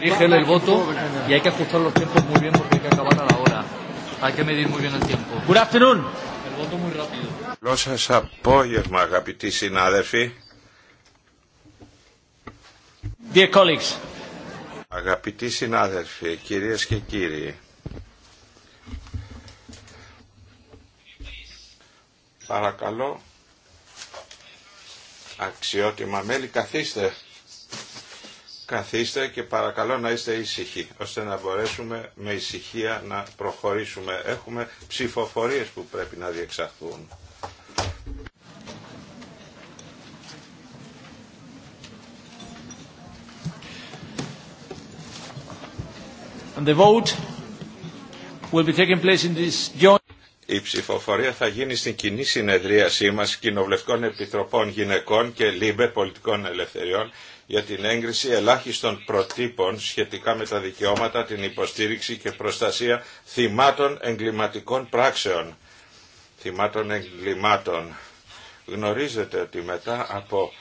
rigen el voto y hay que ajustar los tiempos muy bien porque hay que acabar a la hora. Hay que medir muy bien el tiempo. Good afternoon. El voto muy rápido. Καλό apoyos, απόγευμα αγαπητοί συνάδελφοι. Dear colleagues. Αγαπητοί συνάδελφοι, κυρίες και κύριοι. Παρακαλώ, αξιότιμα μέλη, καθίστε. Καθίστε και παρακαλώ να είστε ήσυχοι, ώστε να μπορέσουμε με ησυχία να προχωρήσουμε. Έχουμε ψηφοφορίες που πρέπει να διεξαχθούν. And the vote will be taking place in this Η ψηφοφορία θα γίνει στην κοινή συνεδρίασή μας Κοινοβουλευτικών Επιτροπών Γυναικών και ΛΥΜΠΕ Πολιτικών Ελευθεριών για την έγκριση ελάχιστων προτύπων σχετικά με τα δικαιώματα, την υποστήριξη και προστασία θυμάτων εγκληματικών πράξεων. Θυμάτων εγκλημάτων. Γνωρίζετε ότι μετά από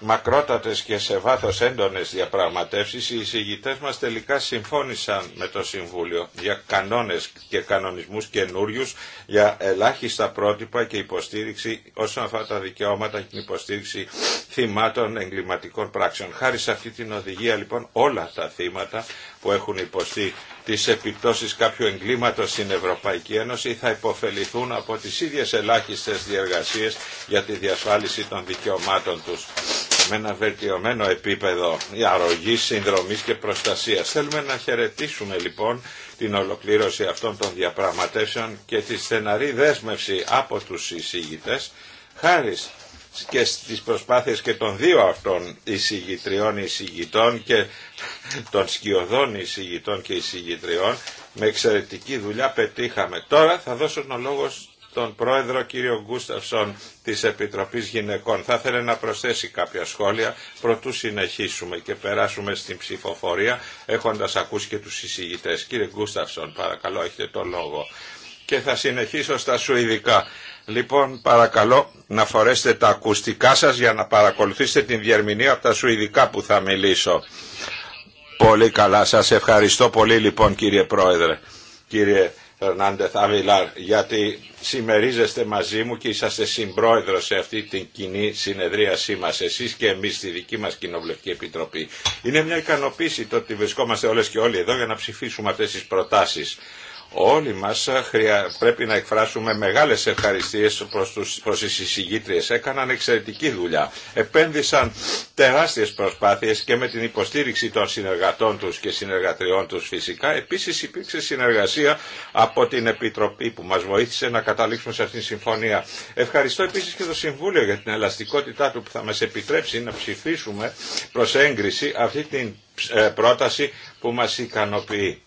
μακρότατες και σε βάθος έντονες διαπραγματεύσεις, οι εισηγητές μας τελικά συμφώνησαν με το Συμβούλιο για κανόνες και κανονισμούς καινούριου για ελάχιστα πρότυπα και υποστήριξη όσον αφορά τα δικαιώματα και την υποστήριξη θυμάτων εγκληματικών πράξεων. Χάρη σε αυτή την οδηγία λοιπόν όλα τα θύματα που έχουν υποστεί τις επιπτώσεις κάποιου εγκλήματος στην Ευρωπαϊκή Ένωση θα υποφεληθούν από τις ίδιες ελάχιστες διεργασίες για τη διασφάλιση των δικαιωμάτων τους με ένα βελτιωμένο επίπεδο αρρωγής, συνδρομής και προστασίας. Θέλουμε να χαιρετήσουμε λοιπόν την ολοκλήρωση αυτών των διαπραγματεύσεων και τη στεναρή δέσμευση από τους εισήγητες χάρη και στις προσπάθειες και των δύο αυτών εισηγητριών εισηγητών και των σκιωδών εισηγητών και εισηγητριών με εξαιρετική δουλειά πετύχαμε. Τώρα θα δώσω τον λόγο στον πρόεδρο κύριο Γκούσταυσον της Επιτροπής Γυναικών. Θα ήθελε να προσθέσει κάποια σχόλια προτού συνεχίσουμε και περάσουμε στην ψηφοφορία έχοντας ακούσει και τους εισηγητές. Κύριε Γκούσταυσον παρακαλώ έχετε τον λόγο και θα συνεχίσω στα σουηδικά. Λοιπόν, παρακαλώ να φορέσετε τα ακουστικά σας για να παρακολουθήσετε την διερμηνία από τα σουηδικά που θα μιλήσω. Πολύ καλά. Σας ευχαριστώ πολύ λοιπόν κύριε Πρόεδρε, κύριε Φερνάντε Θαβιλάρ, γιατί συμμερίζεστε μαζί μου και είσαστε συμπρόεδρος σε αυτή την κοινή συνεδρίασή μας, εσείς και εμείς στη δική μας Κοινοβουλευτική Επιτροπή. Είναι μια ικανοποίηση το ότι βρισκόμαστε όλες και όλοι εδώ για να ψηφίσουμε αυτές τις προτάσεις. Όλοι μας ε, πρέπει να εκφράσουμε μεγάλες ευχαριστίες προς, τους, προς τις Έκαναν εξαιρετική δουλειά. Επένδυσαν τεράστιες προσπάθειες και με την υποστήριξη των συνεργατών τους και συνεργατριών τους φυσικά. Επίσης υπήρξε συνεργασία από την Επιτροπή που μας βοήθησε να καταλήξουμε σε αυτήν την συμφωνία. Ευχαριστώ επίσης και το Συμβούλιο για την ελαστικότητά του που θα μας επιτρέψει να ψηφίσουμε προς έγκριση αυτή την ε, πρόταση που μας ικανοποιεί.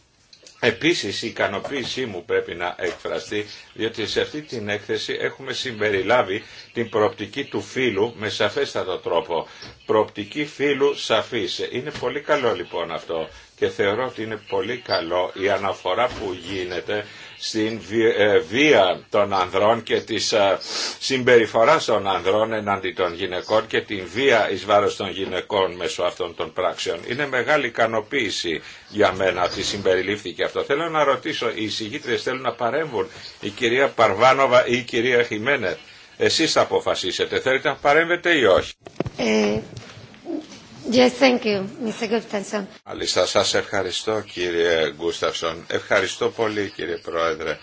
Επίσης η ικανοποίησή μου πρέπει να εκφραστεί, διότι σε αυτή την έκθεση έχουμε συμπεριλάβει την προοπτική του φίλου με σαφέστατο τρόπο. Προοπτική φίλου σαφής. Είναι πολύ καλό λοιπόν αυτό και θεωρώ ότι είναι πολύ καλό η αναφορά που γίνεται στην ε, βία των ανδρών και της ε, συμπεριφοράς των ανδρών εναντί των γυναικών και την βία εις βάρος των γυναικών μέσω αυτών των πράξεων. Είναι μεγάλη ικανοποίηση για μένα ότι συμπεριλήφθηκε αυτό. Θέλω να ρωτήσω, οι εισηγήτριες θέλουν να παρέμβουν, η κυρία Παρβάνοβα ή η κυρία Χιμένετ. Εσείς θα αποφασίσετε, θέλετε να παρέμβετε ή όχι. Ε, Yes, σας ευχαριστώ κύριε Γκούσταυσον. Ευχαριστώ πολύ κύριε Πρόεδρε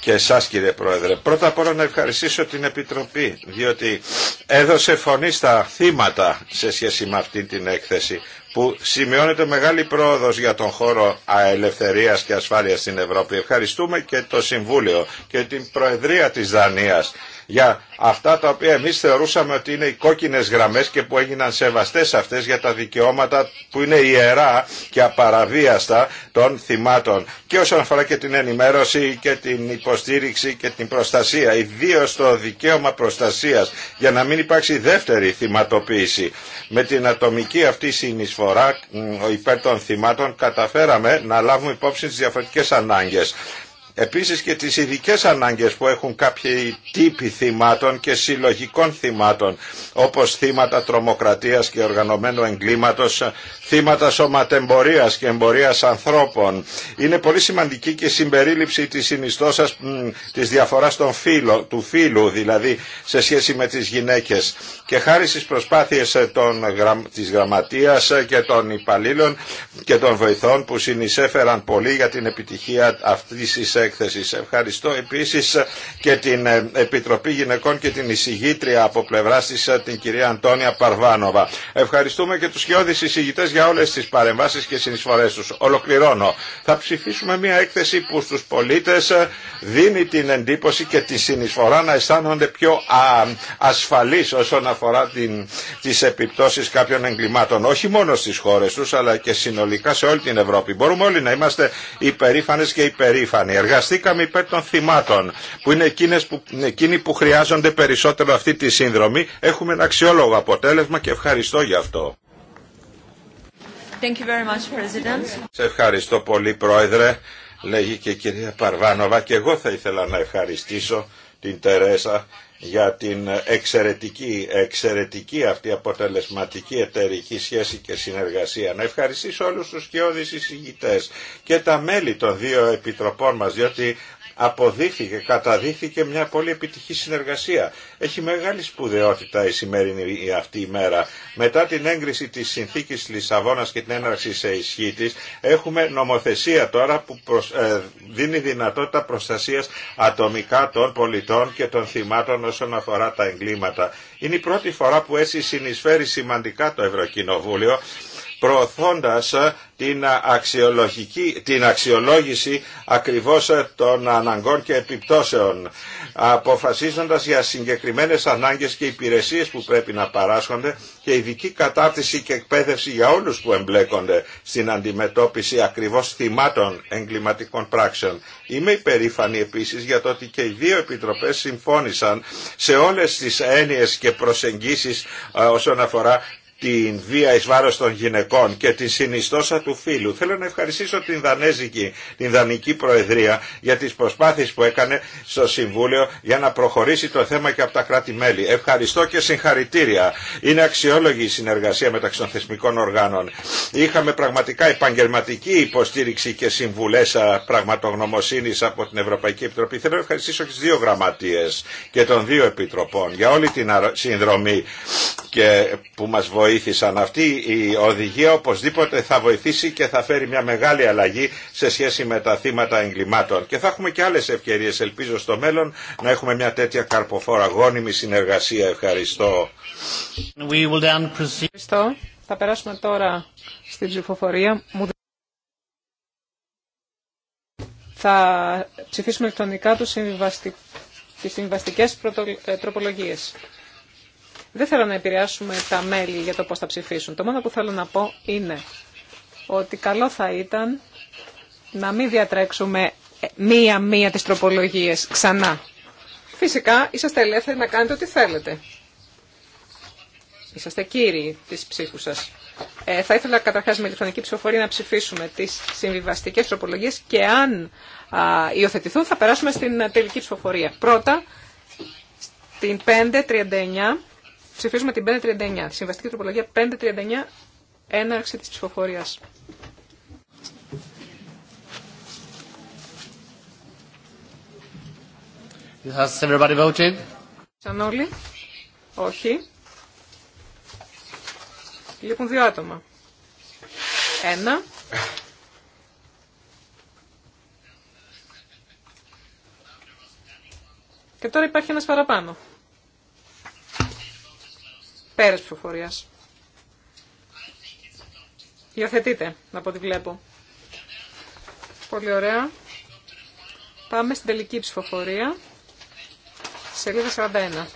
και εσάς κύριε Πρόεδρε. Πρώτα απ' όλα να ευχαριστήσω την Επιτροπή, διότι έδωσε φωνή στα θύματα σε σχέση με αυτή την έκθεση που σημειώνεται μεγάλη πρόοδος για τον χώρο ελευθερίας και ασφάλειας στην Ευρώπη. Ευχαριστούμε και το Συμβούλιο και την Προεδρία της Δανίας για αυτά τα οποία εμείς θεωρούσαμε ότι είναι οι κόκκινες γραμμές και που έγιναν σεβαστές αυτές για τα δικαιώματα που είναι ιερά και απαραβίαστα των θυμάτων και όσον αφορά και την ενημέρωση και την υποστήριξη και την προστασία ιδίω το δικαίωμα προστασίας για να μην υπάρξει δεύτερη θυματοποίηση με την ατομική αυτή συνεισφορά φορά υπέρ των θυμάτων καταφέραμε να λάβουμε υπόψη τις διαφορετικές ανάγκες Επίσης και τις ειδικέ ανάγκες που έχουν κάποιοι τύποι θυμάτων και συλλογικών θυμάτων, όπως θύματα τρομοκρατίας και οργανωμένου εγκλήματος, θύματα σωματεμπορίας και εμπορίας ανθρώπων. Είναι πολύ σημαντική και η συμπερίληψη της συνιστώσας της διαφοράς των του φύλου, δηλαδή σε σχέση με τις γυναίκες. Και χάρη στις προσπάθειες ε, των, της γραμματείας ε, και των υπαλλήλων και των βοηθών που συνεισέφεραν πολύ για την επιτυχία αυτής της ε, έκθεση. Ευχαριστώ επίση και την ε, Επιτροπή Γυναικών και την εισηγήτρια από πλευρά τη ε, την κυρία Αντώνια Παρβάνοβα. Ευχαριστούμε και του χειώδεις εισηγητέ για όλε τι παρεμβάσει και συνεισφορέ του. Ολοκληρώνω. Θα ψηφίσουμε μια έκθεση που στου πολίτε ε, δίνει την εντύπωση και τη συνεισφορά να αισθάνονται πιο ασφαλείς όσον αφορά την, τις επιπτώσεις κάποιων εγκλημάτων. Όχι μόνο στις χώρες τους αλλά και συνολικά σε όλη την Ευρώπη. Μπορούμε όλοι να είμαστε υπερήφανες και υπερήφανοι συνεργαστήκαμε υπέρ των θυμάτων, που είναι, εκείνες που εκείνοι που χρειάζονται περισσότερο αυτή τη σύνδρομη. Έχουμε ένα αξιόλογο αποτέλεσμα και ευχαριστώ για αυτό. Thank you very much, Σε ευχαριστώ πολύ, Πρόεδρε, λέγει και κυρία Παρβάνοβα, και εγώ θα ήθελα να ευχαριστήσω την Τερέσα για την εξαιρετική, εξαιρετική αυτή αποτελεσματική εταιρική σχέση και συνεργασία. Να ευχαριστήσω όλους τους κοιόδης εισηγητές και τα μέλη των δύο επιτροπών μας, διότι αποδείχθηκε, καταδείχθηκε μια πολύ επιτυχή συνεργασία. Έχει μεγάλη σπουδαιότητα η σημερινή αυτή η μέρα. Μετά την έγκριση της συνθήκης Λισαβόνας και την έναρξη σε ισχύ της, έχουμε νομοθεσία τώρα που ε, δίνει δυνατότητα προστασίας ατομικά των πολιτών και των θυμάτων όσον αφορά τα εγκλήματα. Είναι η πρώτη φορά που έτσι συνεισφέρει σημαντικά το Ευρωκοινοβούλιο προωθώντας ε, την, αξιολογική, την αξιολόγηση ακριβώς ε, των αναγκών και επιπτώσεων, αποφασίζοντας για συγκεκριμένες ανάγκες και υπηρεσίες που πρέπει να παράσχονται και ειδική κατάρτιση και εκπαίδευση για όλους που εμπλέκονται στην αντιμετώπιση ακριβώς θυμάτων εγκληματικών πράξεων. Είμαι υπερήφανη επίσης για το ότι και οι δύο επιτροπές συμφώνησαν σε όλες τις έννοιες και προσεγγίσεις ε, όσον αφορά την βία εις βάρος των γυναικών και την συνιστόσα του φίλου. Θέλω να ευχαριστήσω την Δανέζικη, την Δανική Προεδρία για τις προσπάθειες που έκανε στο Συμβούλιο για να προχωρήσει το θέμα και από τα κράτη-μέλη. Ευχαριστώ και συγχαρητήρια. Είναι αξιόλογη η συνεργασία μεταξύ των θεσμικών οργάνων. Είχαμε πραγματικά επαγγελματική υποστήριξη και συμβουλές πραγματογνωμοσύνης από την Ευρωπαϊκή Επιτροπή. Θέλω να ευχαριστήσω και δύο γραμματείες και των δύο επιτροπών για όλη την συνδρομή που μας βοήθησαν. Αυτή η οδηγία οπωσδήποτε θα βοηθήσει και θα φέρει μια μεγάλη αλλαγή σε σχέση με τα θύματα εγκλημάτων. Και θα έχουμε και άλλες ευκαιρίες, ελπίζω στο μέλλον, να έχουμε μια τέτοια καρποφόρα γόνιμη συνεργασία. Ευχαριστώ. Ευχαριστώ. Θα περάσουμε τώρα στην ψηφοφορία. Θα ψηφίσουμε ηλεκτρονικά τους τις δεν θέλω να επηρεάσουμε τα μέλη για το πώς θα ψηφίσουν. Το μόνο που θέλω να πω είναι ότι καλό θα ήταν να μην διατρέξουμε μία-μία τις τροπολογίες ξανά. Φυσικά είσαστε ελεύθεροι να κάνετε ό,τι θέλετε. Είσαστε κύριοι της ψήφου σας. Ε, θα ήθελα καταρχάς με ηλεκτρονική ψηφοφορία να ψηφίσουμε τις συμβιβαστικές τροπολογίες και αν υιοθετηθούν θα περάσουμε στην τελική ψηφοφορία. Πρώτα, στην 539 Ψηφίζουμε την 539. Τη συμβαστική τροπολογία 539. Έναρξη της ψηφοφορίας. Has everybody voted? Σαν όλοι. Όχι. Λείπουν λοιπόν, δύο άτομα. Ένα. Και τώρα υπάρχει ένας παραπάνω. Πέρας ψηφοφορίας. Υιοθετείτε, από ό,τι βλέπω. Πολύ ωραία. Πάμε στην τελική ψηφοφορία. Σελίδα 41.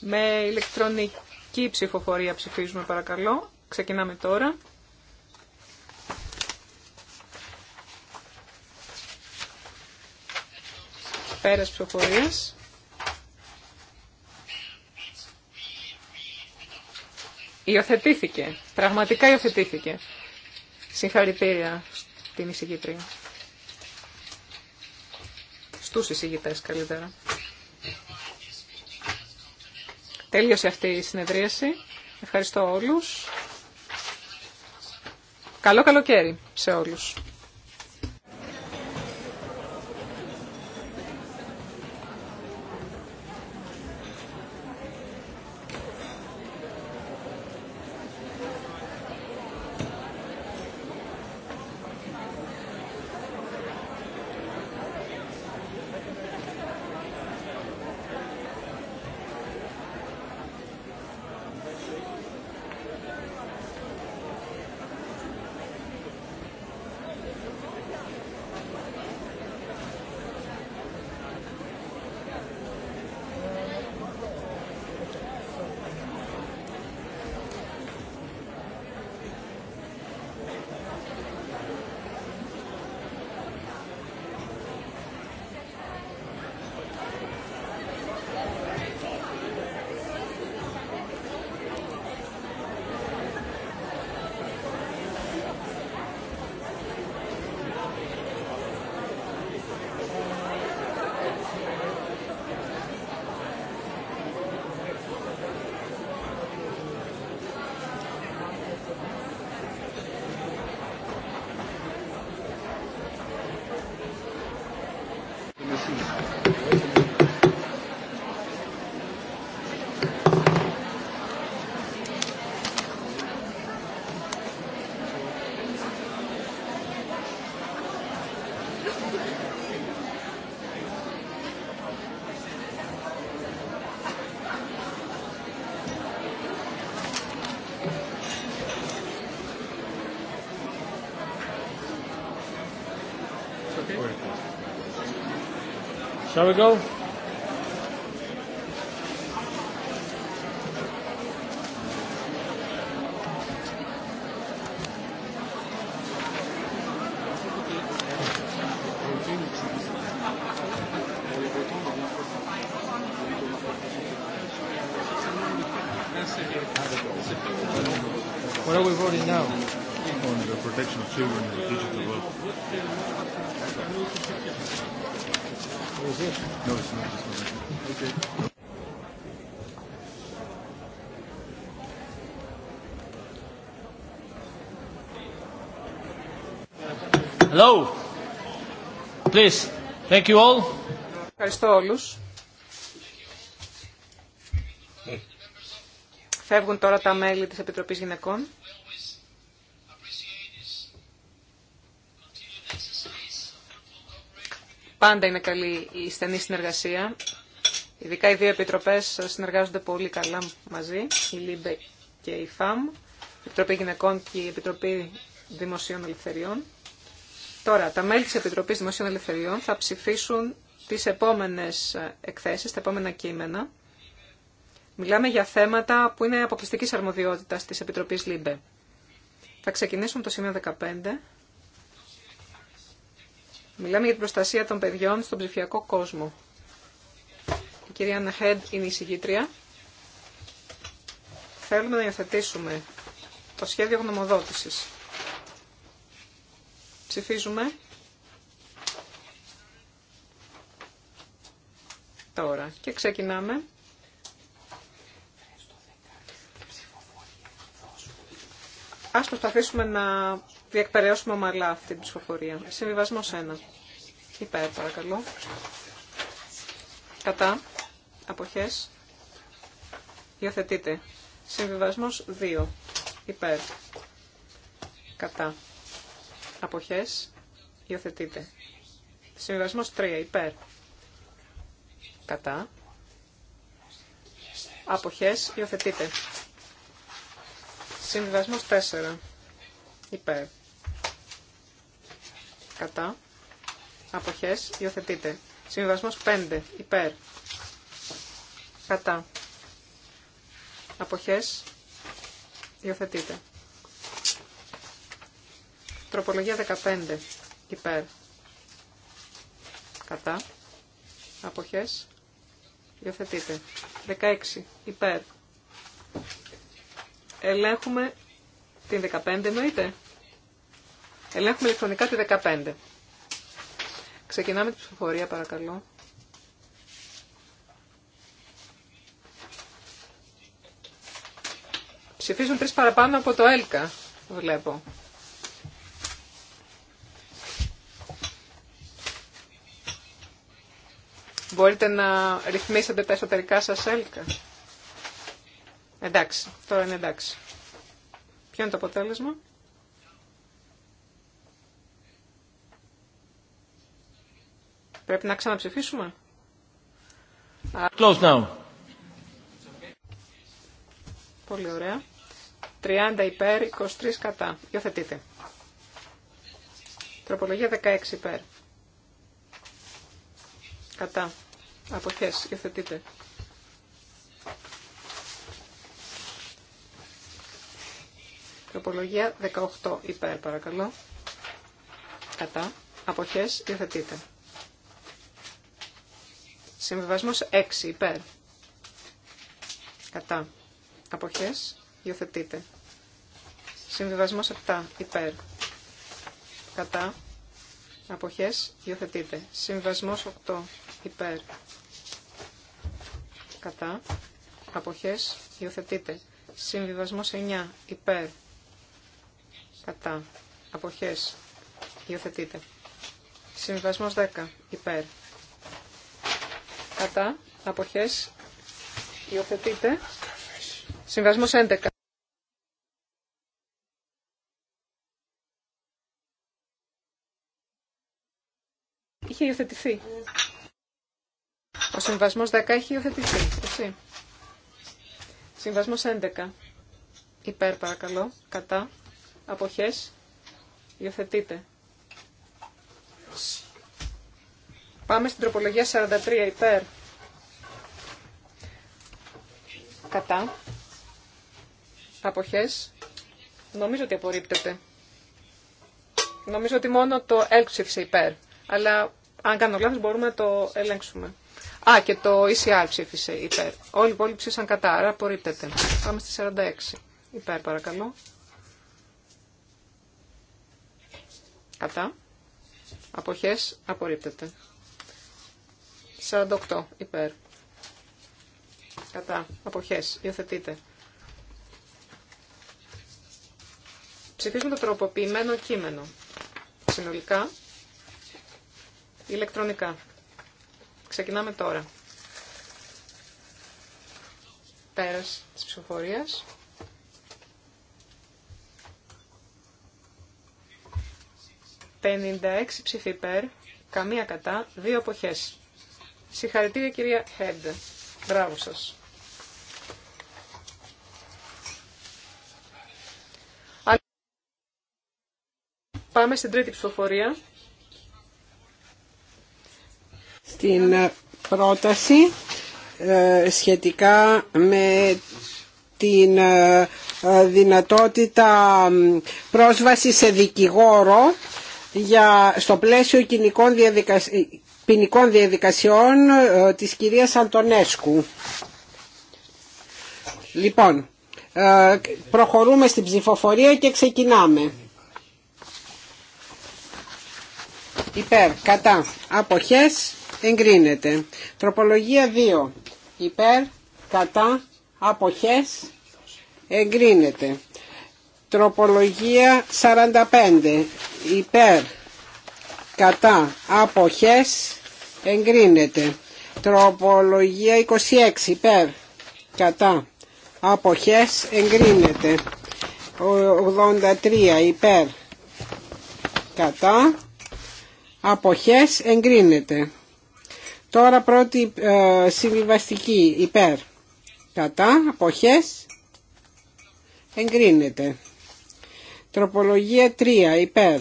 Με ηλεκτρονική ψηφοφορία ψηφίζουμε παρακαλώ. Ξεκινάμε τώρα. Πέρας ψηφοφορίας. Υιοθετήθηκε. Πραγματικά υιοθετήθηκε. Συγχαρητήρια στην εισηγήτρια. Στους εισηγητές καλύτερα. Τέλειωσε αυτή η συνεδρίαση. Ευχαριστώ όλους. Καλό καλοκαίρι σε όλους. There we go. Hello. Please. Thank you all. Ευχαριστώ όλους. Φεύγουν τώρα τα μέλη της Επιτροπής Γυναικών. Πάντα είναι καλή η στενή συνεργασία. Ειδικά οι δύο επιτροπές συνεργάζονται πολύ καλά μαζί, η ΛΥΜΠΕ και η ΦΑΜ, η Επιτροπή Γυναικών και η Επιτροπή Δημοσίων Ελευθεριών. Τώρα, τα μέλη της Επιτροπής Δημοσίων Ελευθεριών θα ψηφίσουν τις επόμενες εκθέσεις, τα επόμενα κείμενα. Μιλάμε για θέματα που είναι αποκλειστικής αρμοδιότητας της Επιτροπής ΛΥΜΠΕ. Θα ξεκινήσουμε το σημείο 15. Μιλάμε για την προστασία των παιδιών στον ψηφιακό κόσμο. Η κυρία Νεχέντ είναι η συγγήτρια. Θέλουμε να υιοθετήσουμε το σχέδιο γνωμοδότησης. Ψηφίζουμε. Τώρα. Και ξεκινάμε. Ας προσπαθήσουμε να διεκπαιρεώσουμε ομαλά αυτή την ψηφοφορία. Συμβιβασμό 1. Υπέρ, παρακαλώ. Κατά. Αποχές. Υιοθετείτε. Συμβιβασμό 2. Υπέρ. Κατά. Αποχές. Υιοθετείτε. Συμβιβασμό 3. Υπέρ. Κατά. Αποχές. Υιοθετείτε. Συμβιβασμό 4. Υπέρ κατά, αποχές, Υιοθετείτε. Συμβιβασμός 5, υπέρ, κατά, αποχές, Υιοθετείτε. Τροπολογία 15, υπέρ, κατά, αποχές, Υιοθετείτε. 16, υπέρ. Ελέγχουμε την 15 εννοείται. Ελέγχουμε ηλεκτρονικά τη 15. Ξεκινάμε την ψηφοφορία παρακαλώ. Ψηφίζουν τρεις παραπάνω από το ΕΛΚΑ, βλέπω. Μπορείτε να ρυθμίσετε τα εσωτερικά σας ΕΛΚΑ. Εντάξει, τώρα είναι εντάξει. Ποιο είναι το αποτέλεσμα. Πρέπει να ξαναψηφίσουμε. Close now. Πολύ ωραία. 30 υπέρ, 23 κατά. Υιοθετείτε. Τροπολογία 16 υπέρ. Κατά. Αποχές. Υιοθετείτε. Τροπολογία 18 υπέρ παρακαλώ. Κατά. Αποχές. Υιοθετείτε. Συμβιβασμός 6 υπέρ. Κατά. Αποχές. Υιοθετείτε. Συμβιβασμός 7 υπέρ. Κατά. Αποχές. Υιοθετείτε. Συμβιβασμός 8 υπέρ. Κατά. Αποχές. Υιοθετείτε. Συμβιβασμός 9 υπέρ. Κατά. Αποχές. Υιοθετείτε. Συμβιβασμός 10 υπέρ κατά, αποχές, Υιοθετείτε. Συμβασμός 11. Είχε υιοθετηθεί. Ο συμβασμός 10 έχει υιοθετηθεί, έτσι. Συμβασμός 11. Υπέρ παρακαλώ, κατά, αποχές, Υιοθετείτε. Πάμε στην τροπολογία 43 υπέρ. Κατά. Αποχές. Νομίζω ότι απορρίπτεται. Νομίζω ότι μόνο το ΕΛΚ υπέρ. Αλλά αν κάνω λάθος μπορούμε να το ελέγξουμε. Α, και το ECR ψήφισε υπέρ. Όλοι οι υπόλοιποι ψήφισαν κατά, άρα απορρίπτεται. Πάμε στη 46. Υπέρ παρακαλώ. Κατά. Αποχές απορρίπτεται. 48 υπέρ. Κατά. Αποχές. Υιοθετείτε. Ψηφίζουμε το τροποποιημένο κείμενο. Συνολικά. Ηλεκτρονικά. Ξεκινάμε τώρα. Πέρας της ψηφοφορίας. 56 ψηφί υπέρ, καμία κατά, δύο αποχές. Συγχαρητήρια κυρία Χέντε. Μπράβο σας. Πάμε στην τρίτη ψηφοφορία. Στην ε, πρόταση ε, σχετικά με την ε, δυνατότητα πρόσβαση σε δικηγόρο για, στο πλαίσιο κοινικών διαδικασιών ποινικών διαδικασιών ε, της κυρίας Αντωνέσκου. Λοιπόν, ε, προχωρούμε στην ψηφοφορία και ξεκινάμε. Υπέρ, κατά, αποχές, εγκρίνεται. Τροπολογία 2. Υπέρ, κατά, αποχές, εγκρίνεται. Τροπολογία 45. Υπέρ, κατά αποχές εγκρίνεται τροπολογία 26 υπέρ κατά αποχές εγκρίνεται 83 υπέρ κατά αποχές εγκρίνεται τώρα πρώτη ε, συμβιβαστική υπέρ κατά αποχές εγκρίνεται τροπολογία 3 υπέρ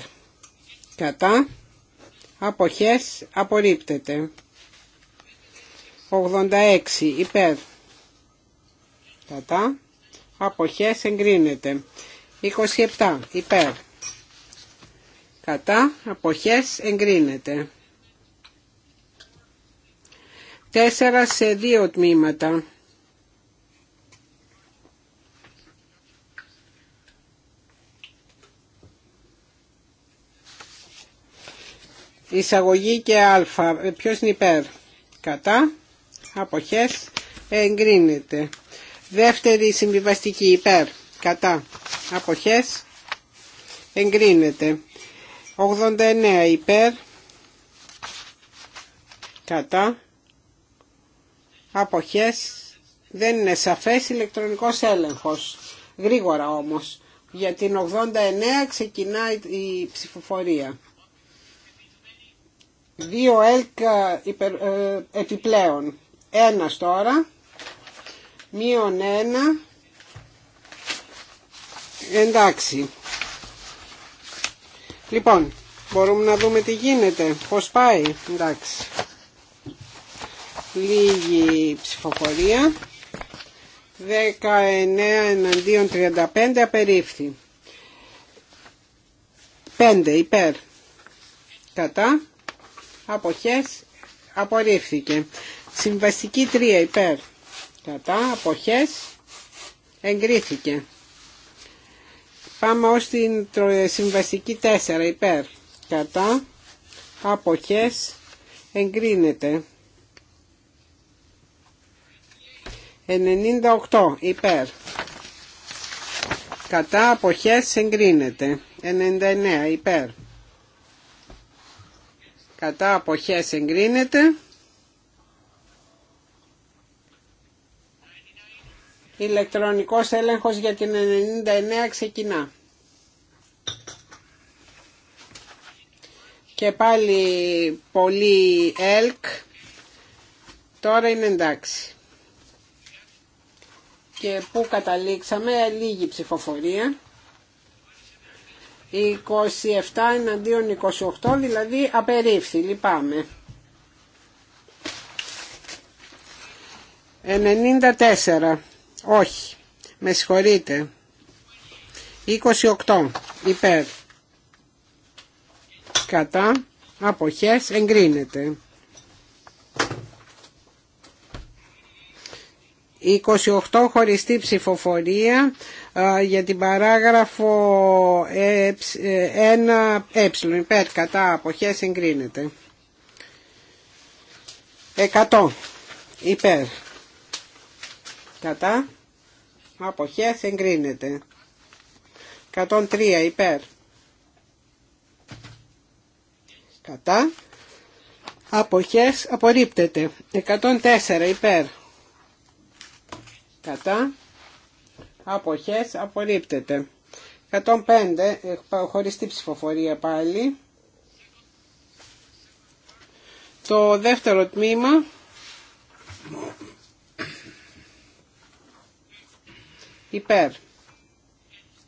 κατά αποχές απορρίπτεται 86 υπέρ κατά αποχές εγκρίνεται 27 υπέρ κατά αποχές εγκρίνεται 4 σε 2 τμήματα Εισαγωγή και α. Ποιος είναι υπέρ. Κατά. Αποχές. Εγκρίνεται. Δεύτερη συμβιβαστική υπέρ. Κατά. Αποχές. Εγκρίνεται. 89 υπέρ. Κατά. Αποχές. Δεν είναι σαφές ηλεκτρονικός έλεγχος. Γρήγορα όμως. Για την 89 ξεκινάει η ψηφοφορία. Δύο ΕΛΚ ε, ε, επιπλέον. Ένα τώρα. Μείον ένα. Εντάξει. Λοιπόν, μπορούμε να δούμε τι γίνεται, πώς πάει. Εντάξει. Λίγη ψηφοφορία. 19 εναντίον 35 απερίφθη. 5 υπέρ. Κατά αποχές απορρίφθηκε. Συμβαστική 3 υπέρ κατά αποχές εγκρίθηκε. Πάμε ως την συμβαστική 4 υπέρ κατά αποχές εγκρίνεται. 98 υπέρ κατά αποχές εγκρίνεται. 99 υπέρ κατά αποχές εγκρίνεται ηλεκτρονικός έλεγχος για την 99 ξεκινά και πάλι πολύ ελκ τώρα είναι εντάξει και που καταλήξαμε λίγη ψηφοφορία 27 εναντίον 28, δηλαδή απερίφθη, λυπάμαι. 94, όχι, με συγχωρείτε. 28, υπέρ. Κατά, αποχές, εγκρίνεται. 28 χωριστή ψηφοφορία ε, για την παράγραφο 1 ε, ε, υπέρ κατά αποχές εγκρίνεται. 100 υπέρ κατά αποχές εγκρίνεται. 103 υπέρ κατά αποχές απορρίπτεται. 104 υπέρ κατά αποχές απορρίπτεται 105 χωριστή ψηφοφορία πάλι το δεύτερο τμήμα υπέρ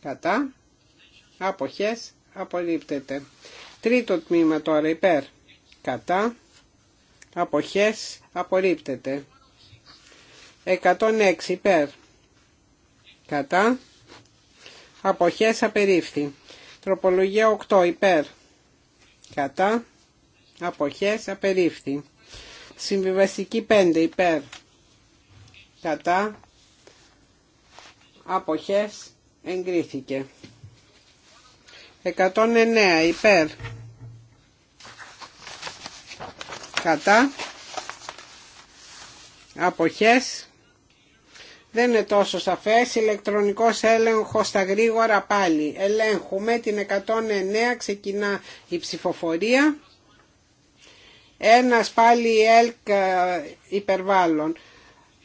κατά αποχές απορρίπτεται τρίτο τμήμα τώρα υπέρ κατά αποχές απορρίπτεται 106 υπέρ κατά αποχές απερίφθη τροπολογία 8 υπέρ κατά αποχές απερίφθη συμβιβαστική 5 υπέρ κατά αποχές εγκρίθηκε 109 υπέρ κατά αποχές δεν είναι τόσο σαφές. Ηλεκτρονικός έλεγχος στα γρήγορα πάλι. Ελέγχουμε την 109, ξεκινά η ψηφοφορία. Ένας πάλι ΕΛΚ ε, υπερβάλλων.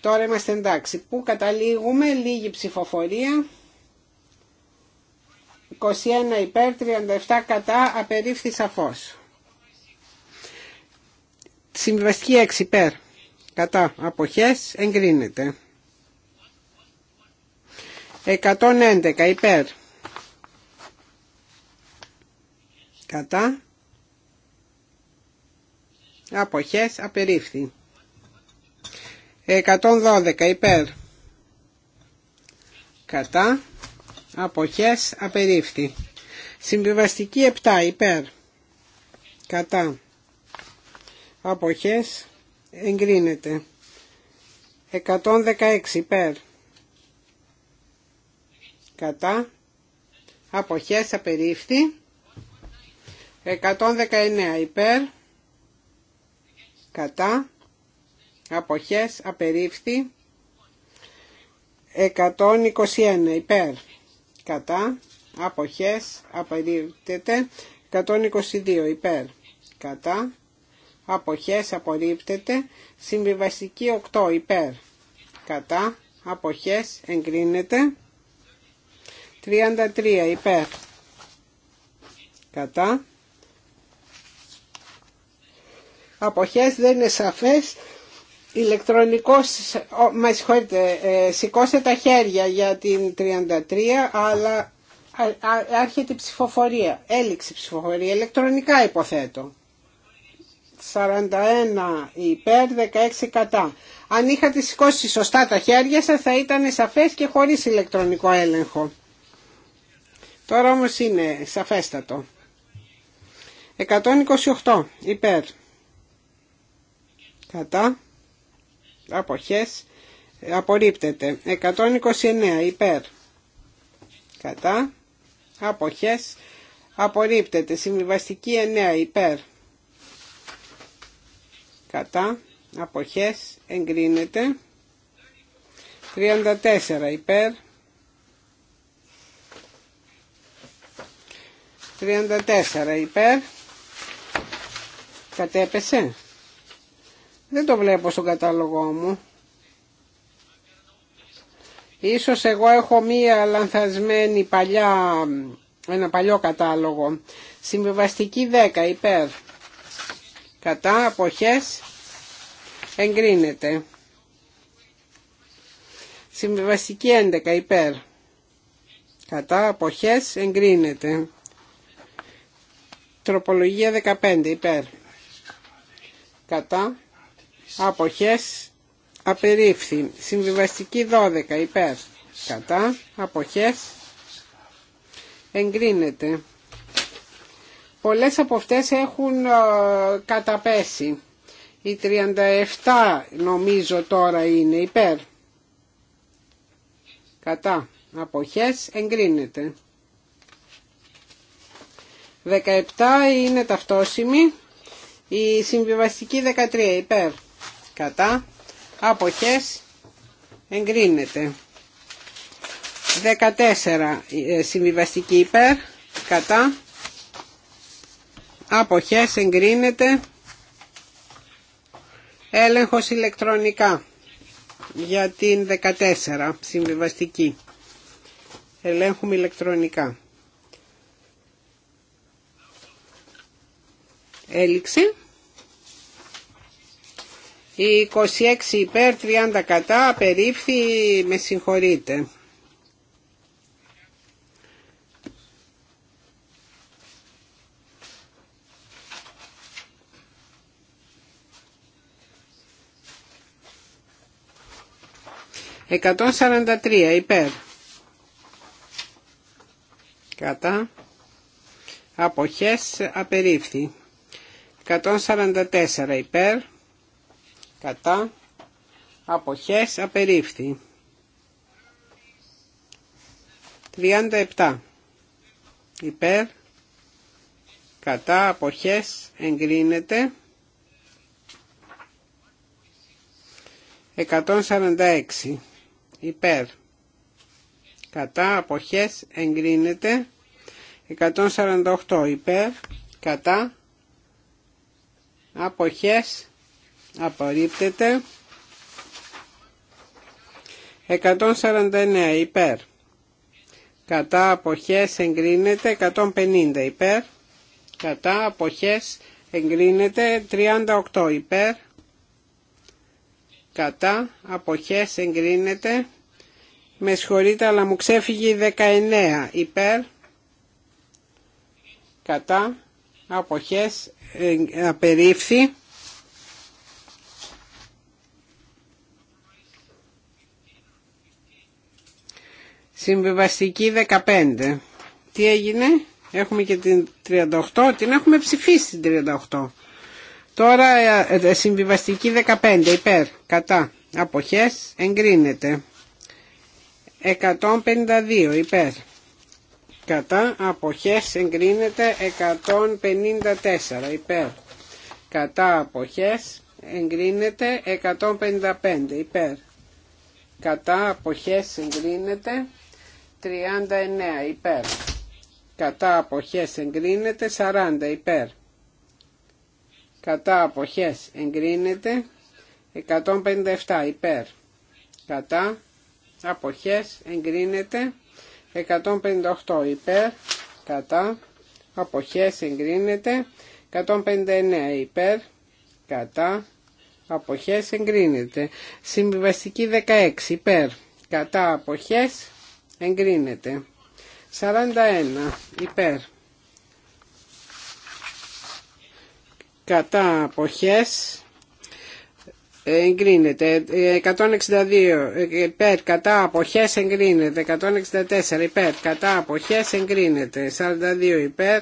Τώρα είμαστε εντάξει. Πού καταλήγουμε, λίγη ψηφοφορία. 21 υπέρ, 37 κατά, απερίφθη σαφώς. Συμβαστική 6 υπέρ. Κατά αποχές εγκρίνεται. 111 υπέρ. Κατά. Αποχές απερίφθη. 112 υπέρ. Κατά. Αποχές απερίφθη. Συμβιβαστική 7 υπέρ. Κατά. Αποχές εγκρίνεται. 116 υπέρ κατά αποχές απερίφθη 119 υπέρ κατά αποχές απερίφθη 121 υπέρ κατά αποχές απερίφθεται. 122 υπέρ κατά αποχές απορρίπτεται συμβιβαστική 8 υπέρ κατά αποχές εγκρίνεται 33 υπέρ κατά αποχές δεν είναι σαφές ηλεκτρονικός με συγχωρείτε ε, σηκώστε τα χέρια για την 33 αλλά άρχεται η ψηφοφορία έληξη ψηφοφορία ηλεκτρονικά υποθέτω 41 υπέρ 16 κατά αν είχατε σηκώσει σωστά τα χέρια σας θα ήταν σαφές και χωρίς ηλεκτρονικό έλεγχο Τώρα όμως είναι σαφέστατο. 128 υπέρ. Κατά. Αποχές. Απορρίπτεται. 129 υπέρ. Κατά. Αποχές. Απορρίπτεται. Συμβιβαστική 9 υπέρ. Κατά. Αποχές. Εγκρίνεται. 34 υπέρ. 34 υπέρ. Κατέπεσε. Δεν το βλέπω στον κατάλογό μου. Ίσως εγώ έχω μία λανθασμένη παλιά, ένα παλιό κατάλογο. Συμβιβαστική 10 υπέρ. Κατά αποχές εγκρίνεται. Συμβιβαστική 11 υπέρ. Κατά αποχές εγκρίνεται. Τροπολογία 15 υπέρ. Κατά. Αποχές απερίφθη. Συμβιβαστική 12 υπέρ. Κατά. Αποχές εγκρίνεται. Πολλές από αυτές έχουν ε, καταπέσει. Η 37 νομίζω τώρα είναι υπέρ. Κατά. Αποχές εγκρίνεται. 17 είναι ταυτόσημη Η συμβιβαστική 13 υπέρ. Κατά. Αποχές. Εγκρίνεται. 14 ε, συμβιβαστική υπέρ. Κατά. Αποχές εγκρίνεται. Έλεγχος ηλεκτρονικά για την 14 συμβιβαστική. Ελέγχουμε ηλεκτρονικά. Η 26 υπέρ, 30 κατά, απερίφθη, με συγχωρείτε. Εκατόν σαράντα τρία υπέρ. Κατά. Αποχές απερίφθη. 144 υπέρ, κατά, αποχές, απερίφθη. 37 υπέρ, κατά, αποχές, εγκρίνεται. 146 υπέρ, κατά, αποχές, εγκρίνεται. 148 υπέρ, κατά, αποχές απορρίπτεται 149 υπέρ κατά αποχές εγκρίνεται 150 υπέρ κατά αποχές εγκρίνεται 38 υπέρ κατά αποχές εγκρίνεται με συγχωρείτε αλλά μου ξέφυγε 19 υπέρ κατά αποχές ε, απερίφθη Συμβιβαστική 15. Τι έγινε, έχουμε και την 38, την έχουμε ψηφίσει την 38. Τώρα ε, ε, συμβιβαστική 15, υπέρ, κατά, αποχές, εγκρίνεται. 152, υπέρ, κατά αποχές εγκρίνεται 154 υπέρ κατά αποχές εγκρίνεται 155 υπέρ κατά αποχές εγκρίνεται 39 υπέρ κατά αποχές εγκρίνεται 40 υπέρ κατά αποχές εγκρίνεται 157 υπέρ κατά αποχές εγκρίνεται 158 υπέρ κατά αποχές εγκρίνεται 159 υπέρ κατά αποχές εγκρίνεται συμβιβαστική 16 υπέρ κατά αποχές εγκρίνεται 41 υπέρ κατά αποχές εγκρίνεται 162 υπέρ κατά αποχές εγκρίνεται 164 υπέρ κατά αποχές εγκρίνεται 42 υπέρ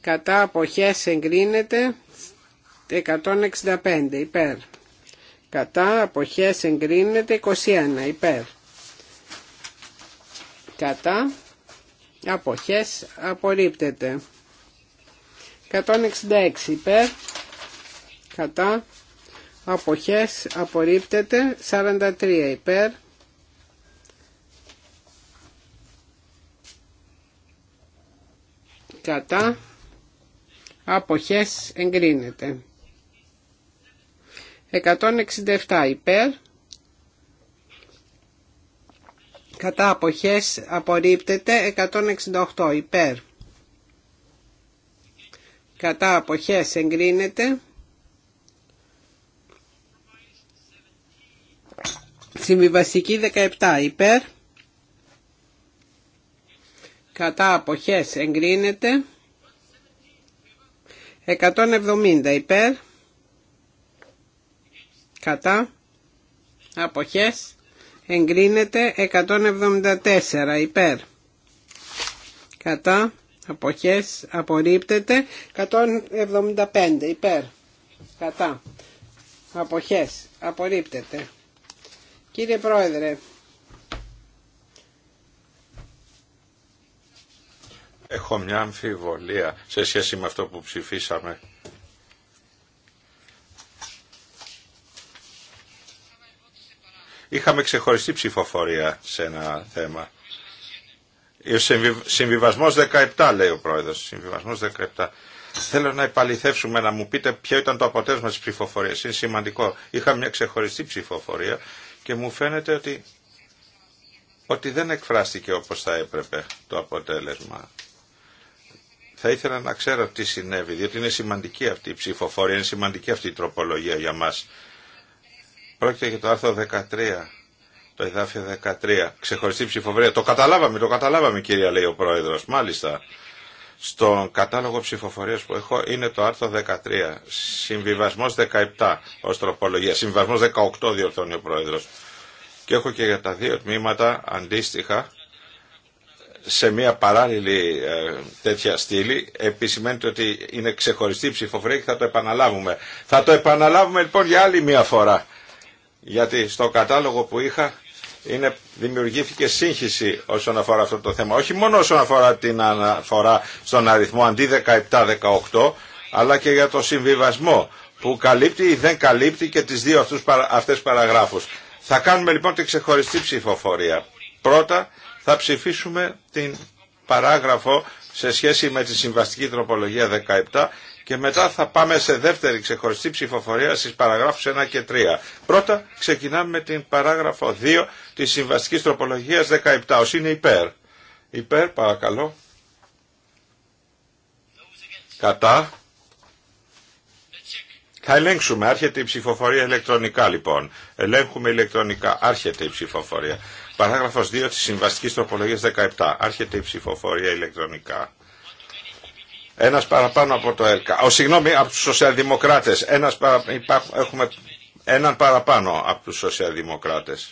κατά αποχές εγκρίνεται 165 υπέρ κατά αποχές εγκρίνεται 21 υπέρ κατά αποχές απορρίπτεται 166 υπέρ κατά αποχές απορρίπτεται 43 υπέρ κατά αποχές εγκρίνεται 167 υπέρ κατά αποχές απορρίπτεται 168 υπέρ κατά αποχές εγκρίνεται Συμβιβαστική 17 υπέρ. Κατά αποχές εγκρίνεται. 170 υπέρ. Κατά αποχές εγκρίνεται 174 υπέρ. Κατά αποχές απορρίπτεται 175 υπέρ. Κατά αποχές απορρίπτεται. Κύριε Πρόεδρε. Έχω μια αμφιβολία σε σχέση με αυτό που ψηφίσαμε. Είχαμε ξεχωριστή ψηφοφορία σε ένα θέμα. Ο ε, συμβιβασμός 17 λέει ο πρόεδρος. Συμβιβασμός 17. Θέλω να επαληθεύσουμε, να μου πείτε ποιο ήταν το αποτέλεσμα της ψηφοφορίας. Είναι σημαντικό. Είχαμε μια ξεχωριστή ψηφοφορία και μου φαίνεται ότι, ότι δεν εκφράστηκε όπως θα έπρεπε το αποτέλεσμα. Θα ήθελα να ξέρω τι συνέβη, διότι είναι σημαντική αυτή η ψηφοφορία, είναι σημαντική αυτή η τροπολογία για μας. Πρόκειται για το άρθρο 13, το εδάφιο 13, ξεχωριστή ψηφοφορία. Το καταλάβαμε, το καταλάβαμε κυρία λέει ο Πρόεδρος, μάλιστα. Στον κατάλογο ψηφοφορίας που έχω είναι το άρθρο 13, συμβιβασμός 17 ως τροπολογία, συμβιβασμός 18 διορθώνει ο Πρόεδρος. Και έχω και για τα δύο τμήματα αντίστοιχα σε μια παράλληλη ε, τέτοια στήλη επισημαίνεται ότι είναι ξεχωριστή ψηφοφορία και θα το επαναλάβουμε. Θα το επαναλάβουμε λοιπόν για άλλη μια φορά. Γιατί στο κατάλογο που είχα είναι, δημιουργήθηκε σύγχυση όσον αφορά αυτό το θέμα. Όχι μόνο όσον αφορά την αναφορά στον αριθμό αντί 17-18, αλλά και για το συμβιβασμό που καλύπτει ή δεν καλύπτει και τις δύο αυτούς, αυτές παραγράφους. Θα κάνουμε λοιπόν την ξεχωριστή ψηφοφορία. Πρώτα θα ψηφίσουμε την παράγραφο σε σχέση με τη συμβαστική τροπολογία 17 και μετά θα πάμε σε δεύτερη ξεχωριστή ψηφοφορία στις παραγράφους 1 και 3. Πρώτα ξεκινάμε με την παράγραφο 2 της συμβαστικής τροπολογίας 17. Ως είναι υπέρ. Υπέρ παρακαλώ. Κατά. Θα ελέγξουμε. Άρχεται η ψηφοφορία ηλεκτρονικά λοιπόν. Ελέγχουμε ηλεκτρονικά. Άρχεται η ψηφοφορία. Παράγραφος 2 της συμβαστικής τροπολογίας 17. Άρχεται η ψηφοφορία ηλεκτρονικά. Ένας παραπάνω από το ΕΛΚΑ. Ο, συγγνώμη, από τους σοσιαλδημοκράτες. Ένας παρα... Έχουμε έναν παραπάνω από τους σοσιαλδημοκράτες.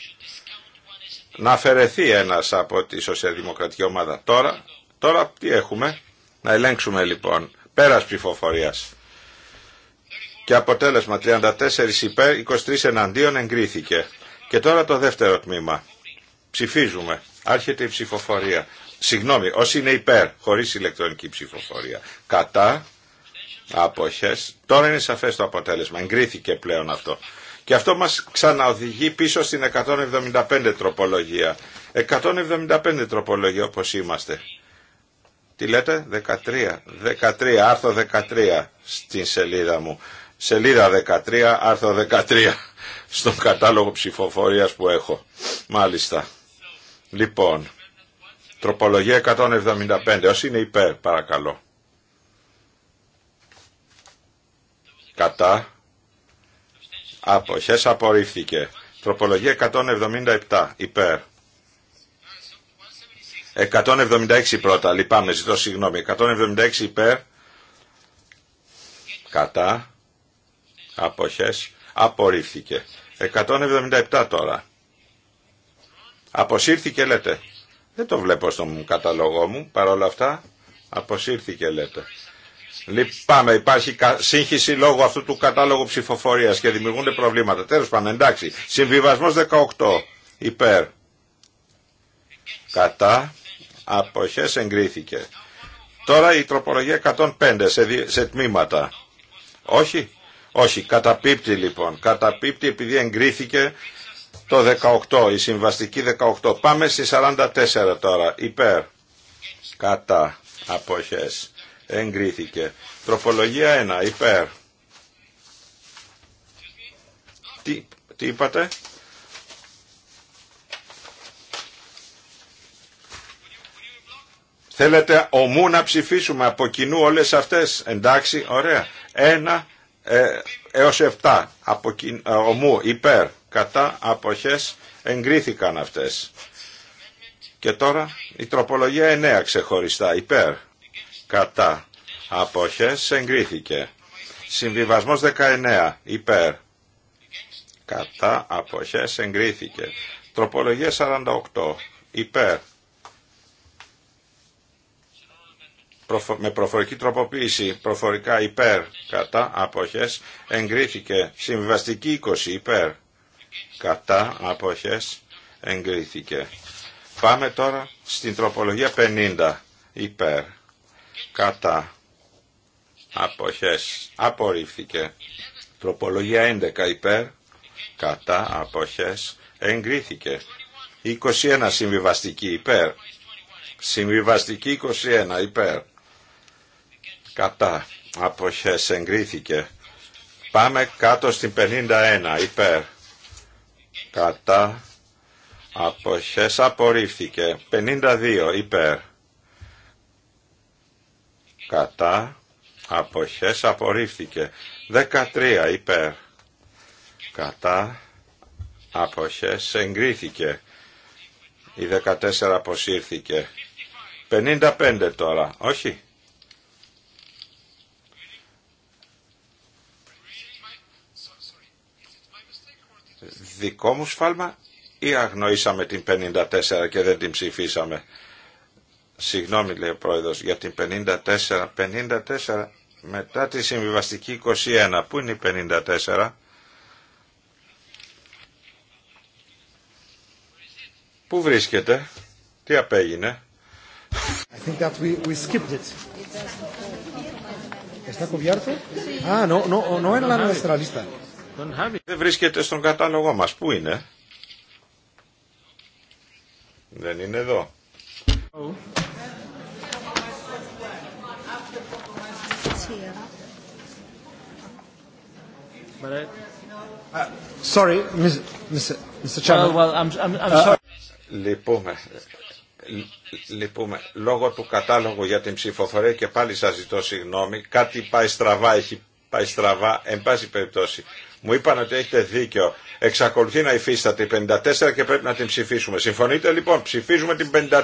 Να αφαιρεθεί ένας από τη σοσιαλδημοκρατική ομάδα. Τώρα, τώρα τι έχουμε. Να ελέγξουμε λοιπόν. Πέρας ψηφοφορίας. Και αποτέλεσμα 34 υπέρ, 23 εναντίον εγκρίθηκε. Και τώρα το δεύτερο τμήμα. Ψηφίζουμε. Άρχεται η ψηφοφορία. Συγγνώμη, όσοι είναι υπέρ, χωρίς ηλεκτρονική ψηφοφορία. Κατά, αποχές. Τώρα είναι σαφές το αποτέλεσμα. Εγκρίθηκε πλέον αυτό. Και αυτό μας ξαναοδηγεί πίσω στην 175 τροπολογία. 175 τροπολογία όπως είμαστε. Τι λέτε, 13, 13, άρθρο 13 στην σελίδα μου. Σελίδα 13, άρθρο 13 στον κατάλογο ψηφοφορίας που έχω. Μάλιστα. Λοιπόν, Τροπολογία 175. Όσοι είναι υπέρ, παρακαλώ. Κατά. Αποχές απορρίφθηκε. Τροπολογία 177. Υπέρ. 176 πρώτα. Λυπάμαι, ζητώ συγγνώμη. 176 υπέρ. Κατά. Αποχές. Απορρίφθηκε. 177 τώρα. Αποσύρθηκε λέτε. Δεν το βλέπω στον καταλογό μου. Παρ' όλα αυτά αποσύρθηκε λέτε. Λυπάμαι, υπάρχει σύγχυση λόγω αυτού του κατάλογου ψηφοφορία και δημιουργούνται προβλήματα. Τέλο πάντων, εντάξει. Συμβιβασμό 18. Υπέρ. Κατά. Αποχέ εγκρίθηκε. Τώρα η τροπολογία 105 σε, σε τμήματα. Όχι. Όχι. Καταπίπτει λοιπόν. Καταπίπτει επειδή εγκρίθηκε το 18, η συμβαστική 18. Πάμε στη 44 τώρα. Υπέρ. Κατά. Αποχές. Εγκρίθηκε. Τροπολογία 1. Υπέρ. Τι, τι είπατε. Θέλετε ομού να ψηφίσουμε από κοινού όλες αυτές. Εντάξει, ωραία. 1 ε, έως 7 ε, ομού υπέρ κατά αποχές εγκρίθηκαν αυτές. Και τώρα η τροπολογία 9 ξεχωριστά υπέρ κατά αποχές εγκρίθηκε. Συμβιβασμός 19 υπέρ κατά αποχές εγκρίθηκε. Τροπολογία 48 υπέρ με προφορική τροποποίηση, προφορικά υπέρ κατά αποχές εγκρίθηκε. Συμβιβαστική 20 υπέρ κατά αποχές εγκρίθηκε. Πάμε τώρα στην τροπολογία 50 υπέρ κατά αποχές απορρίφθηκε. Τροπολογία 11 υπέρ κατά αποχές εγκρίθηκε. 21 συμβιβαστική υπέρ. Συμβιβαστική 21 υπέρ. Κατά αποχές εγκρίθηκε. Πάμε κάτω στην 51 υπέρ κατά αποχές απορρίφθηκε 52 υπέρ κατά αποχές απορρίφθηκε 13 υπέρ κατά αποχές εγκρίθηκε η 14 αποσύρθηκε 55 τώρα όχι δικό μου σφάλμα ή αγνοήσαμε την 54 και δεν την ψηφίσαμε. Συγγνώμη λέει ο πρόεδρος για την 54. 54 μετά τη συμβιβαστική 21. Πού είναι η 54? Πού βρίσκεται, τι απέγινε. Δεν βρίσκεται στον κατάλογο μας. Πού είναι? Δεν είναι εδώ. Λυπούμε. Λυπούμε. Λόγω του κατάλογου για την ψηφοφορία και πάλι σας ζητώ συγγνώμη. Κάτι πάει στραβά, έχει πάει στραβά. Εν πάση περιπτώσει, μου είπαν ότι έχετε δίκιο. Εξακολουθεί να υφίσταται η 54 και πρέπει να την ψηφίσουμε. Συμφωνείτε λοιπόν, ψηφίζουμε την 54.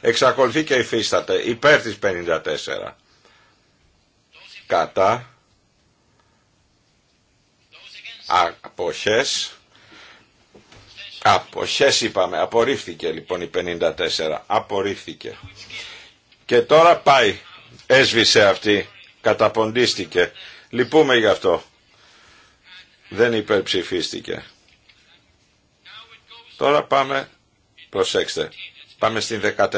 Εξακολουθεί και υφίσταται υπέρ της 54. Κατά. Αποχές. Αποχές είπαμε. Απορρίφθηκε λοιπόν η 54. Απορρίφθηκε. Και τώρα πάει. Έσβησε αυτή. Καταποντίστηκε. Λυπούμε γι' αυτό δεν υπερψηφίστηκε. Τώρα πάμε, προσέξτε, πάμε στην 14.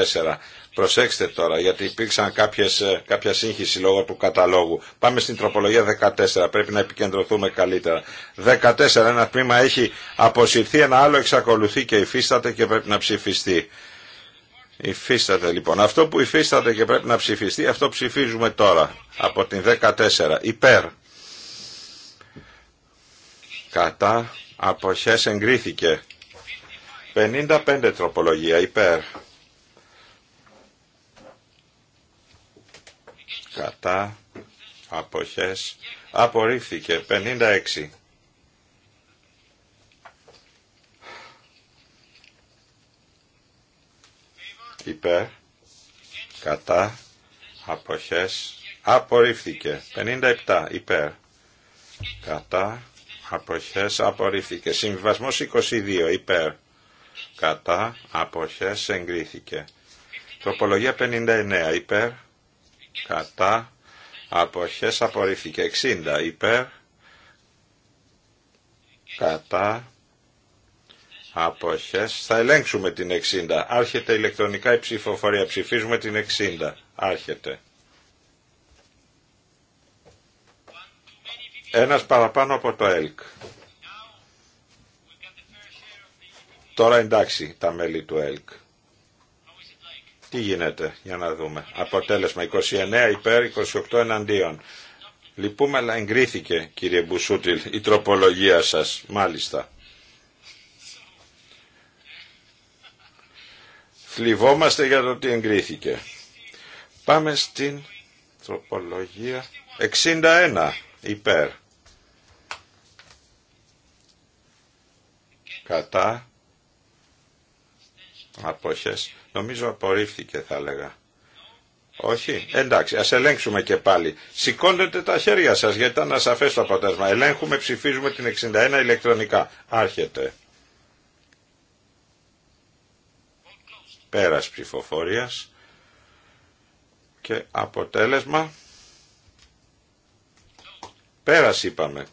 Προσέξτε τώρα, γιατί υπήρξαν κάποιες, ε, κάποια σύγχυση λόγω του καταλόγου. Πάμε στην τροπολογία 14, πρέπει να επικεντρωθούμε καλύτερα. 14, ένα τμήμα έχει αποσυρθεί, ένα άλλο εξακολουθεί και υφίσταται και πρέπει να ψηφιστεί. Υφίσταται λοιπόν. Αυτό που υφίσταται και πρέπει να ψηφιστεί, αυτό ψηφίζουμε τώρα. Από την 14. Υπέρ κατά αποχές εγκρίθηκε 55 τροπολογία υπέρ κατά αποχές απορρίφθηκε 56 υπέρ κατά αποχές απορρίφθηκε 57 υπέρ κατά αποχές απορρίφθηκε. Συμβιβασμός 22 υπέρ κατά αποχές εγκρίθηκε. Τροπολογία 59 υπέρ κατά αποχές απορρίφθηκε. 60 υπέρ κατά αποχές. Θα ελέγξουμε την 60. Άρχεται ηλεκτρονικά η ψηφοφορία. Ψηφίζουμε την 60. Άρχεται. Ένας παραπάνω από το ΕΛΚ. Τώρα εντάξει τα μέλη του ΕΛΚ. Τι γίνεται, για να δούμε. Αποτέλεσμα 29 υπέρ, 28 εναντίον. Λυπούμε, αλλά εγκρίθηκε, κύριε Μπουσούτιλ, η τροπολογία σας, μάλιστα. Θλιβόμαστε για το ότι εγκρίθηκε. Πάμε στην τροπολογία 61 υπέρ. κατά αποχές. Νομίζω απορρίφθηκε θα έλεγα. Όχι. Εντάξει, ας ελέγξουμε και πάλι. Σηκώνετε τα χέρια σας γιατί ήταν ασαφές το αποτέλεσμα. Ελέγχουμε, ψηφίζουμε την 61 ηλεκτρονικά. Άρχεται. Πέρας ψηφοφορίας και αποτέλεσμα πέρας είπαμε.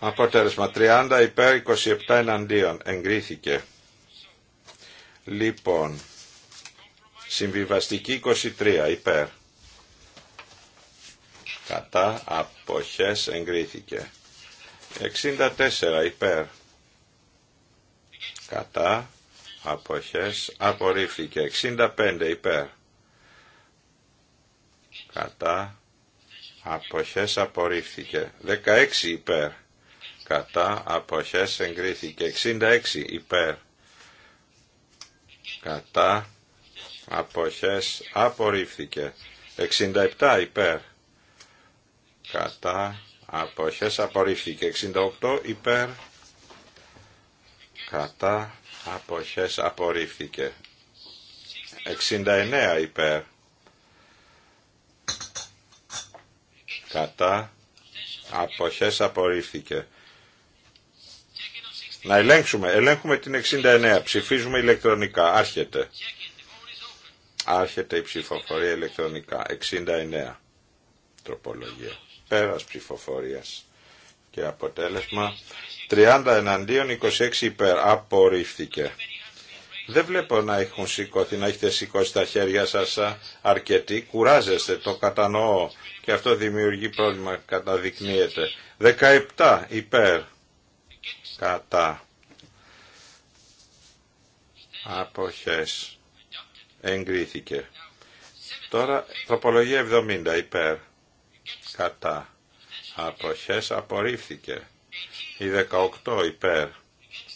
Αποτέλεσμα 30 υπέρ 27 εναντίον. Εγκρίθηκε. Λοιπόν, συμβιβαστική 23 υπέρ. Κατά αποχές εγκρίθηκε. 64 υπέρ. Κατά αποχές απορρίφθηκε. 65 υπέρ. Κατά αποχές απορρίφθηκε. 16 υπέρ κατά αποχές εγκρίθηκε 66 υπέρ κατά αποχές απορρίφθηκε 67 υπέρ κατά αποχές απορρίφθηκε 68 υπέρ κατά αποχές απορρίφθηκε 69 υπέρ κατά αποχές απορρίφθηκε να ελέγξουμε. Ελέγχουμε την 69. Ψηφίζουμε ηλεκτρονικά. Άρχεται. Άρχεται η ψηφοφορία ηλεκτρονικά. 69. Τροπολογία. Πέρας ψηφοφορίας. Και αποτέλεσμα 30 εναντίον 26 υπέρ. Απορρίφθηκε. Δεν βλέπω να έχουν σηκωθεί, να έχετε σηκώσει τα χέρια σας αρκετοί. Κουράζεστε, το κατανοώ και αυτό δημιουργεί πρόβλημα, καταδεικνύεται. 17 υπέρ κατά αποχές εγκρίθηκε τώρα τροπολογία 70 υπέρ κατά αποχές απορρίφθηκε η 18 υπέρ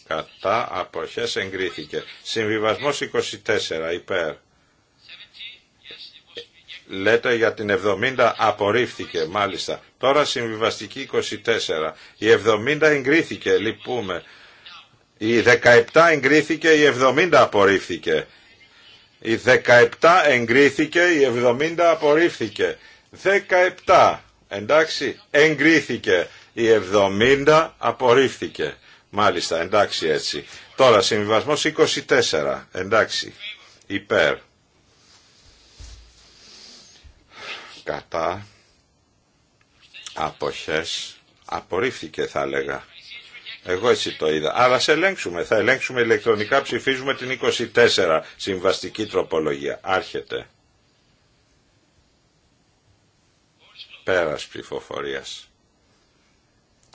κατά αποχές εγκρίθηκε συμβιβασμός 24 υπέρ λέτε για την 70 απορρίφθηκε μάλιστα Τώρα συμβιβαστική 24. Η 70 εγκρίθηκε, λυπούμε. Η 17 εγκρίθηκε, η 70 απορρίφθηκε. Η 17 εγκρίθηκε, η 70 απορρίφθηκε. 17, εντάξει, εγκρίθηκε. Η 70 απορρίφθηκε. Μάλιστα, εντάξει έτσι. Τώρα, συμβιβασμός 24, εντάξει, υπέρ. Κατά αποχές απορρίφθηκε θα έλεγα. Εγώ έτσι το είδα. Άρα σε ελέγξουμε. Θα ελέγξουμε ηλεκτρονικά. Ψηφίζουμε την 24 συμβαστική τροπολογία. Άρχεται. Πέρας ψηφοφορίας.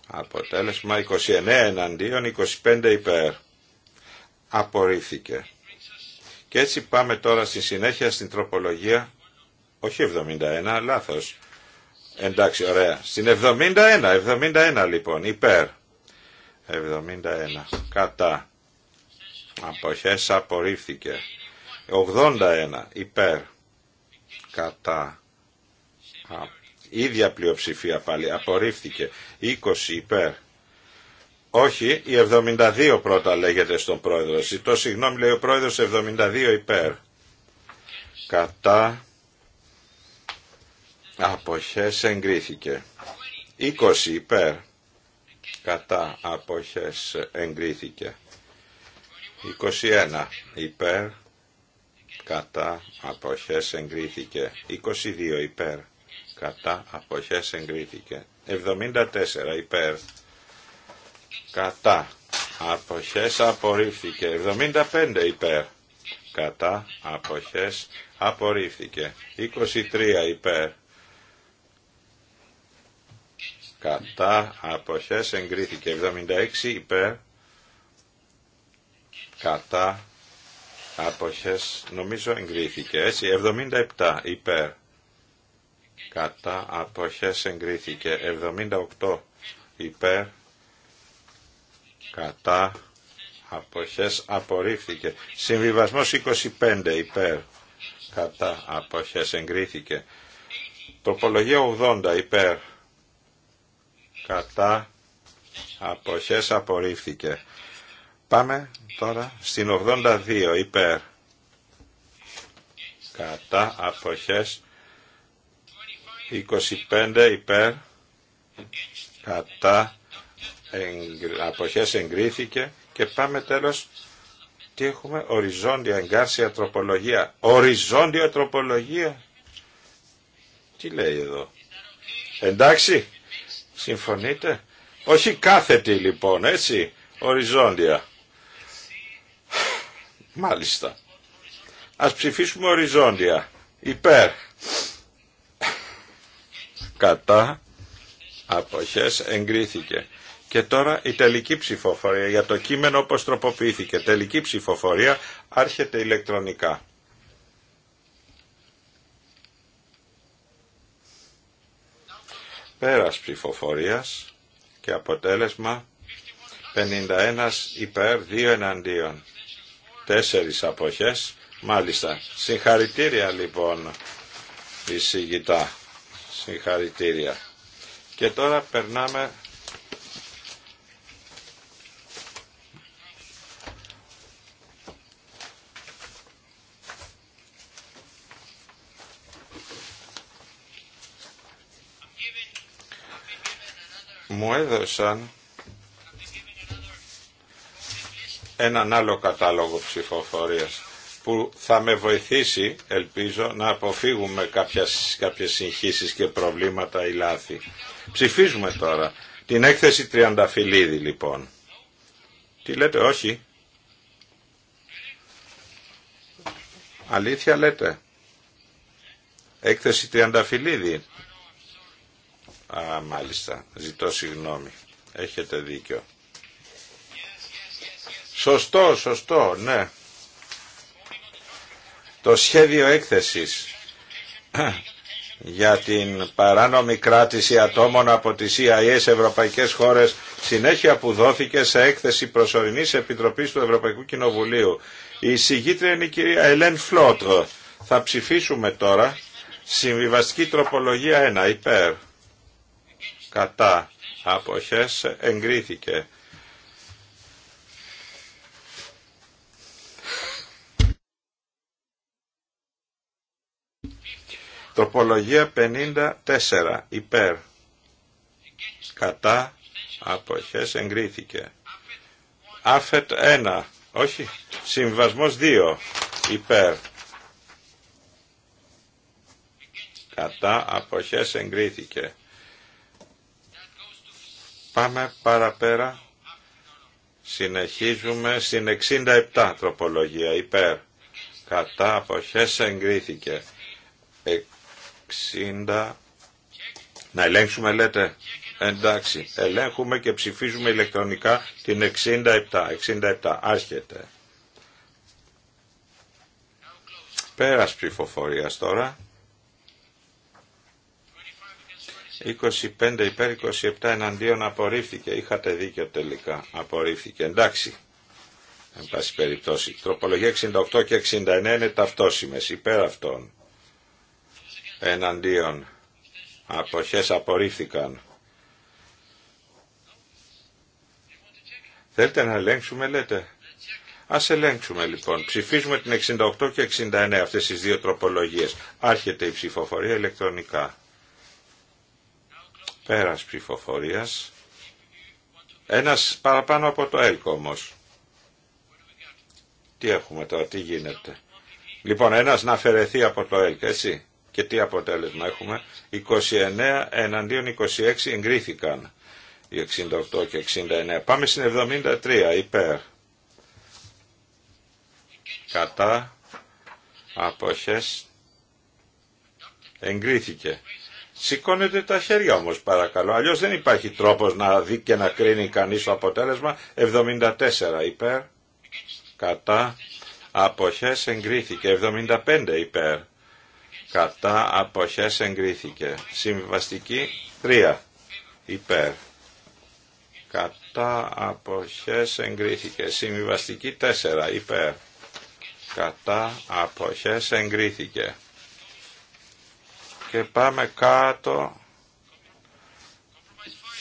Αποτέλεσμα 29 εναντίον 25 υπέρ. Απορρίφθηκε. Και έτσι πάμε τώρα στη συνέχεια στην τροπολογία. Όχι 71, λάθος. Εντάξει, ωραία. Στην 71, 71 λοιπόν, υπέρ. 71, κατά. Αποχές απορρίφθηκε. 81, υπέρ. Κατά. Α, ίδια πλειοψηφία πάλι, απορρίφθηκε. 20, υπέρ. Όχι, η 72 πρώτα λέγεται στον πρόεδρο. Ζητώ συγγνώμη, λέει ο πρόεδρος 72 υπέρ. Κατά αποχές εγκρίθηκε. 20 υπέρ κατά αποχές εγκρίθηκε. 21 υπέρ κατά αποχές εγκρίθηκε. 22 υπέρ κατά αποχές εγκρίθηκε. 74 υπέρ κατά αποχές απορρίφθηκε. 75 υπέρ κατά αποχές απορρίφθηκε. 23 υπέρ κατά αποχές εγκρίθηκε 76 υπέρ κατά αποχές νομίζω εγκρίθηκε έτσι 77 υπέρ κατά αποχές εγκρίθηκε 78 υπέρ κατά αποχές απορρίφθηκε συμβιβασμός 25 υπέρ κατά αποχές εγκρίθηκε τοπολογία 80 υπέρ κατά αποχές απορρίφθηκε. Πάμε τώρα στην 82 υπέρ κατά αποχές 25 υπέρ κατά αποχές εγκρίθηκε και πάμε τέλος τι έχουμε οριζόντια εγκάρσια τροπολογία οριζόντια τροπολογία τι λέει εδώ εντάξει Συμφωνείτε. Όχι κάθετη λοιπόν, έτσι. Οριζόντια. Μάλιστα. Ας ψηφίσουμε οριζόντια. Υπέρ. Κατά. Αποχές εγκρίθηκε. Και τώρα η τελική ψηφοφορία για το κείμενο όπως τροποποιήθηκε. Τελική ψηφοφορία άρχεται ηλεκτρονικά. Πέρας ψηφοφορίας και αποτέλεσμα 51 υπέρ 2 εναντίον. Τέσσερις αποχές. Μάλιστα. Συγχαρητήρια λοιπόν εισηγητά. Συγχαρητήρια. Και τώρα περνάμε μου έδωσαν έναν άλλο κατάλογο ψηφοφορίας που θα με βοηθήσει, ελπίζω, να αποφύγουμε κάποιες, κάποιες συγχύσεις και προβλήματα ή λάθη. Ψηφίζουμε τώρα. Την έκθεση Τριανταφυλλίδη, λοιπόν. Τι λέτε, όχι. Αλήθεια λέτε. Έκθεση Τριανταφυλλίδη. Α, μάλιστα. Ζητώ συγγνώμη. Έχετε δίκιο. Σωστό, σωστό, ναι. Το σχέδιο έκθεσης για την παράνομη κράτηση ατόμων από τις CIA σε ευρωπαϊκές χώρες συνέχεια που δόθηκε σε έκθεση προσωρινής επιτροπής του Ευρωπαϊκού Κοινοβουλίου. Η συγγήτρια είναι η κυρία Ελέν Φλότρο. Θα ψηφίσουμε τώρα συμβιβαστική τροπολογία 1 υπέρ κατά αποχές εγκρίθηκε. Τροπολογία 54 υπέρ κατά αποχές εγκρίθηκε. Άφετ 1, όχι, συμβασμός 2 υπέρ κατά αποχές εγκρίθηκε. Πάμε παραπέρα. Συνεχίζουμε στην 67 τροπολογία υπέρ. Κατά αποχές εγκρίθηκε. 60. Να ελέγξουμε λέτε. Εντάξει. Ελέγχουμε και ψηφίζουμε ηλεκτρονικά την 67. 67. Άρχεται. Πέρας ψηφοφορίας τώρα. 25 υπέρ 27 εναντίον απορρίφθηκε. Είχατε δίκιο τελικά. Απορρίφθηκε. Εντάξει. Εν πάση περιπτώσει. Τροπολογία 68 και 69 είναι ταυτόσιμες. Υπέρ αυτών. Εναντίον. Αποχές απορρίφθηκαν. Θέλετε να ελέγξουμε λέτε. Ας ελέγξουμε λοιπόν. Ψηφίζουμε την 68 και 69 αυτές τις δύο τροπολογίες. Άρχεται η ψηφοφορία ηλεκτρονικά. Πέρας ψηφοφορίας. Ένας παραπάνω από το ΕΛΚ όμως. Τι έχουμε τώρα, τι γίνεται. Λοιπόν, ένας να αφαιρεθεί από το ΕΛΚ, έτσι. Και τι αποτέλεσμα έχουμε. 29 εναντίον 26 εγκρίθηκαν. Οι 68 και 69. Πάμε στην 73 υπέρ. Κατά. Αποχές. Εγκρίθηκε. Σηκώνετε τα χέρια όμως παρακαλώ, αλλιώς δεν υπάρχει τρόπος να δει και να κρίνει κανείς το αποτέλεσμα. 74 υπέρ, κατά, αποχές εγκρίθηκε. 75 υπέρ, κατά, αποχές εγκρίθηκε. Συμβαστική 3 υπέρ, κατά, αποχές εγκρίθηκε. Συμβαστική 4 υπέρ, κατά, αποχές εγκρίθηκε. Και πάμε κάτω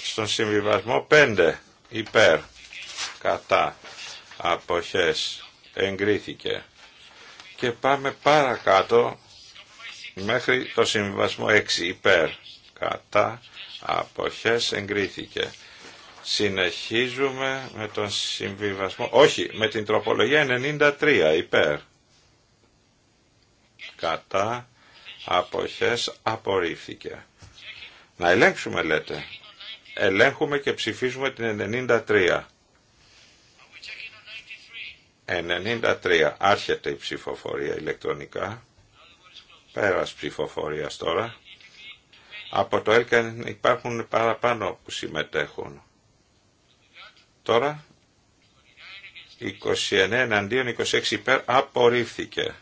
στον συμβιβασμό 5 υπέρ κατά αποχές εγκρίθηκε και πάμε παρακάτω μέχρι το συμβιβασμό 6 υπέρ κατά αποχές εγκρίθηκε συνεχίζουμε με τον συμβιβασμό όχι με την τροπολογία 93 υπέρ κατά αποχές απορρίφθηκε. Να ελέγξουμε λέτε. Ελέγχουμε και ψηφίζουμε την 93. 93. Άρχεται η ψηφοφορία ηλεκτρονικά. Πέρας ψηφοφορίας τώρα. Από το ΕΛΚΑ υπάρχουν παραπάνω που συμμετέχουν. Τώρα 29 εναντίον 26 υπέρ απορρίφθηκε.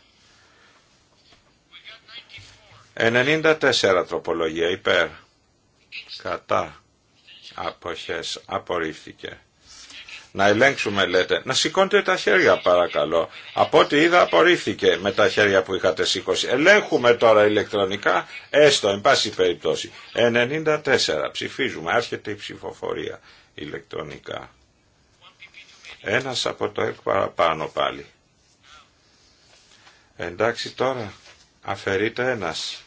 94 τροπολογία υπέρ. Κατά. Αποχές. Απορρίφθηκε. Να ελέγξουμε λέτε. Να σηκώνετε τα χέρια παρακαλώ. Από ό,τι είδα απορρίφθηκε με τα χέρια που είχατε σηκώσει. Ελέγχουμε τώρα ηλεκτρονικά, έστω εν πάση περιπτώσει. 94. Ψηφίζουμε. Άρχεται η ψηφοφορία ηλεκτρονικά. Ένας από το ΕΚ παραπάνω πάλι. Εντάξει τώρα. Αφαιρείται ένας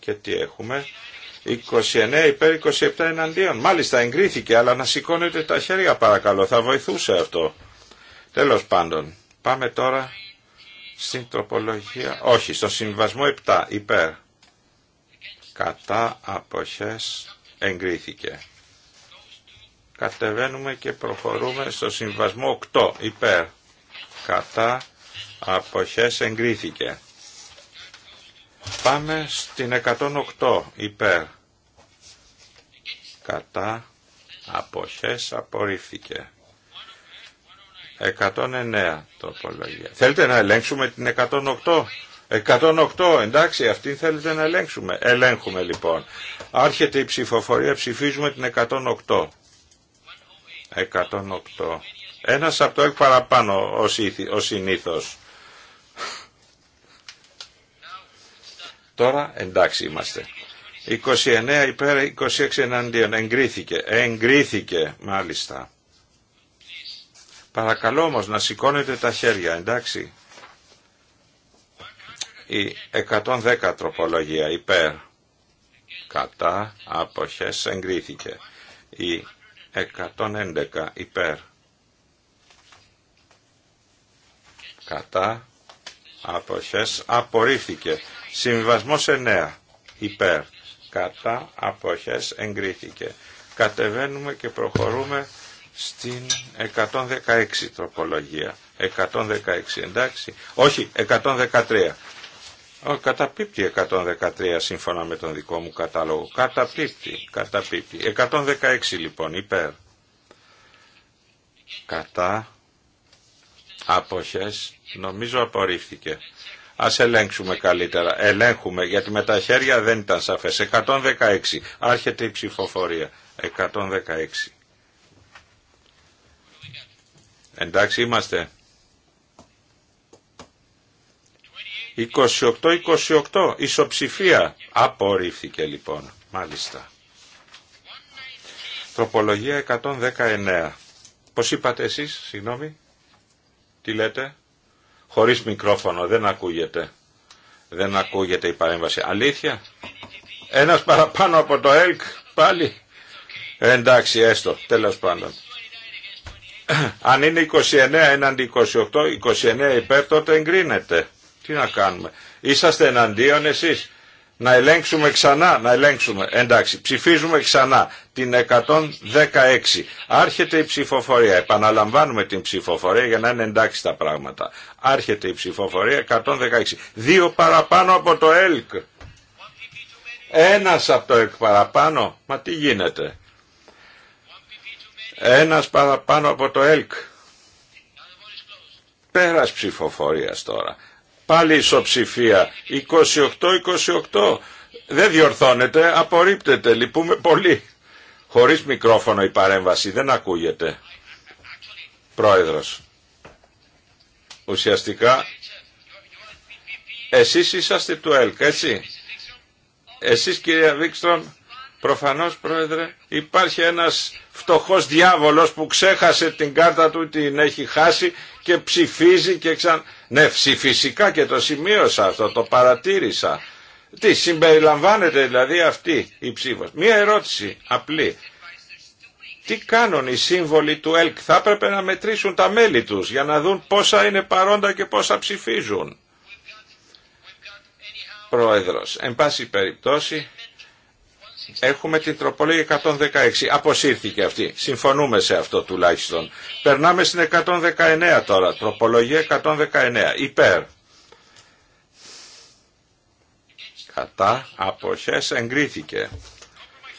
και τι έχουμε. 29 υπέρ 27 εναντίον. Μάλιστα εγκρίθηκε, αλλά να σηκώνετε τα χέρια παρακαλώ, θα βοηθούσε αυτό. Τέλος πάντων, πάμε τώρα στην τροπολογία, όχι, στο συμβασμό 7 υπέρ. Κατά αποχές εγκρίθηκε. Κατεβαίνουμε και προχωρούμε στο συμβασμό 8 υπέρ. Κατά αποχές εγκρίθηκε. Πάμε στην 108 υπέρ. Κατά αποχές απορρίφθηκε. 109 τοπολογία. Θέλετε να ελέγξουμε την 108. 108, εντάξει, αυτή θέλετε να ελέγξουμε. Ελέγχουμε λοιπόν. Άρχεται η ψηφοφορία, ψηφίζουμε την 108. 108. Ένας από το εκ παραπάνω ο συνήθως. Τώρα εντάξει είμαστε. 29 υπέρ 26 εναντίον. Εγκρίθηκε. Εγκρίθηκε μάλιστα. Παρακαλώ όμως να σηκώνετε τα χέρια, εντάξει. Η 110 τροπολογία υπέρ κατά αποχές εγκρίθηκε. Η 111 υπέρ κατά αποχές απορρίφθηκε. Συμβιβασμός 9. Υπέρ. Κατά αποχές εγκρίθηκε. Κατεβαίνουμε και προχωρούμε στην 116 τροπολογία. 116 εντάξει. Όχι, 113. Ο, καταπίπτει 113 σύμφωνα με τον δικό μου κατάλογο. Καταπίπτει, καταπίπτει. 116 λοιπόν, υπέρ. Κατά, άποχες, νομίζω απορρίφθηκε. Ας ελέγξουμε καλύτερα. Ελέγχουμε, γιατί με τα χέρια δεν ήταν σαφές. 116. Άρχεται η ψηφοφορία. 116. Εντάξει είμαστε. 28-28. Ισοψηφία. Απορρίφθηκε λοιπόν. Μάλιστα. Τροπολογία 119. Πώς είπατε εσείς, συγγνώμη. Τι λέτε. Χωρίς μικρόφωνο, δεν ακούγεται. Δεν ακούγεται η παρέμβαση. Αλήθεια. Ένας παραπάνω από το ΕΛΚ, πάλι. Εντάξει, έστω, τέλος πάντων. Αν είναι 29 έναντι 28, 29 υπέρ, τότε εγκρίνεται. Τι να κάνουμε. Είσαστε εναντίον εσείς. Να ελέγξουμε ξανά, να ελέγξουμε. Εντάξει, ψηφίζουμε ξανά την 116. Άρχεται η ψηφοφορία. Επαναλαμβάνουμε την ψηφοφορία για να είναι εντάξει τα πράγματα. Άρχεται η ψηφοφορία 116. Δύο παραπάνω από το ΕΛΚ. Ένας από το ΕΛΚ παραπάνω. Μα τι γίνεται. Ένας παραπάνω από το ΕΛΚ. Πέρας ψηφοφορίας τώρα. Πάλι ισοψηφία. 28-28. Δεν διορθώνεται, απορρίπτεται. Λυπούμε πολύ. Χωρίς μικρόφωνο η παρέμβαση, δεν ακούγεται. Πρόεδρος. Ουσιαστικά, εσείς είσαστε του ΕΛΚ, έτσι. Εσείς κυρία Βίξτρον, προφανώς πρόεδρε, υπάρχει ένας φτωχός διάβολος που ξέχασε την κάρτα του, την έχει χάσει και ψηφίζει και ξανά ναι, φυσικά και το σημείωσα αυτό, το παρατήρησα. Τι, συμπεριλαμβάνεται δηλαδή αυτή η ψήφος. Μία ερώτηση απλή. Τι κάνουν οι σύμβολοι του ΕΛΚ, θα έπρεπε να μετρήσουν τα μέλη τους για να δουν πόσα είναι παρόντα και πόσα ψηφίζουν. Πρόεδρος, εν πάση περιπτώσει Έχουμε την τροπολογία 116. Αποσύρθηκε αυτή. Συμφωνούμε σε αυτό τουλάχιστον. Περνάμε στην 119 τώρα. Τροπολογία 119. Υπέρ. Κατά αποχές εγκρίθηκε.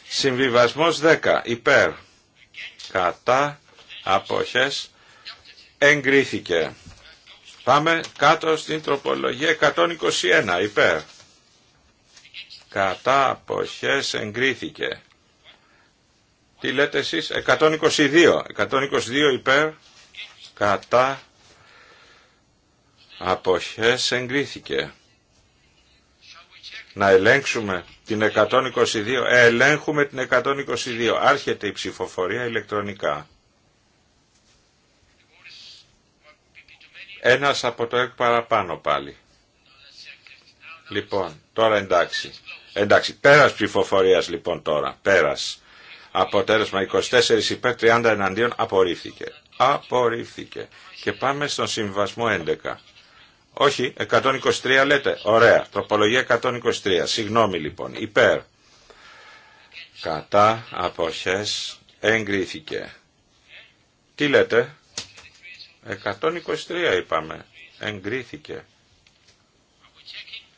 Συμβιβασμός 10. Υπέρ. Κατά αποχές εγκρίθηκε. Πάμε κάτω στην τροπολογία 121. Υπέρ κατά αποχές εγκρίθηκε. Τι λέτε εσείς, 122, 122 υπέρ, κατά αποχές εγκρίθηκε. Να ελέγξουμε την 122, ελέγχουμε την 122, άρχεται η ψηφοφορία ηλεκτρονικά. Ένας από το ΕΚ παραπάνω πάλι. Λοιπόν, τώρα εντάξει. Εντάξει, πέρας ψηφοφορίας λοιπόν τώρα, πέρας. Αποτέλεσμα 24 υπέρ 30 εναντίον απορρίφθηκε. Απορρίφθηκε. Και πάμε στον συμβασμό 11. Όχι, 123 λέτε. Ωραία. Τροπολογία 123. Συγγνώμη λοιπόν. Υπέρ. Κατά αποχές εγκρίθηκε. Τι λέτε. 123 είπαμε. Εγκρίθηκε.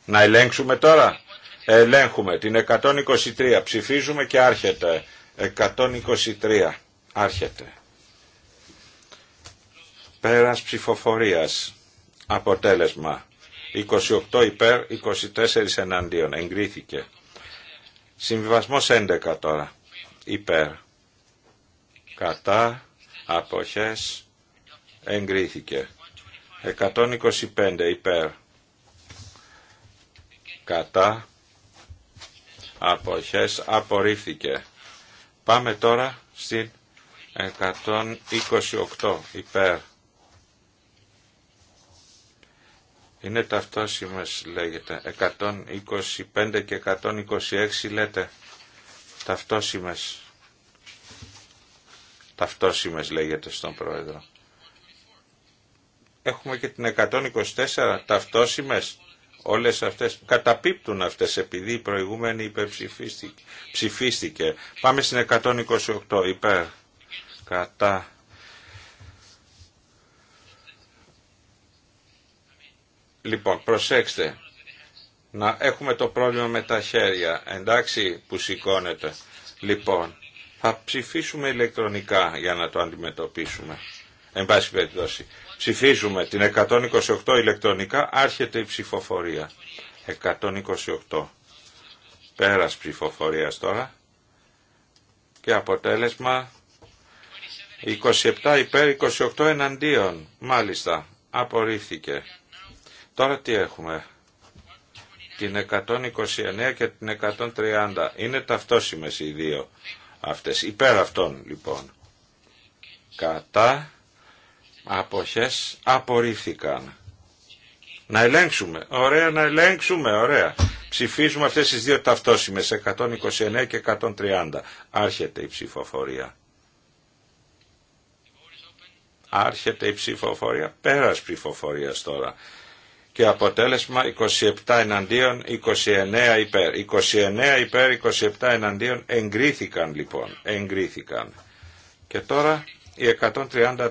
Να ελέγξουμε τώρα. Ελέγχουμε την 123. Ψηφίζουμε και άρχεται. 123. Άρχεται. Πέρας ψηφοφορίας. Αποτέλεσμα. 28 υπέρ, 24 εναντίον. Εγκρίθηκε. Συμβιβασμός 11 τώρα. Υπέρ. Κατά. Αποχές. Εγκρίθηκε. 125 υπέρ. Κατά αποχές απορρίφθηκε. Πάμε τώρα στην 128 υπέρ. Είναι ταυτόσιμες λέγεται. 125 και 126 λέτε. Ταυτόσιμες. Ταυτόσιμες λέγεται στον πρόεδρο. Έχουμε και την 124 ταυτόσιμες όλες αυτές, καταπίπτουν αυτές επειδή η προηγούμενη υπερψηφίστηκε. Ψηφίστηκε. Πάμε στην 128 υπέρ, κατά. Λοιπόν, προσέξτε, να έχουμε το πρόβλημα με τα χέρια, εντάξει που σηκώνεται. Λοιπόν, θα ψηφίσουμε ηλεκτρονικά για να το αντιμετωπίσουμε. Εν πάση περιπτώσει, Ψηφίζουμε την 128 ηλεκτρονικά, άρχεται η ψηφοφορία. 128. Πέρας ψηφοφορίας τώρα. Και αποτέλεσμα 27 υπέρ 28 εναντίον. Μάλιστα, απορρίφθηκε. Τώρα τι έχουμε. Την 129 και την 130. Είναι ταυτόσιμες οι δύο αυτές. Υπέρ αυτών λοιπόν. Κατά αποχές απορρίφθηκαν. Να ελέγξουμε. Ωραία, να ελέγξουμε. Ωραία. Ψηφίζουμε αυτές τις δύο ταυτόσημες, 129 και 130. Άρχεται η ψηφοφορία. Άρχεται η ψηφοφορία. Πέρας ψηφοφορίας τώρα. Και αποτέλεσμα 27 εναντίον, 29 υπέρ. 29 υπέρ, 27 εναντίον. Εγκρίθηκαν λοιπόν. Εγκρίθηκαν. Και τώρα η 134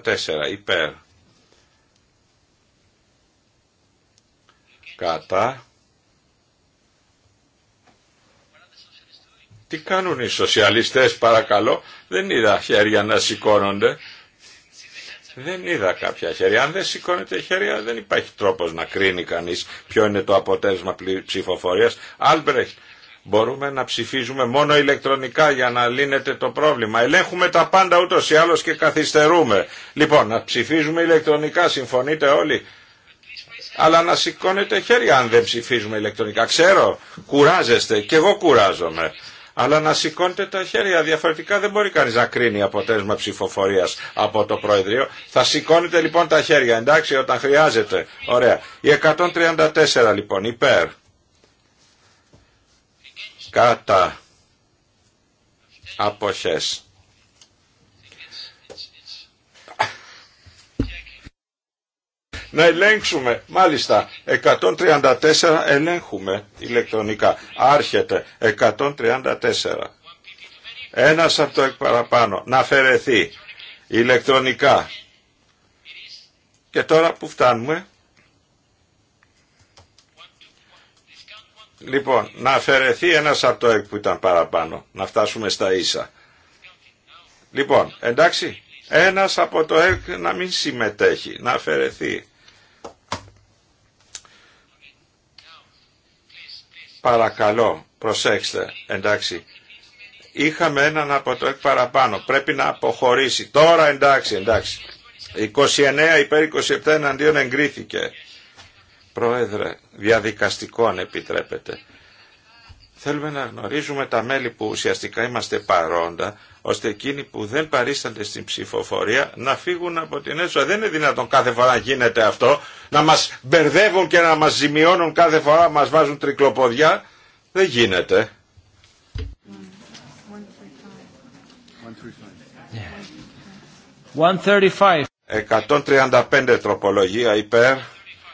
υπέρ. Κατά. Τι κάνουν οι σοσιαλιστές παρακαλώ. Δεν είδα χέρια να σηκώνονται. Δεν είδα κάποια χέρια. Αν δεν σηκώνεται η χέρια δεν υπάρχει τρόπος να κρίνει κανείς ποιο είναι το αποτέλεσμα ψηφοφορίας. Άλμπρεχτ μπορούμε να ψηφίζουμε μόνο ηλεκτρονικά για να λύνεται το πρόβλημα. Ελέγχουμε τα πάντα ούτως ή άλλως και καθυστερούμε. Λοιπόν, να ψηφίζουμε ηλεκτρονικά, συμφωνείτε όλοι. Αλλά να σηκώνετε χέρια αν δεν ψηφίζουμε ηλεκτρονικά. Ξέρω, κουράζεστε και εγώ κουράζομαι. Αλλά να σηκώνετε τα χέρια. Διαφορετικά δεν μπορεί κανεί να κρίνει αποτέλεσμα ψηφοφορία από το Προεδρείο. Θα σηκώνετε λοιπόν τα χέρια, εντάξει, όταν χρειάζεται. Ωραία. Η 134 λοιπόν, υπέρ κατά αποχές. Να ελέγξουμε, μάλιστα, 134 ελέγχουμε ηλεκτρονικά. Άρχεται, 134. Ένας από το παραπάνω, να αφαιρεθεί ηλεκτρονικά. Και τώρα που φτάνουμε, Λοιπόν, να αφαιρεθεί ένας από το ΕΚ που ήταν παραπάνω, να φτάσουμε στα ίσα. Λοιπόν, εντάξει, ένας από το ΕΚ να μην συμμετέχει, να αφαιρεθεί. Παρακαλώ, προσέξτε, εντάξει. Είχαμε έναν από το ΕΚ παραπάνω, πρέπει να αποχωρήσει. Τώρα εντάξει, εντάξει. 29 υπέρ 27 εναντίον εγκρίθηκε. Πρόεδρε, διαδικαστικό αν επιτρέπετε. Θέλουμε να γνωρίζουμε τα μέλη που ουσιαστικά είμαστε παρόντα, ώστε εκείνοι που δεν παρίστανται στην ψηφοφορία να φύγουν από την αίθουσα. Δεν είναι δυνατόν κάθε φορά να γίνεται αυτό, να μας μπερδεύουν και να μας ζημιώνουν κάθε φορά, μας βάζουν τρικλοποδιά. Δεν γίνεται. 135. 135 τροπολογία υπέρ.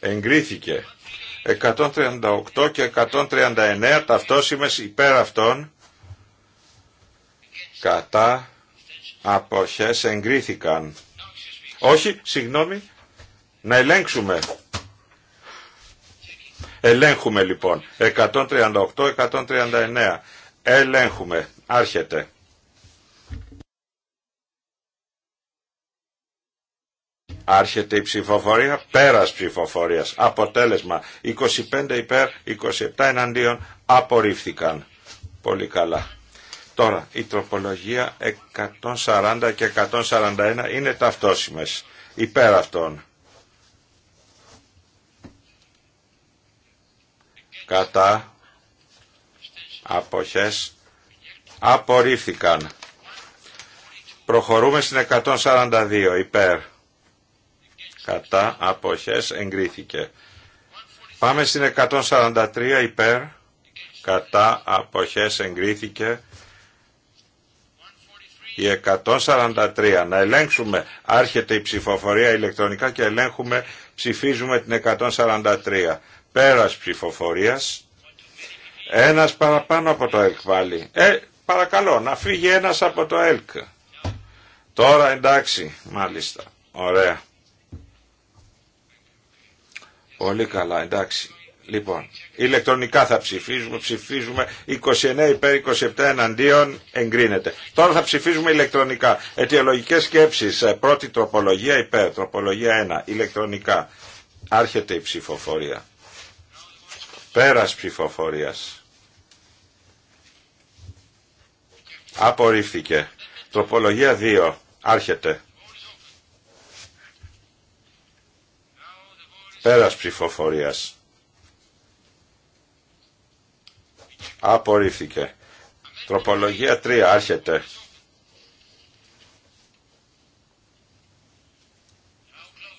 εγκρίθηκε 138 και 139 ταυτόσημες υπέρ αυτών κατά αποχές εγκρίθηκαν όχι, συγγνώμη να ελέγξουμε ελέγχουμε λοιπόν 138-139 ελέγχουμε, άρχεται Άρχεται η ψηφοφορία, πέρας ψηφοφορίας. Αποτέλεσμα 25 υπέρ, 27 εναντίον απορρίφθηκαν. Πολύ καλά. Τώρα, η τροπολογία 140 και 141 είναι ταυτόσιμες. Υπέρ αυτών. Κατά αποχές απορρίφθηκαν. Προχωρούμε στην 142 υπέρ κατά αποχές εγκρίθηκε. Πάμε στην 143 υπέρ, κατά αποχές εγκρίθηκε. Η 143. Να ελέγξουμε. Άρχεται η ψηφοφορία ηλεκτρονικά και ελέγχουμε. Ψηφίζουμε την 143. Πέρας ψηφοφορίας. Ένας παραπάνω από το ΕΛΚ πάλι. Ε, παρακαλώ να φύγει ένας από το ΕΛΚ. Τώρα εντάξει, μάλιστα. Ωραία. Πολύ καλά, εντάξει. Λοιπόν, ηλεκτρονικά θα ψηφίζουμε, ψηφίζουμε 29 υπέρ 27 εναντίον εγκρίνεται. Τώρα θα ψηφίζουμε ηλεκτρονικά. Αιτιολογικές σκέψεις, ε, πρώτη τροπολογία υπέρ, τροπολογία 1, ηλεκτρονικά. Άρχεται η ψηφοφορία. Πέρας ψηφοφορίας. Απορρίφθηκε. Τροπολογία 2, άρχεται. Πέρας ψηφοφορίας. Απορρίφθηκε. Τροπολογία 3. Άρχεται.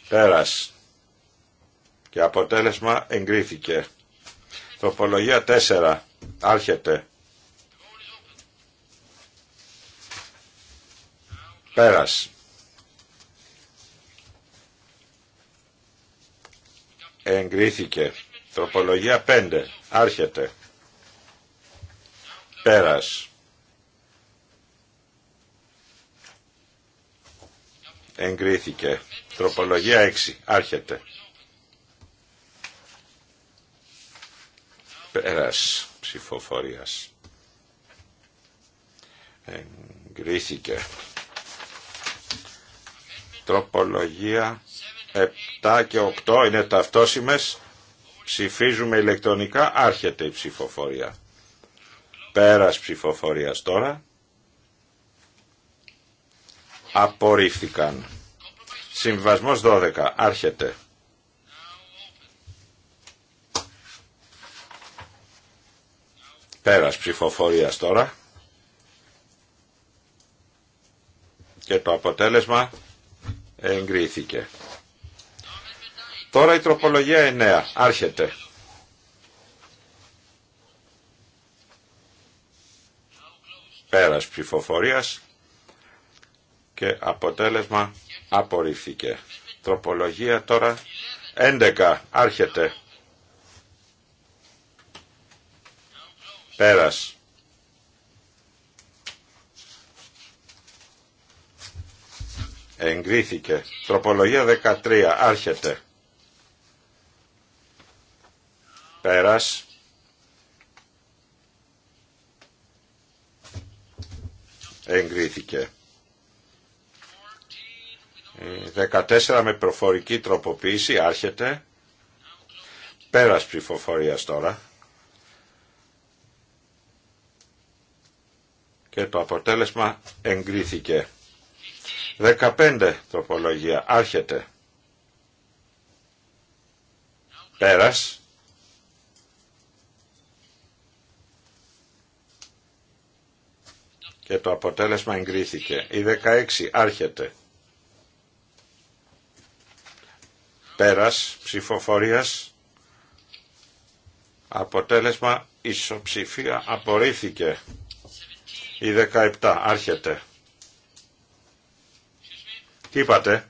Πέρας. Και αποτέλεσμα εγκρίθηκε. Τροπολογία 4. Άρχεται. Πέρας. εγκρίθηκε. Τροπολογία 5. Άρχεται. Πέρας. Εγκρίθηκε. Τροπολογία 6. Άρχεται. Πέρας ψηφοφορίας. Εγκρίθηκε. Τροπολογία 7 και 8 είναι ταυτόσιμες. Ψηφίζουμε ηλεκτρονικά. Άρχεται η ψηφοφορία. Πέρας ψηφοφορίας τώρα. Απορρίφθηκαν. Συμβασμός 12. Άρχεται. Πέρας ψηφοφορίας τώρα. Και το αποτέλεσμα εγκρίθηκε. Τώρα η τροπολογία 9. Άρχεται. Πέρας ψηφοφορίας και αποτέλεσμα απορρίφθηκε. Τροπολογία τώρα 11. Άρχεται. Πέρας. Εγκρίθηκε. Τροπολογία 13. Άρχεται. Πέρας. Εγκρίθηκε. 14 ε, με προφορική τροποποίηση άρχεται. Πέρας ψηφοφορία τώρα. Και το αποτέλεσμα εγκρίθηκε. 15 τροπολογία άρχεται. Πέρας. και ε, το αποτέλεσμα εγκρίθηκε. Η 16 άρχεται. Πέρας ψηφοφορίας. Αποτέλεσμα ισοψηφία απορρίφθηκε. Η 17 άρχεται. Τι είπατε.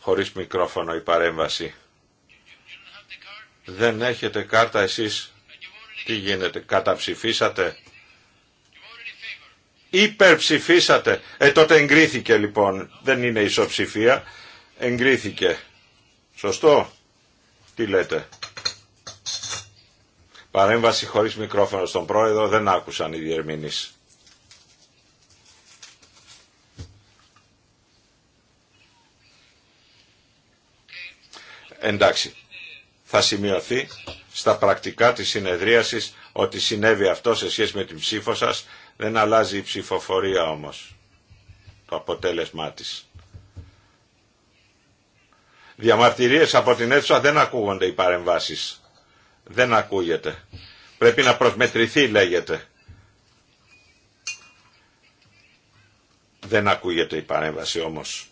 Χωρίς μικρόφωνο η παρέμβαση. Δεν έχετε κάρτα εσείς. Τι γίνεται. Καταψηφίσατε υπερψηφίσατε. Ε, τότε εγκρίθηκε λοιπόν. Δεν είναι ισοψηφία. Εγκρίθηκε. Σωστό. Τι λέτε. Παρέμβαση χωρίς μικρόφωνο στον πρόεδρο. Δεν άκουσαν οι διερμηνείς. Εντάξει. Θα σημειωθεί στα πρακτικά της συνεδρίασης ότι συνέβη αυτό σε σχέση με την ψήφο σας δεν αλλάζει η ψηφοφορία όμως το αποτέλεσμά της. Διαμαρτυρίες από την αίθουσα δεν ακούγονται οι παρεμβάσεις. Δεν ακούγεται. Πρέπει να προσμετρηθεί λέγεται. Δεν ακούγεται η παρέμβαση όμως.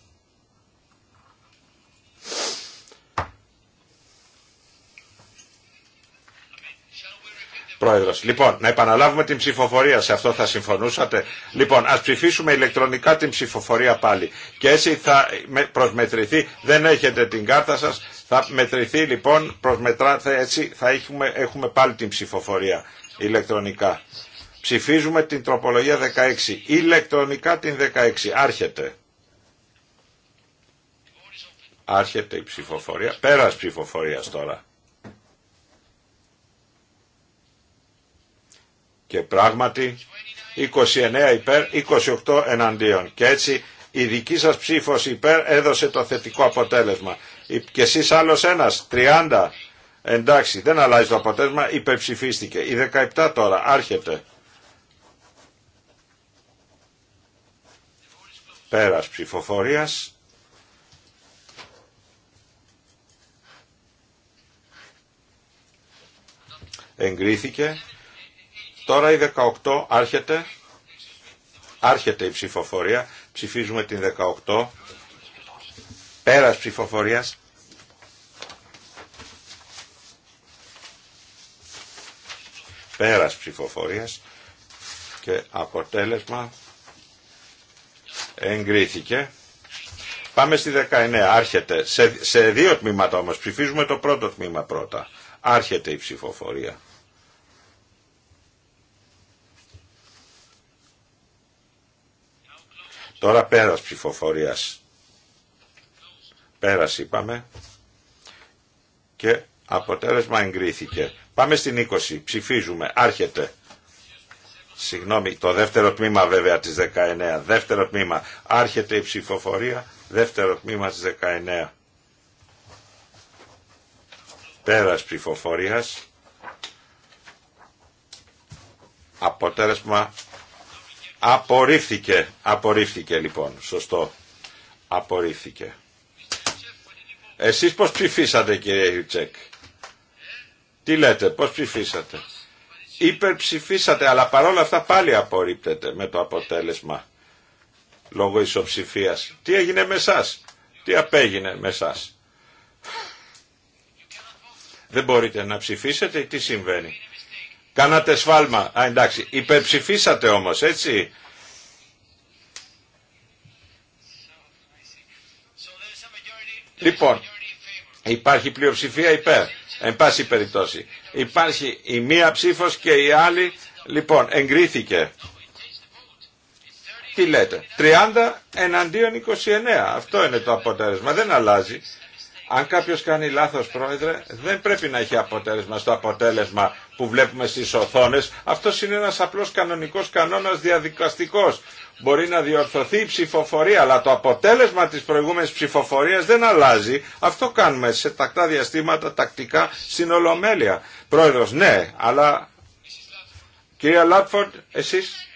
Πρόεδρος. Λοιπόν, να επαναλάβουμε την ψηφοφορία, σε αυτό θα συμφωνούσατε. Λοιπόν, ας ψηφίσουμε ηλεκτρονικά την ψηφοφορία πάλι. Και έτσι θα προσμετρηθεί, δεν έχετε την κάρτα σας, θα μετρηθεί λοιπόν, προσμετράτε έτσι, θα έχουμε, έχουμε πάλι την ψηφοφορία ηλεκτρονικά. Ψηφίζουμε την τροπολογία 16, ηλεκτρονικά την 16, άρχεται. Άρχεται η ψηφοφορία, πέρας ψηφοφορίας τώρα. Και πράγματι 29 υπέρ, 28 εναντίον. Και έτσι η δική σας ψήφος υπέρ έδωσε το θετικό αποτέλεσμα. Και εσείς άλλος ένας, 30. Εντάξει, δεν αλλάζει το αποτέλεσμα, υπερψηφίστηκε. Η 17 τώρα, άρχεται. Πέρας ψηφοφορίας. Εγκρίθηκε. Τώρα η 18 άρχεται. Άρχεται η ψηφοφορία. Ψηφίζουμε την 18. Πέρας ψηφοφορίας. Πέρας ψηφοφορίας. Και αποτέλεσμα εγκρίθηκε. Πάμε στη 19. Άρχεται. Σε, σε δύο τμήματα όμως. Ψηφίζουμε το πρώτο τμήμα πρώτα. Άρχεται η ψηφοφορία. Τώρα πέρας ψηφοφορίας. Πέρας είπαμε και αποτέλεσμα εγκρίθηκε. Πάμε στην 20. Ψηφίζουμε. Άρχεται. Συγγνώμη, το δεύτερο τμήμα βέβαια της 19. Δεύτερο τμήμα. Άρχεται η ψηφοφορία. Δεύτερο τμήμα της 19. Πέρας ψηφοφορίας. Αποτέλεσμα Απορρίφθηκε. Απορρίφθηκε λοιπόν. Σωστό. Απορρίφθηκε. Εσείς πώς ψηφίσατε κύριε Ιουτσέκ. Τι λέτε, πώς ψηφίσατε. Υπερψηφίσατε, αλλά παρόλα αυτά πάλι απορρίπτεται με το αποτέλεσμα. Λόγω ισοψηφίας. Τι έγινε με εσά, Τι απέγινε με εσά. Δεν μπορείτε να ψηφίσετε, τι συμβαίνει. Κάνατε σφάλμα. Α, εντάξει. Υπερψηφίσατε όμως, έτσι. Λοιπόν, υπάρχει πλειοψηφία υπέρ. Εν πάση περιπτώσει. Υπάρχει η μία ψήφος και η άλλη. Λοιπόν, εγκρίθηκε. Τι λέτε. 30 εναντίον 29. Αυτό είναι το αποτέλεσμα. Δεν αλλάζει. Αν κάποιος κάνει λάθος πρόεδρε δεν πρέπει να έχει αποτέλεσμα στο αποτέλεσμα που βλέπουμε στις οθόνες. Αυτός είναι ένας απλός κανονικός κανόνας διαδικαστικός. Μπορεί να διορθωθεί η ψηφοφορία, αλλά το αποτέλεσμα της προηγούμενης ψηφοφορίας δεν αλλάζει. Αυτό κάνουμε σε τακτά διαστήματα, τακτικά, στην Ολομέλεια. Πρόεδρος, ναι, αλλά... Κυρία Λάτφορντ, εσείς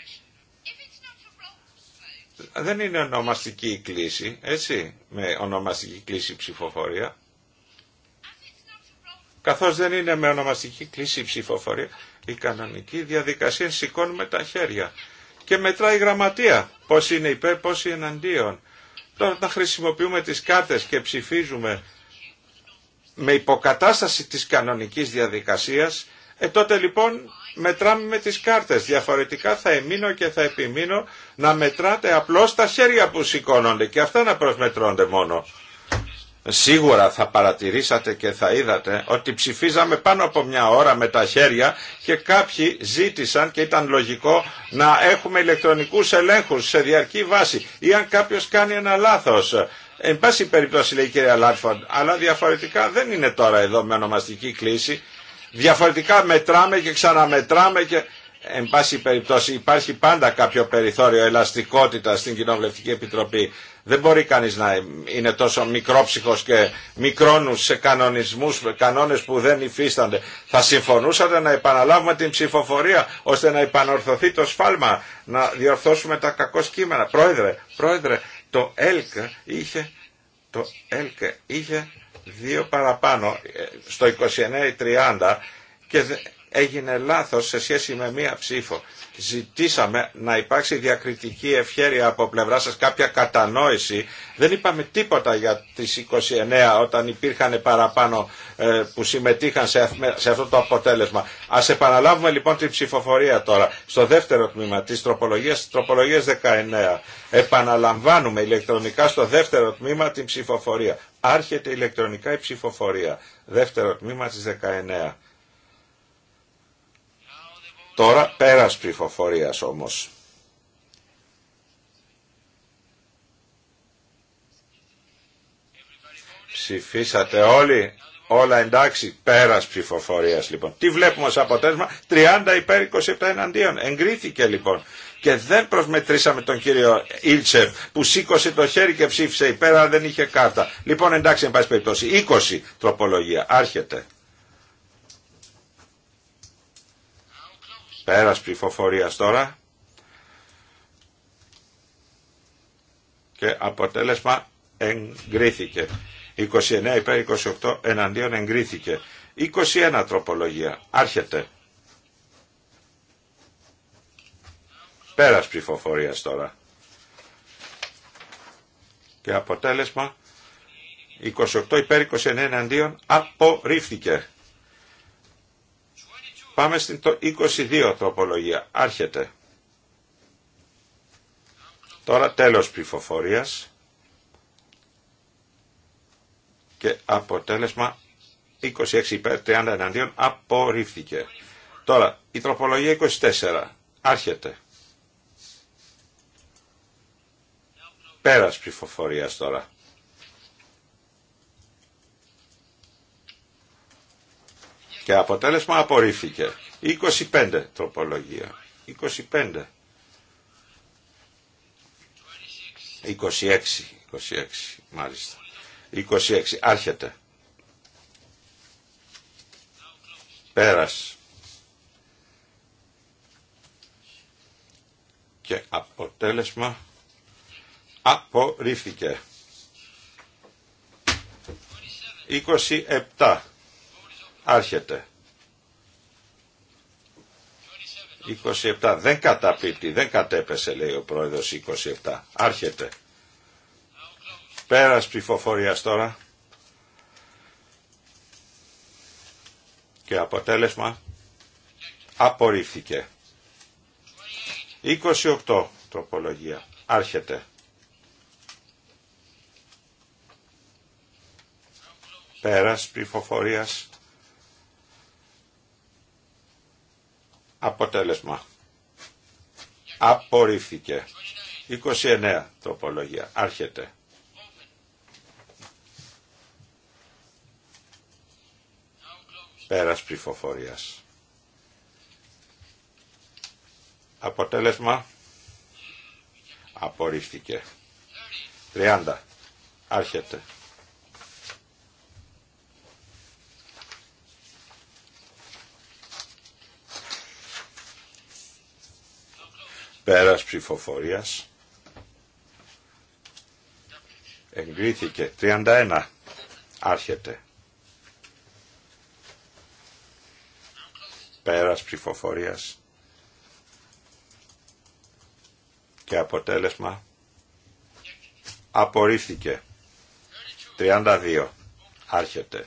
δεν είναι ονομαστική η κλίση, έτσι, με ονομαστική κλίση ψηφοφορία. Καθώς δεν είναι με ονομαστική κλίση ψηφοφορία, η κανονική διαδικασία σηκώνουμε τα χέρια. Και μετράει η γραμματεία πώς είναι υπέρ, πώς είναι εναντίον. Τώρα όταν χρησιμοποιούμε τις κάρτες και ψηφίζουμε με υποκατάσταση της κανονικής διαδικασίας, ε, τότε λοιπόν μετράμε με τις κάρτες. Διαφορετικά θα εμείνω και θα επιμείνω να μετράτε απλώς τα χέρια που σηκώνονται και αυτά να προσμετρώνται μόνο. Σίγουρα θα παρατηρήσατε και θα είδατε ότι ψηφίζαμε πάνω από μια ώρα με τα χέρια και κάποιοι ζήτησαν και ήταν λογικό να έχουμε ηλεκτρονικούς ελέγχους σε διαρκή βάση ή αν κάποιος κάνει ένα λάθος. Εν πάση περιπτώσει λέει η κυρία Λάτφορντ, αλλά λαρφον αλλα διαφορετικα δεν είναι τώρα εδώ με ονομαστική κλίση. Διαφορετικά μετράμε και ξαναμετράμε και Εν πάση περιπτώσει υπάρχει πάντα κάποιο περιθώριο ελαστικότητα στην Κοινοβουλευτική Επιτροπή. Δεν μπορεί κανείς να είναι τόσο μικρόψυχος και μικρόνους σε κανονισμούς, κανόνες που δεν υφίστανται. Θα συμφωνούσατε να επαναλάβουμε την ψηφοφορία ώστε να επανορθωθεί το σφάλμα, να διορθώσουμε τα κακό κείμενα. Πρόεδρε, πρόεδρε, το ΕΛΚ είχε, το ΕΛΚ είχε δύο παραπάνω ε, στο 29-30 και έγινε λάθος σε σχέση με μία ψήφο. Ζητήσαμε να υπάρξει διακριτική ευχέρεια από πλευρά σας κάποια κατανόηση. Δεν είπαμε τίποτα για τις 29 όταν υπήρχαν παραπάνω ε, που συμμετείχαν σε αυτό το αποτέλεσμα. Ας επαναλάβουμε λοιπόν την ψηφοφορία τώρα. Στο δεύτερο τμήμα της τροπολογίας, τροπολογίας 19. Επαναλαμβάνουμε ηλεκτρονικά στο δεύτερο τμήμα την ψηφοφορία. Άρχεται ηλεκτρονικά η ψηφοφορία. Δεύτερο τμήμα της 19. Τώρα πέρας ψηφοφορίας όμως. Ψηφίσατε όλοι, όλα εντάξει, πέρας ψηφοφορίας λοιπόν. Τι βλέπουμε ως αποτέλεσμα, 30 υπέρ 27 εναντίον. Εγκρίθηκε λοιπόν. Και δεν προσμετρήσαμε τον κύριο Ήλτσεφ που σήκωσε το χέρι και ψήφισε υπέρ, αλλά δεν είχε κάρτα. Λοιπόν εντάξει, εν πάση περιπτώσει, 20 τροπολογία, άρχεται. Πέρας ψηφοφορίας τώρα. Και αποτέλεσμα εγκρίθηκε. 29 υπέρ 28 εναντίον εγκρίθηκε. 21 τροπολογία. Άρχεται. Πέρας ψηφοφορίας τώρα. Και αποτέλεσμα 28 υπέρ 29 εναντίον απορρίφθηκε. Πάμε στην το 22 τροπολογία. Άρχεται. Τώρα τέλος ψηφοφορίας και αποτέλεσμα 26 υπέρ 30 εναντίον απορρίφθηκε. Τώρα η τροπολογία 24 άρχεται. Πέρας ψηφοφορίας τώρα. και αποτέλεσμα απορρίφθηκε. 25 τροπολογία. 25. 26, 26 μάλιστα. 26, άρχεται. Πέρας. Και αποτέλεσμα απορρίφθηκε. 27 Άρχεται. 27. Δεν καταπίπτει, δεν κατέπεσε λέει ο πρόεδρος 27. Άρχεται. Πέρας ψηφοφορίας τώρα. Και αποτέλεσμα απορρίφθηκε. 28 τροπολογία. Άρχεται. Πέρας ψηφοφορίας Αποτέλεσμα. Απορρίφθηκε. 29 τροπολογία. Άρχεται. Πέρας ψηφοφορίας. Αποτέλεσμα. Απορρίφθηκε. 30. Άρχεται. Πέρας ψηφοφορίας. Εγκρίθηκε. 31. Άρχεται. Πέρας ψηφοφορίας. Και αποτέλεσμα. Απορρίφθηκε. 32. Άρχεται.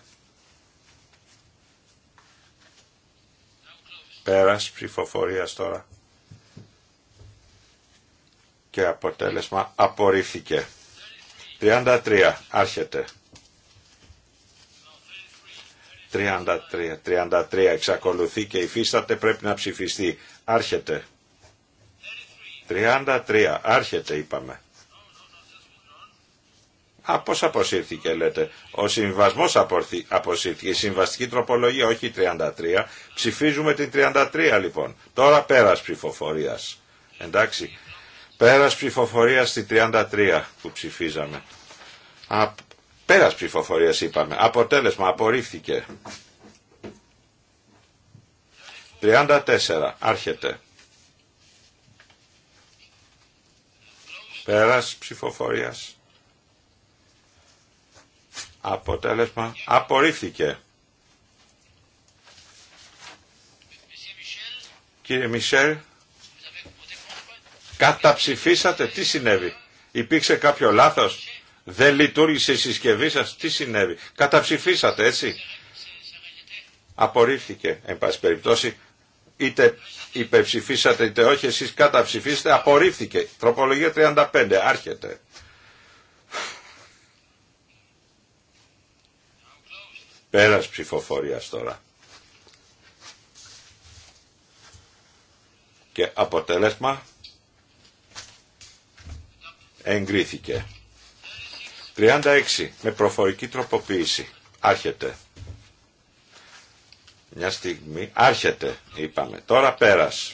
Πέρας ψηφοφορίας τώρα και αποτέλεσμα απορρίφθηκε. 33. Άρχεται. 33. 33. Εξακολουθεί και υφίσταται. Πρέπει να ψηφιστεί. Άρχεται. 33. Άρχεται είπαμε. Α, πώς αποσύρθηκε λέτε. Ο συμβασμός αποσύρθηκε. Η συμβαστική τροπολογία, όχι η 33. Ψηφίζουμε την 33 λοιπόν. Τώρα πέρας ψηφοφορίας. Εντάξει. Πέρας ψηφοφορίας στη 33 που ψηφίζαμε. Α, πέρας ψηφοφορίας είπαμε. Αποτέλεσμα απορρίφθηκε. 34. Άρχεται. Πέρας ψηφοφορίας. Αποτέλεσμα απορρίφθηκε. Κύριε Μισελ, Καταψηφίσατε, τι συνέβη. Υπήρξε κάποιο λάθος. Δεν λειτουργήσε η συσκευή σας, τι συνέβη. Καταψηφίσατε, έτσι. Απορρίφθηκε, εν πάση περιπτώσει, είτε υπεψηφίσατε είτε όχι, εσείς καταψηφίσατε, απορρίφθηκε. Τροπολογία 35, άρχεται. Πέρας ψηφοφορίας τώρα. Και αποτέλεσμα εγκρίθηκε. 36 με προφορική τροποποίηση. Άρχεται. Μια στιγμή. Άρχεται είπαμε. Τώρα πέρας.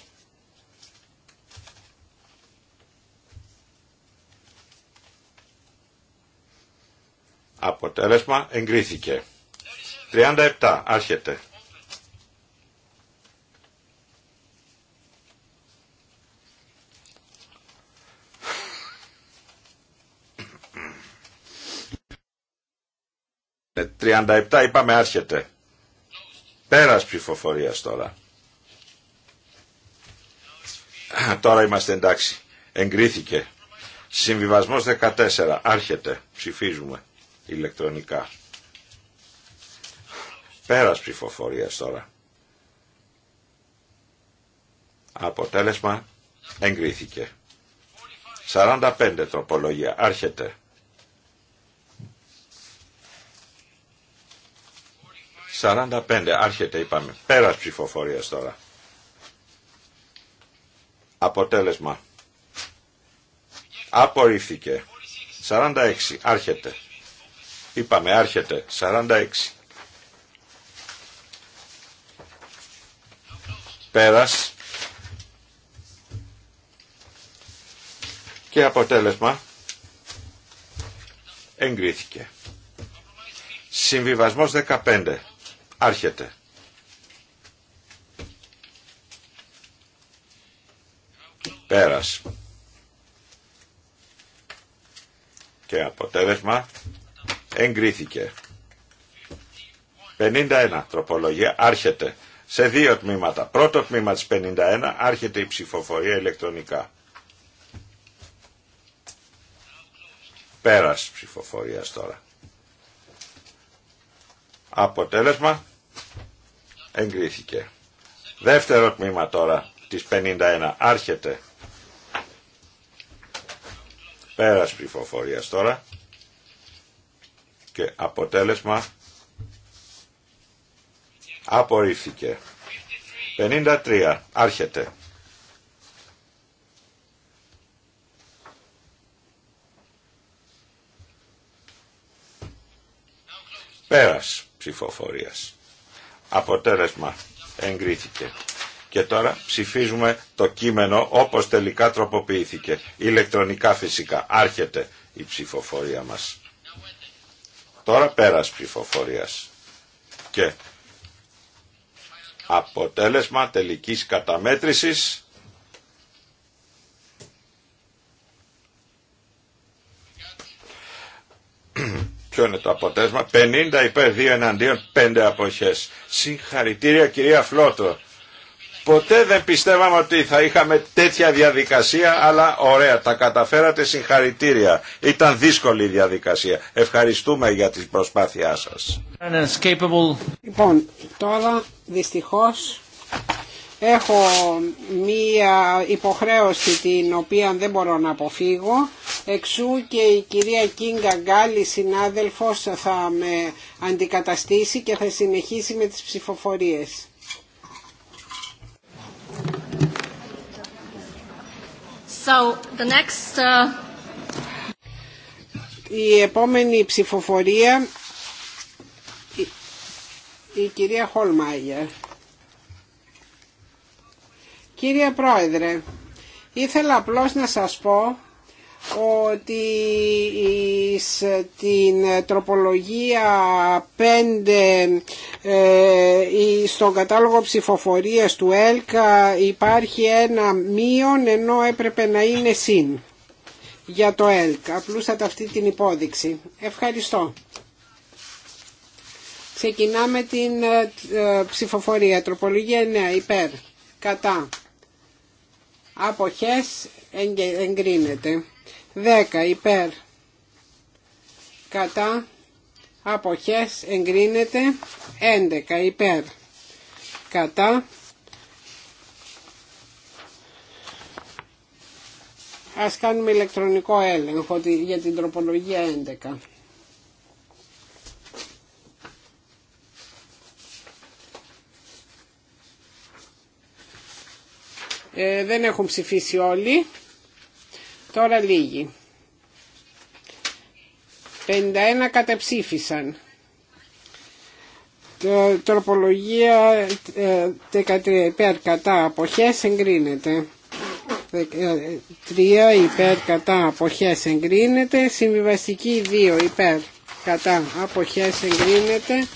Αποτέλεσμα εγκρίθηκε. 37 άρχεται. 37 ε, είπαμε άρχεται. Πέρας ψηφοφορίας τώρα. Τώρα είμαστε εντάξει. Εγκρίθηκε. Συμβιβασμός 14. Άρχεται. Ψηφίζουμε ηλεκτρονικά. Πέρας ψηφοφορίας τώρα. Αποτέλεσμα εγκρίθηκε. 45 τροπολογία. Άρχεται. 45 άρχεται είπαμε. Πέρας ψηφοφορίας τώρα. Αποτέλεσμα. Απορρίφθηκε. 46 άρχεται. Είπαμε άρχεται. 46. Πέρας. Και αποτέλεσμα εγκρίθηκε. Συμβιβασμός 15. Άρχεται. Πέρας. Και αποτέλεσμα εγκρίθηκε. 51 τροπολογία άρχεται σε δύο τμήματα. Πρώτο τμήμα της 51 άρχεται η ψηφοφορία ηλεκτρονικά. Πέρας ψηφοφορίας τώρα. Αποτέλεσμα εγκρίθηκε. Δεύτερο τμήμα τώρα τις 51 άρχεται. Πέρας ψηφοφορίας τώρα και αποτέλεσμα απορρίφθηκε. 53 άρχεται. Πέρας ψηφοφορίας. Αποτέλεσμα. Εγκρίθηκε. Και τώρα ψηφίζουμε το κείμενο όπως τελικά τροποποιήθηκε. Ηλεκτρονικά φυσικά. Άρχεται η ψηφοφορία μας. Τώρα πέρας ψηφοφορίας. Και αποτέλεσμα τελικής καταμέτρησης Ποιο είναι το αποτέλεσμα. 50 υπέρ 2 εναντίον 5 αποχές. Συγχαρητήρια κυρία Φλότο. Ποτέ δεν πιστεύαμε ότι θα είχαμε τέτοια διαδικασία, αλλά ωραία, τα καταφέρατε συγχαρητήρια. Ήταν δύσκολη η διαδικασία. Ευχαριστούμε για την προσπάθειά σας. Λοιπόν, τώρα δυστυχώς έχω μία υποχρέωση την οποία δεν μπορώ να αποφύγω. Εξού και η κυρία Κίνγκα Γκάλη, συνάδελφος, θα με αντικαταστήσει και θα συνεχίσει με τις ψηφοφορίες. So, the next, uh, Η επόμενη ψηφοφορία, η, κυρία Χολμάγερ. Κύριε Πρόεδρε, ήθελα απλώς να σας πω ότι στην τροπολογία 5 ε, στον κατάλογο ψηφοφορίας του ΕΛΚΑ υπάρχει ένα μείον ενώ έπρεπε να είναι συν για το ΕΛΚ. Απλούσατε αυτή την υπόδειξη. Ευχαριστώ. Ξεκινάμε την ε, ε, ψηφοφορία. Τροπολογία 9 υπέρ. Κατά αποχές εγκρίνεται 10 υπέρ κατά αποχές εγκρίνεται 11 υπέρ κατά Ας κάνουμε ηλεκτρονικό έλεγχο για την τροπολογία 11. Ε, δεν έχουν ψηφίσει όλοι. Τώρα λίγοι. 51 κατεψήφισαν. Τροπολογία 13 ε, υπέρ κατά αποχές εγκρίνεται. 3 ε, υπέρ κατά αποχές εγκρίνεται. Συμβιβαστική 2 υπέρ κατά αποχές εγκρίνεται.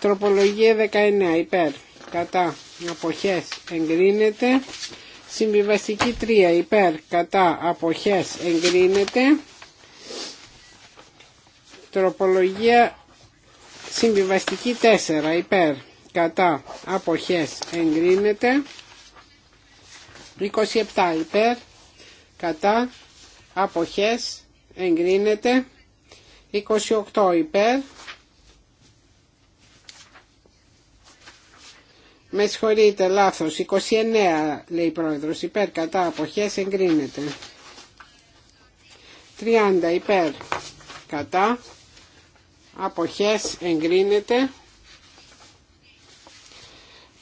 Τροπολογία 19 υπέρ κατά αποχές εγκρίνεται συμβιβαστική 3 υπέρ κατά αποχές εγκρίνεται τροπολογία συμβιβαστική 4 υπέρ κατά αποχές εγκρίνεται 27 υπέρ κατά αποχές εγκρίνεται 28 υπέρ Με συγχωρείτε, λάθος. 29 λέει η πρόεδρος. Υπέρ κατά αποχές εγκρίνεται. 30 υπέρ κατά αποχές εγκρίνεται.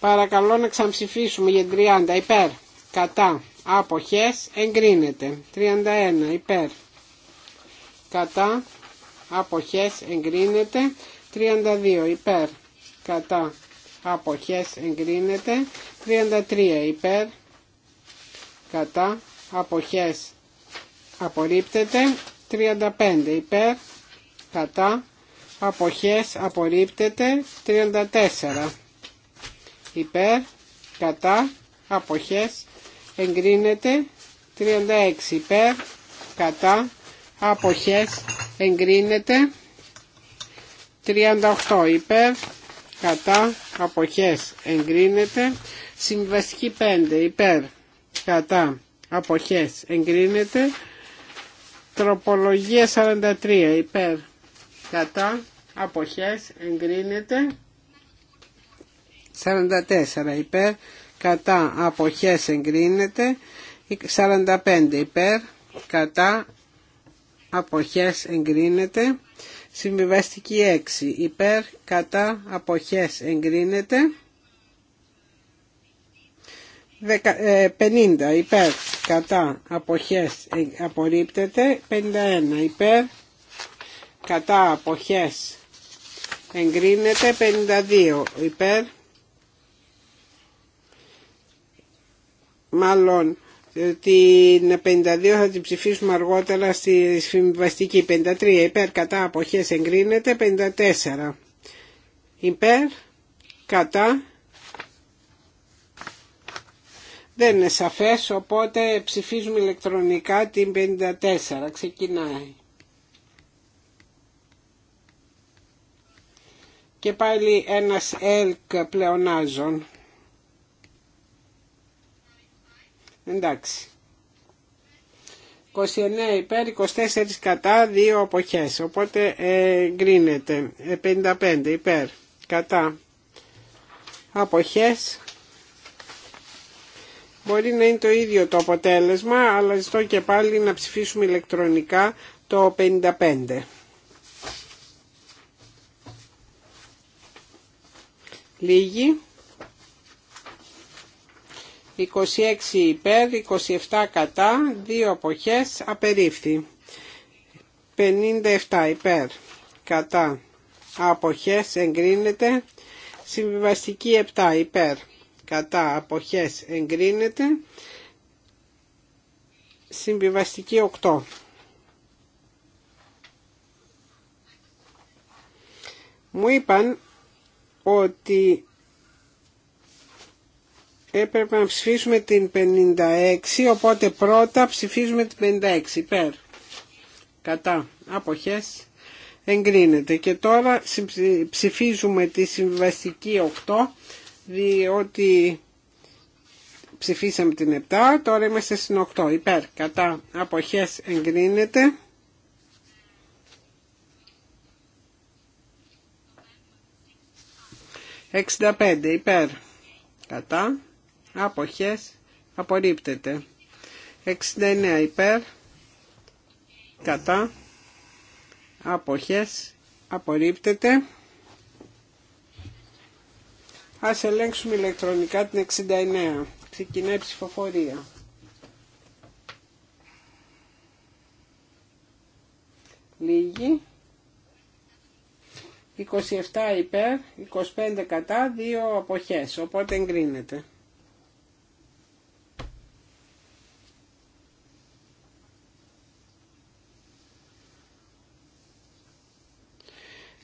Παρακαλώ να ξαμψηφίσουμε για 30 υπέρ κατά αποχές εγκρίνεται. 31 υπέρ κατά αποχές εγκρίνεται. 32 υπέρ κατά αποχές εγκρίνεται 33 υπέρ κατά αποχές απορρίπτεται 35 υπέρ κατά αποχές απορρίπτεται 34 υπέρ κατά αποχές εγκρίνεται 36 υπέρ κατά αποχές εγκρίνεται 38 υπέρ κατά αποχές εγκρίνεται συμβαστική 5 υπέρ κατά αποχές εγκρίνεται τροπολογία 43 υπέρ κατά αποχές εγκρίνεται 44 υπέρ κατά αποχές εγκρίνεται 45 υπέρ κατά αποχές εγκρίνεται Συμβιβαστική 6 υπέρ κατά αποχές εγκρίνεται. 50 ε, υπέρ κατά αποχές ε, απορρίπτεται. 51 υπέρ κατά αποχές εγκρίνεται. 52 υπέρ μάλλον την 52 θα την ψηφίσουμε αργότερα στη συμβαστική 53 υπέρ κατά αποχές εγκρίνεται 54 υπέρ κατά δεν είναι σαφές οπότε ψηφίζουμε ηλεκτρονικά την 54 ξεκινάει και πάλι ένας ΕΛΚ πλεονάζων Εντάξει. 29 υπέρ, 24 κατά, 2 αποχές. Οπότε ε, γκρίνεται 55 ε, υπέρ, κατά. Αποχές. Μπορεί να είναι το ίδιο το αποτέλεσμα, αλλά ζητώ και πάλι να ψηφίσουμε ηλεκτρονικά το 55. Λίγοι. 26 υπέρ, 27 κατά, 2 αποχές, απερίφθη. 57 υπέρ, κατά, αποχές, εγκρίνεται. Συμβιβαστική 7 υπέρ, κατά, αποχές, εγκρίνεται. Συμβιβαστική 8. Μου είπαν ότι έπρεπε να ψηφίσουμε την 56, οπότε πρώτα ψηφίζουμε την 56, υπέρ. Κατά, αποχές, εγκρίνεται. Και τώρα ψηφίζουμε τη συμβαστική 8, διότι ψηφίσαμε την 7, τώρα είμαστε στην 8, υπέρ. Κατά, αποχές, εγκρίνεται. 65, υπέρ. Κατά αποχές απορρίπτεται 69 υπέρ κατά αποχές απορρίπτεται Ας ελέγξουμε ηλεκτρονικά την 69. Ξεκινάει η ψηφοφορία. Λίγη. 27 υπέρ, 25 κατά, 2 αποχές, οπότε εγκρίνεται.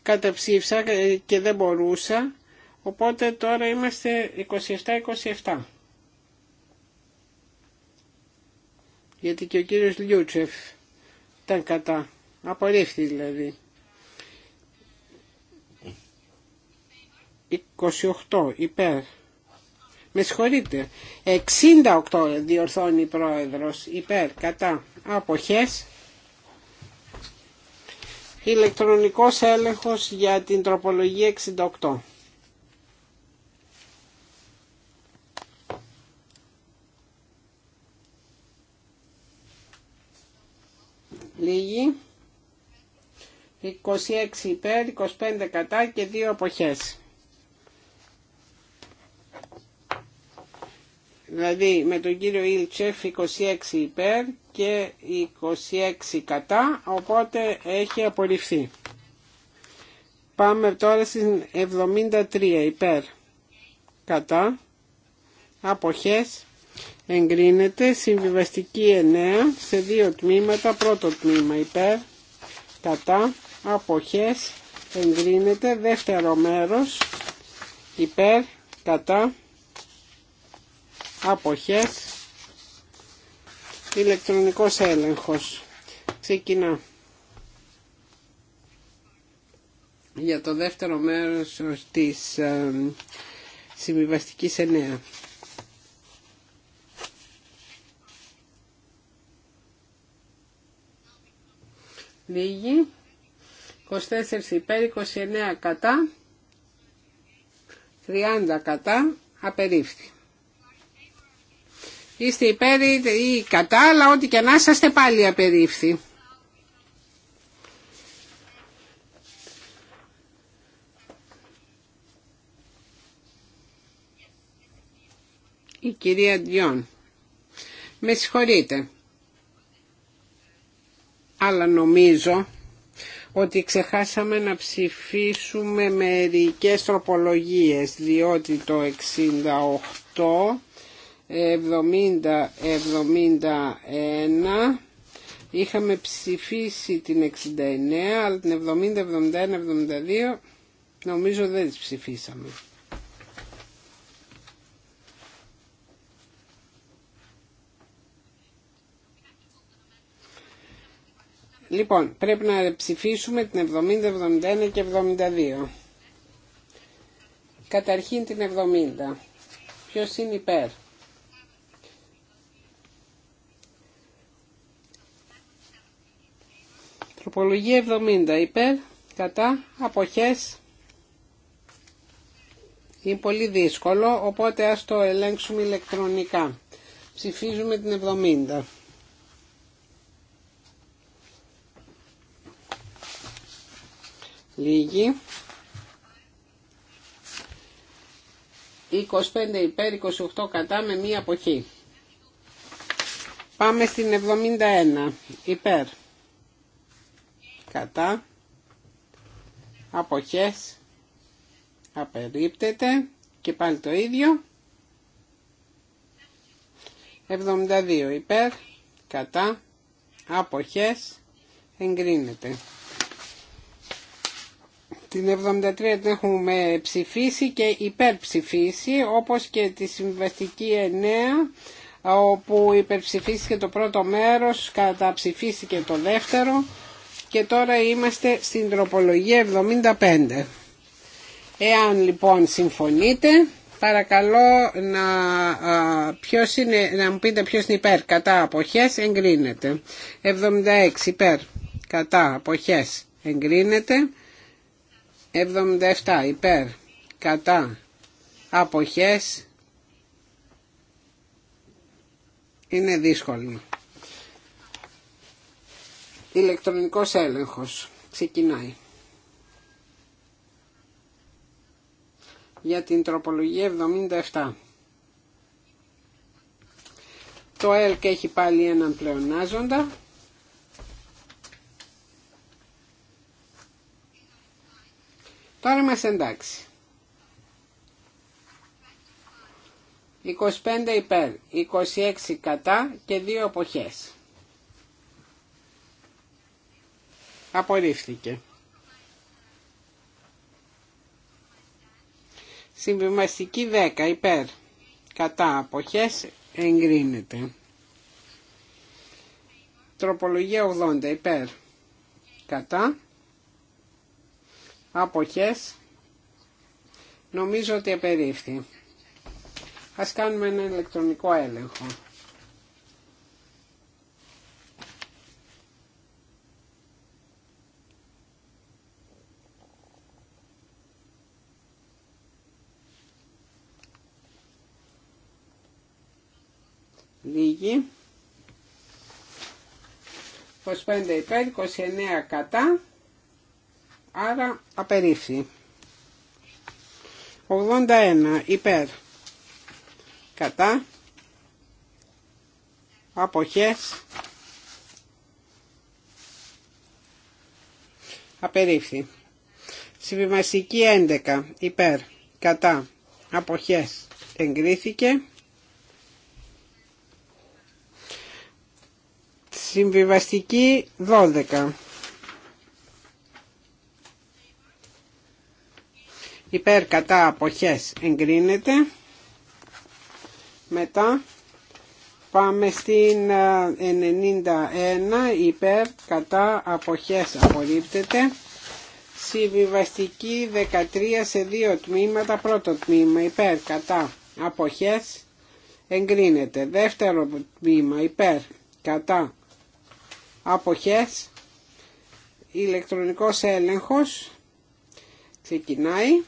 καταψήφισα και δεν μπορούσα, οπότε τώρα είμαστε 27-27. Γιατί και ο κύριος Λιούτσεφ ήταν κατά, απορρίφθη δηλαδή. 28 υπέρ. Με συγχωρείτε. 68 διορθώνει η πρόεδρος. Υπέρ, κατά, αποχές ηλεκτρονικός έλεγχος για την τροπολογία 68. Λίγοι. 26 υπέρ, 25 κατά και 2 αποχές. δηλαδή με τον κύριο Ιλτσεφ 26 υπέρ και 26 κατά, οπότε έχει απορριφθεί. Πάμε τώρα στην 73 υπέρ κατά, αποχές, εγκρίνεται, συμβιβαστική 9 σε δύο τμήματα, πρώτο τμήμα υπέρ, κατά, αποχές, εγκρίνεται, δεύτερο μέρος, υπέρ, κατά, αποχές ηλεκτρονικός έλεγχος ξεκινά για το δεύτερο μέρος της ε, συμβιβαστικής εννέα. Λίγη. 24 υπέρ, 29 κατά, 30 κατά, απερίφθη είστε υπέρ ή κατά, αλλά ό,τι και να είσαστε πάλι απερίφθη. Η κυρία Ντιόν. Με συγχωρείτε. Αλλά νομίζω ότι ξεχάσαμε να ψηφίσουμε μερικές τροπολογίες, διότι το 68 70-71 είχαμε ψηφίσει την 69 αλλά την 70-71-72 νομίζω δεν τις ψηφίσαμε. Λοιπόν, πρέπει να ψηφίσουμε την 70, 71 και 72. Καταρχήν την 70. Ποιος είναι υπέρ. Τροπολογία 70 υπέρ, κατά, αποχές. Είναι πολύ δύσκολο, οπότε ας το ελέγξουμε ηλεκτρονικά. Ψηφίζουμε την 70. Λίγη. 25 υπέρ, 28 κατά με μία αποχή. Πάμε στην 71 υπέρ κατά αποχές απερίπτεται και πάλι το ίδιο 72 υπέρ κατά αποχές εγκρίνεται την 73 την έχουμε ψηφίσει και υπερψηφίσει όπως και τη συμβαστική 9 όπου υπερψηφίστηκε το πρώτο μέρος, καταψηφίστηκε το δεύτερο και τώρα είμαστε στην τροπολογία 75. Εάν λοιπόν συμφωνείτε, παρακαλώ να, είναι, να μου πείτε ποιος είναι υπέρ. Κατά αποχές εγκρίνεται. 76 υπέρ. Κατά αποχές εγκρίνεται. 77 υπέρ. Κατά αποχές είναι δύσκολο. Ηλεκτρονικός έλεγχος. Ξεκινάει. Για την τροπολογία 77. Το ΕΛΚ έχει πάλι έναν πλεονάζοντα. Τώρα είμαστε εντάξει. 25 υπέρ, 26 κατά και 2 εποχές. Απορρίφθηκε. Συμβιβαστική 10 υπέρ. Κατά αποχές εγκρίνεται. Τροπολογία 80 υπέρ. Κατά. Αποχές. Νομίζω ότι απερίφθη. Ας κάνουμε ένα ηλεκτρονικό έλεγχο. Λίγη. 25 υπέρ, 29 κατά. Άρα απερίφθη. 81 υπέρ. Κατά. Αποχές. Απερίφθη. Συμβιβαστική 11 υπέρ. Κατά. Αποχές. Εγκρίθηκε. Συμβιβαστική 12. Υπέρ κατά αποχές εγκρίνεται. Μετά πάμε στην 91 ε, υπέρ κατά αποχές απορρίπτεται. Συμβιβαστική 13 σε δύο τμήματα. Πρώτο τμήμα υπέρ κατά αποχές εγκρίνεται. Δεύτερο τμήμα υπέρ κατά αποχές ηλεκτρονικός έλεγχος ξεκινάει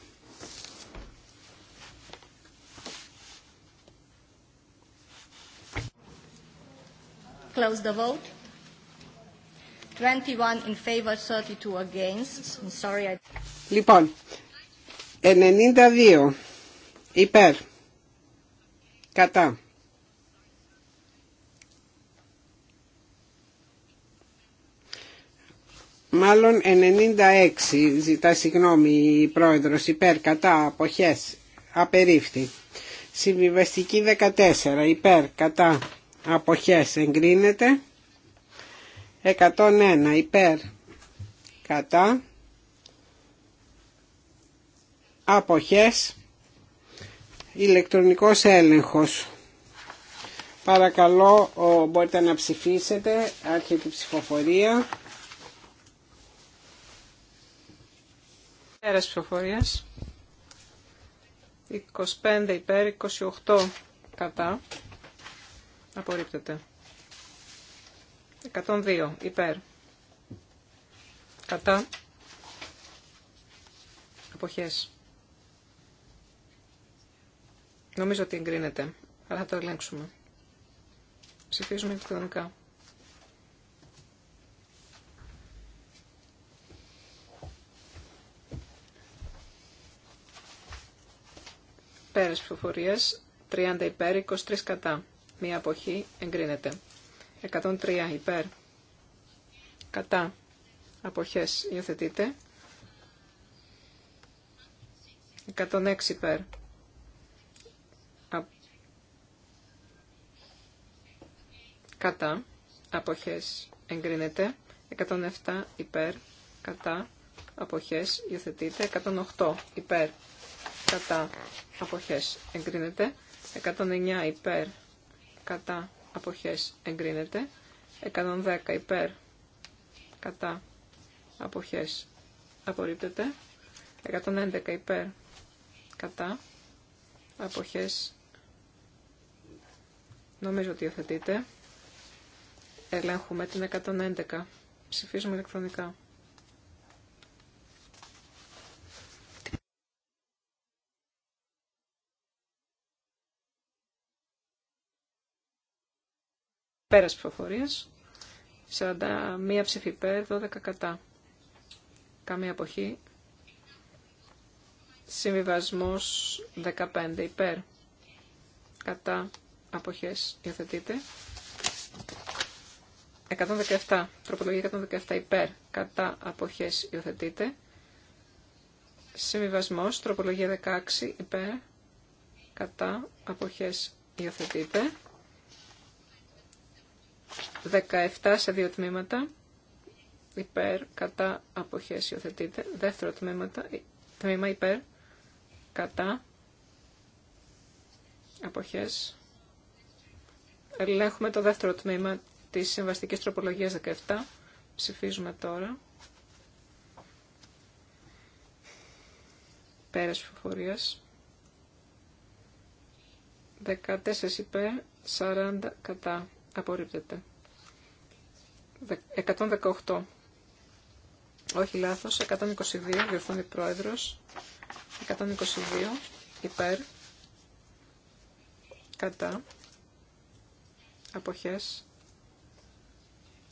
Close the vote. 21 in favor, 32 against. I'm sorry. I... Λοιπόν, 92 υπέρ, κατά, Μάλλον 96 ζητά συγγνώμη η πρόεδρος υπέρ κατά αποχές απερίφθη. Συμβιβαστική 14 υπέρ κατά αποχές εγκρίνεται. 101 υπέρ κατά αποχές ηλεκτρονικός έλεγχος. Παρακαλώ μπορείτε να ψηφίσετε άρχεται η ψηφοφορία. Πέρας ψηφοφορίας. 25 υπέρ, 28 κατά. Απορρίπτεται. 102 υπέρ. Κατά. Αποχές. Νομίζω ότι εγκρίνεται, αλλά θα το ελέγξουμε. Ψηφίζουμε ηλεκτρονικά. πέρας ψηφοφορίας 30 υπέρ, 23 κατά. Μία αποχή εγκρίνεται. 103 υπέρ, κατά. Αποχές υιοθετείται. 106 υπέρ. Κατά. Αποχές εγκρίνεται. 107 υπέρ. Κατά. Αποχές υιοθετείται. 108 υπέρ κατά αποχές εγκρίνεται, 109 υπέρ κατά αποχές εγκρίνεται, 110 υπέρ κατά αποχές απορρίπτεται, 111 υπέρ κατά αποχές νομίζω ότι υιοθετείται. Ελέγχουμε την 111. Ψηφίζουμε ηλεκτρονικά. Πέρας ψηφοφορίας. 41 ψήφι υπέρ, 12 κατά. Καμία αποχή. Συμβιβασμός 15 υπέρ. Κατά αποχές υιοθετείται. 117. Τροπολογία 117 υπέρ. Κατά αποχές υιοθετείται. Συμβιβασμός. Τροπολογία 16 υπέρ. Κατά αποχές υιοθετείται. 17 σε δύο τμήματα. Υπέρ, κατά, αποχές υιοθετείται. Δεύτερο τμήματα, ε, τμήμα υπέρ, κατά, αποχές. Ελέγχουμε το δεύτερο τμήμα της συμβαστικής τροπολογίας 17. Ψηφίζουμε τώρα. Πέρας φοφορίας. 14 υπέρ, 40 κατά. Απορρίπτεται. 118. Όχι λάθος. 122. Διορθώνει πρόεδρος. 122. Υπέρ. Κατά. Αποχές.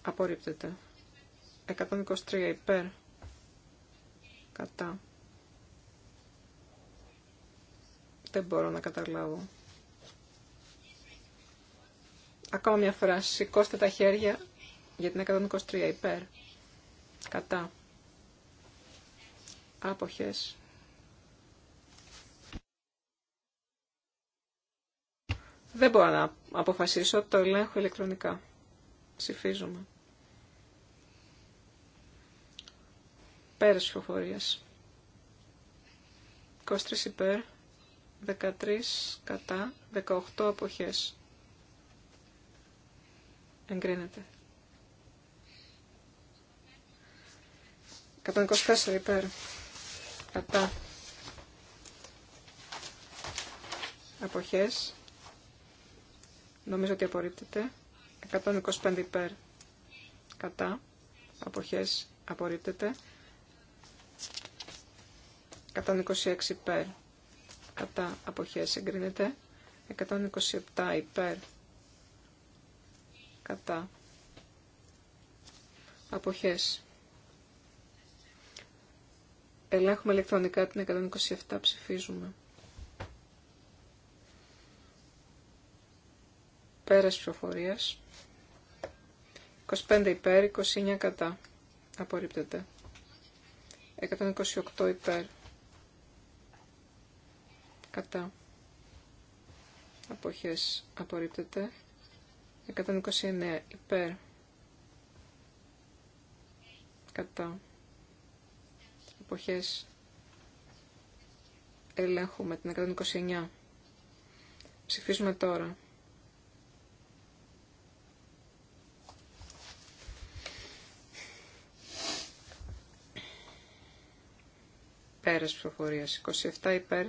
Απορρίπτεται. 123. Υπέρ. Κατά. Δεν μπορώ να καταλάβω. Ακόμα μια φορά, σηκώστε τα χέρια για την 123 υπέρ. Κατά. Άποχες. Δεν μπορώ να αποφασίσω, το ελέγχω ηλεκτρονικά. Ψηφίζουμε. Πέρας ψηφοφορίας. 23 υπέρ, 13 κατά, 18 αποχές. Εγκρίνεται. 124 υπέρ. Κατά. Αποχές. Νομίζω ότι απορρίπτεται. 125 υπέρ. Κατά. Αποχές. Απορρίπτεται. 126 υπέρ. Κατά. Αποχές. Εγκρίνεται. 127 υπέρ κατά αποχές. Ελέγχουμε ηλεκτρονικά την 127, ψηφίζουμε. Πέρας ψηφοφορίας. 25 υπέρ, 29 κατά. Απορρίπτεται. 128 υπέρ. Κατά. Αποχές απορρίπτεται. 129 υπέρ κατά εποχές ελέγχουμε την 129 ψηφίζουμε τώρα πέρας ψηφοφορίας 27 υπέρ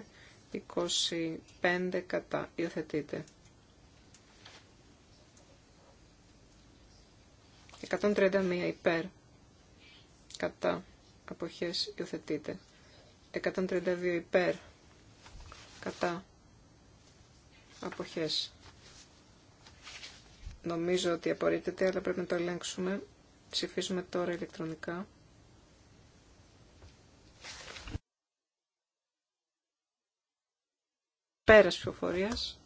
25 κατά υιοθετείται 131 υπέρ κατά αποχές υιοθετείται. 132 υπέρ κατά αποχές. Νομίζω ότι απορρίπτεται, αλλά πρέπει να το ελέγξουμε. Ψηφίζουμε τώρα ηλεκτρονικά. Πέρας ψηφοφορίας.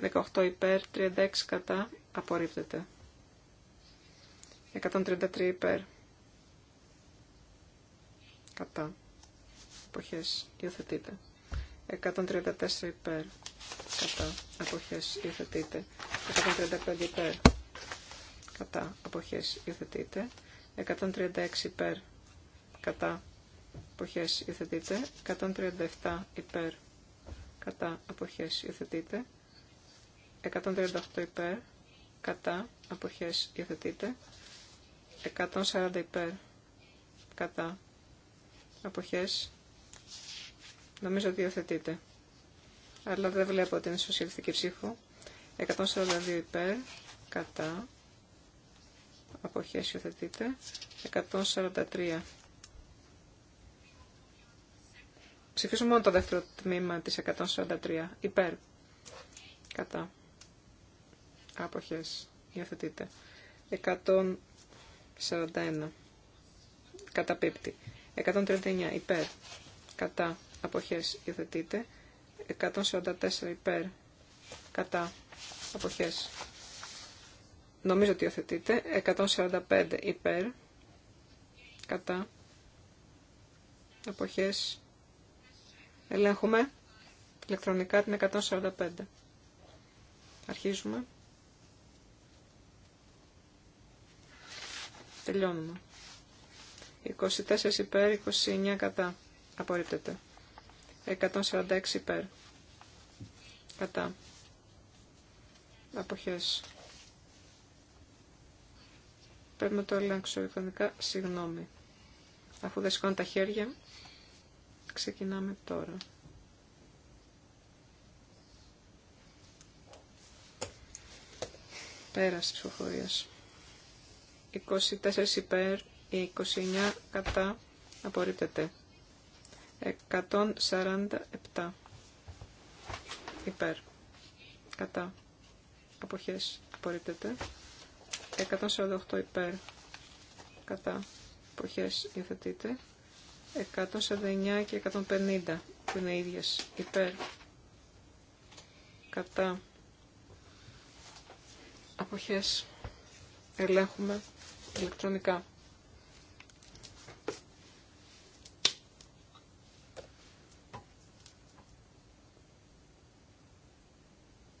18 υπέρ, 36 κατά, απορρίπτεται. 133 υπέρ. Κατά. Αποχές υιοθετείτε, 134 υπέρ. Κατά. Αποχές υιοθετείτε 135 υπέρ. Κατά. εποχές υιοθετείτε 136 υπέρ. Κατά. εποχές υιοθετείτε 137 υπέρ. Κατά. Αποχές υιοθετείτε 138 υπέρ. Κατά. εποχές υιοθετείτε 140 υπέρ. Κατά. Αποχές. Νομίζω ότι υιοθετείτε. Αλλά δεν βλέπω ότι είναι σοσιαλιστική ψήφο. 142 υπέρ. Κατά. Αποχές υιοθετείτε. 143. Ψηφίσουμε μόνο το δεύτερο τμήμα της 143. Υπέρ. Κατά. Άποχες. υιοθετείτε. 41. Καταπίπτει. 139 υπέρ. Κατά. Αποχές υιοθετείται. 144 υπέρ. Κατά. Αποχές. Νομίζω ότι υιοθετείται. 145 υπέρ. Κατά. Αποχές. Ελέγχουμε ηλεκτρονικά την 145. Αρχίζουμε. Τελειώνουμε. 24 υπέρ, 29 κατά. Απορρίπτεται. 146 υπέρ. Κατά. Αποχές. Πρέπει να το ελέγξω ηλεκτρονικά. Συγγνώμη. Αφού δεν σηκώνω τα χέρια, ξεκινάμε τώρα. Πέρας ψηφοφορίας. 24 υπέρ, 29 κατά, απορρίπτεται. 147 υπέρ, κατά, αποχές, απορρίπτεται. 148 υπέρ, κατά, αποχές, υιοθετείται. 149 και 150 που είναι ίδιες, υπέρ, κατά, αποχές, ελέγχουμε ηλεκτρονικά.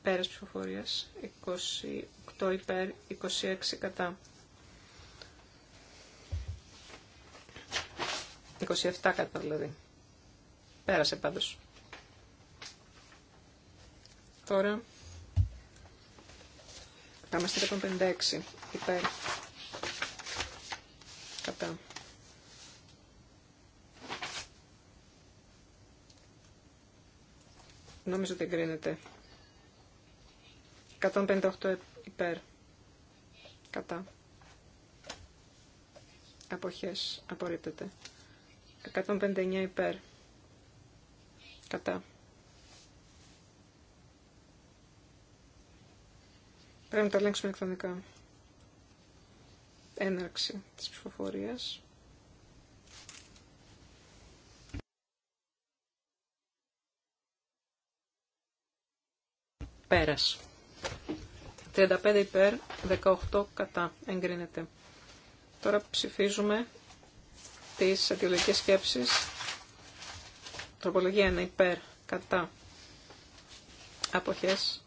Πέρας ψηφοφορίας, 28 υπέρ, 26 κατά. 27 κατά δηλαδή. Πέρασε πάντως. Τώρα πάμε στη 156 υπέρ. Νομίζω ότι εγκρίνεται. 158 υπέρ. Κατά. Αποχές. Απορρίπτεται. 159 υπέρ. Κατά. Πρέπει να το ελέγξουμε ηλεκτρονικά έναρξη της ψηφοφορίας. Πέρας. 35 υπέρ, 18 κατά. Εγκρίνεται. Τώρα ψηφίζουμε τις αντιολογικές σκέψεις. Τροπολογία 1 υπέρ, κατά. Αποχές.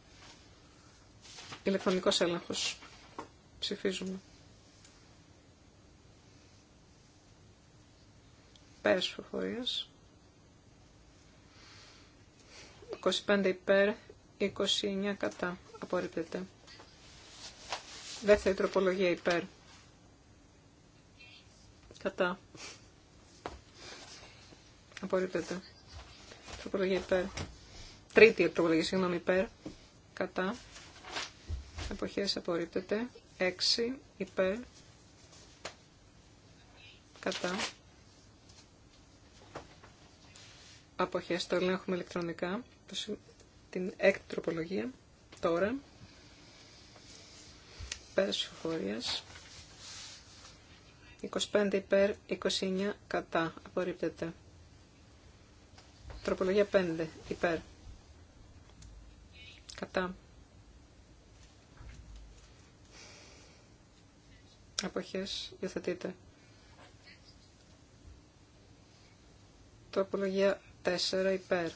Ηλεκτρονικός έλεγχος. Ψηφίζουμε. Πέρας 25 υπέρ, 29 κατά. Απορρίπτεται. Δεύτερη τροπολογία υπέρ. Κατά. Απορρίπτεται. Τροπολογία υπέρ. Τρίτη τροπολογία, συγγνώμη, υπέρ. Κατά. Εποχές απορρίπτεται. Έξι υπέρ. Κατά. αποχές το ελέγχουμε ηλεκτρονικά, το, την έκτη τροπολογία, τώρα, πέρας 25 υπέρ, 29 κατά, απορρίπτεται. Τροπολογία 5 υπέρ, κατά. Αποχές υιοθετείτε. Τροπολογία 4 υπέρ.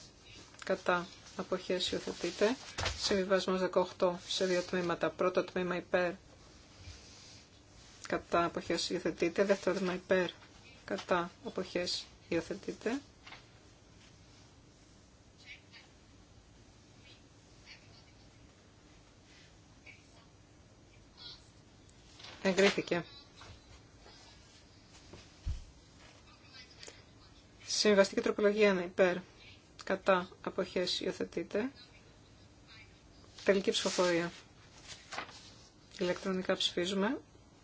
Κατά. Αποχές υιοθετείται. Συμβιβασμός 18 σε δύο τμήματα. Πρώτο τμήμα υπέρ. Κατά. Αποχές υιοθετείται. Δεύτερο τμήμα υπέρ. Κατά. Αποχές υιοθετείται. Εγκρίθηκε. Συμβαστική τροπολογία είναι υπέρ. Κατά αποχές υιοθετείται. Τελική ψηφοφορία. Ηλεκτρονικά ψηφίζουμε.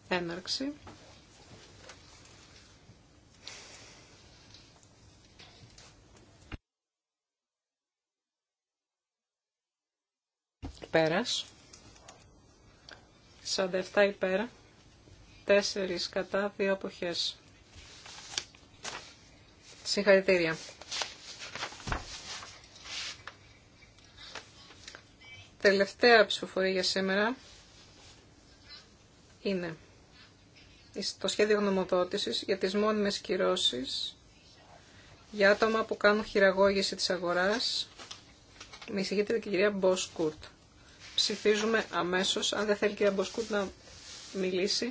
Έναρξη. Πέρας. 47 υπέρ. 4 κατά 2 αποχές. Συγχαρητήρια. Τελευταία ψηφοφορία για σήμερα είναι το σχέδιο γνωμοδότησης για τις μόνιμες κυρώσεις για άτομα που κάνουν χειραγώγηση της αγοράς με εισηγήτρια την κυρία Μποσκούρτ. Ψηφίζουμε αμέσως, αν δεν θέλει η κυρία Μποσκούρτ να μιλήσει,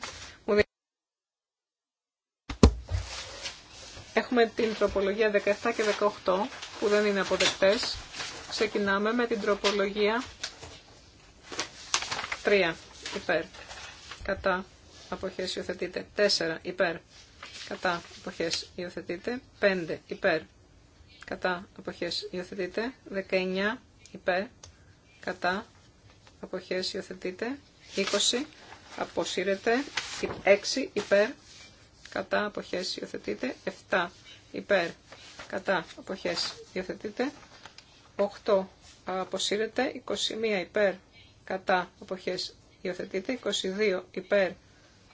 με την τροπολογία 17 και 18 που δεν είναι αποδεκτές. Ξεκινάμε με την τροπολογία 3 υπέρ. Κατά αποχές υιοθετείται. 4 υπέρ. Κατά αποχές υιοθετείται. 5 υπέρ. Κατά αποχές υιοθετείται. 19 υπέρ. Κατά αποχές υιοθετείται. 20 αποσύρεται. 6 υπέρ. Κατά αποχές υιοθετείται. 7 υπέρ, κατά, αποχές, διαθετείτε. 8 αποσύρεται, 21 υπέρ, κατά, αποχές, υιοθετείται. 22 υπέρ,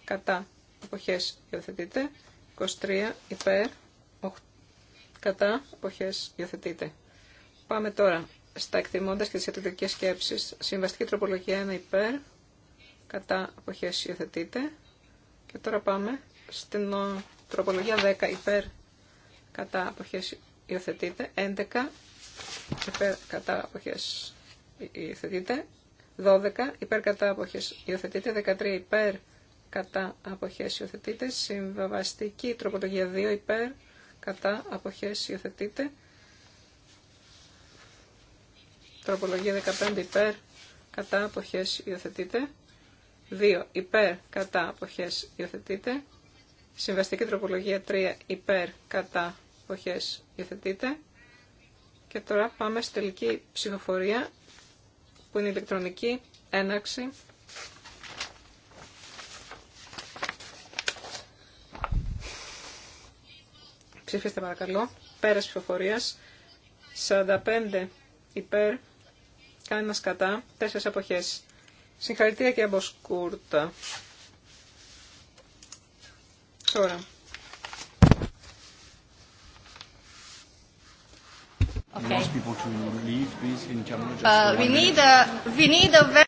κατά, αποχές, υιοθετείτε. 23 υπέρ, 8, κατά, αποχές, υιοθετείται. Πάμε τώρα στα εκτιμώντα και τις ιατρικές σκέψεις. Συμβαστική τροπολογία 1 υπέρ, κατά, αποχές, υιοθετείται. Και τώρα πάμε στην ε, τροπολογία 10 υπέρ, κατά αποχές υιοθετείται, 11 υπέρ κατά αποχές υιοθετείται, 12 υπέρ κατά αποχές υιοθετείται, 13 υπέρ κατά αποχές υιοθετείται, συμβαστική τροπολογία 2 υπέρ κατά αποχές υιοθετείται, τροπολογία 15 υπέρ κατά αποχές υιοθετείται, 2 υπέρ κατά αποχές υιοθετείται, συμβαστική τροπολογία 3 υπέρ κατά αποχές υιοθετείται. Και τώρα πάμε στη τελική ψηφοφορία που είναι ηλεκτρονική έναρξη. Ψηφίστε παρακαλώ. Πέρας ψηφοφορίας. 45 υπέρ. ένα κατά. Τέσσερις αποχές. Συγχαρητήρια και Σκούρτα. Τώρα. Okay. Most people to leave, please, in Cambodia. uh, we need a, we need a very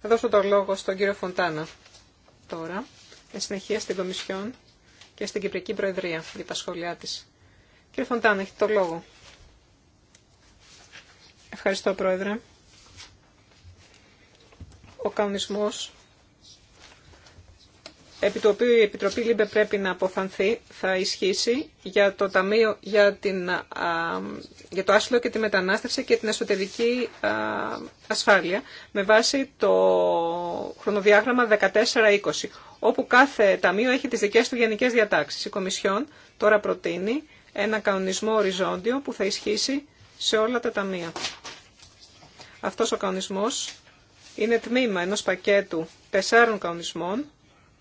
Θα δώσω το λόγο στον κύριο Φοντάνα τώρα, με συνεχεία στην Κομισιόν και στην Κυπρική Προεδρία για τα σχόλιά της. Κύριε Φοντάνα, έχετε το λόγο. Ευχαριστώ, Πρόεδρε. Ο κανονισμός επί του οποίου η Επιτροπή ΛΥΜΠΕ πρέπει να αποφανθεί, θα ισχύσει για το Ταμείο για, την, για το άσυλο και τη μετανάστευση και την εσωτερική ασφάλεια με βάση το χρονοδιάγραμμα 14-20, όπου κάθε Ταμείο έχει τις δικές του γενικές διατάξεις. Η Κομισιόν τώρα προτείνει ένα κανονισμό οριζόντιο που θα ισχύσει σε όλα τα ταμεία. Αυτός ο κανονισμός είναι τμήμα ενός πακέτου τεσσάρων κανονισμών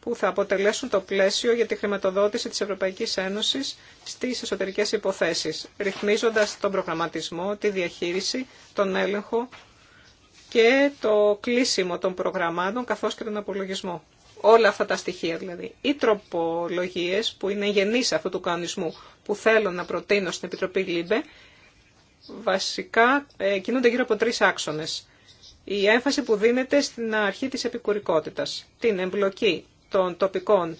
που θα αποτελέσουν το πλαίσιο για τη χρηματοδότηση της Ευρωπαϊκής Ένωσης στις εσωτερικές υποθέσεις, ρυθμίζοντας τον προγραμματισμό, τη διαχείριση, τον έλεγχο και το κλείσιμο των προγραμμάτων καθώς και τον απολογισμό. Όλα αυτά τα στοιχεία δηλαδή. Οι τροπολογίες που είναι γενείς αυτού του κανονισμού που θέλω να προτείνω στην Επιτροπή ΛΥΜΠΕ βασικά ε, κινούνται γύρω από τρεις άξονες. Η έμφαση που δίνεται στην αρχή της επικουρικότητας, την εμπλοκή των τοπικών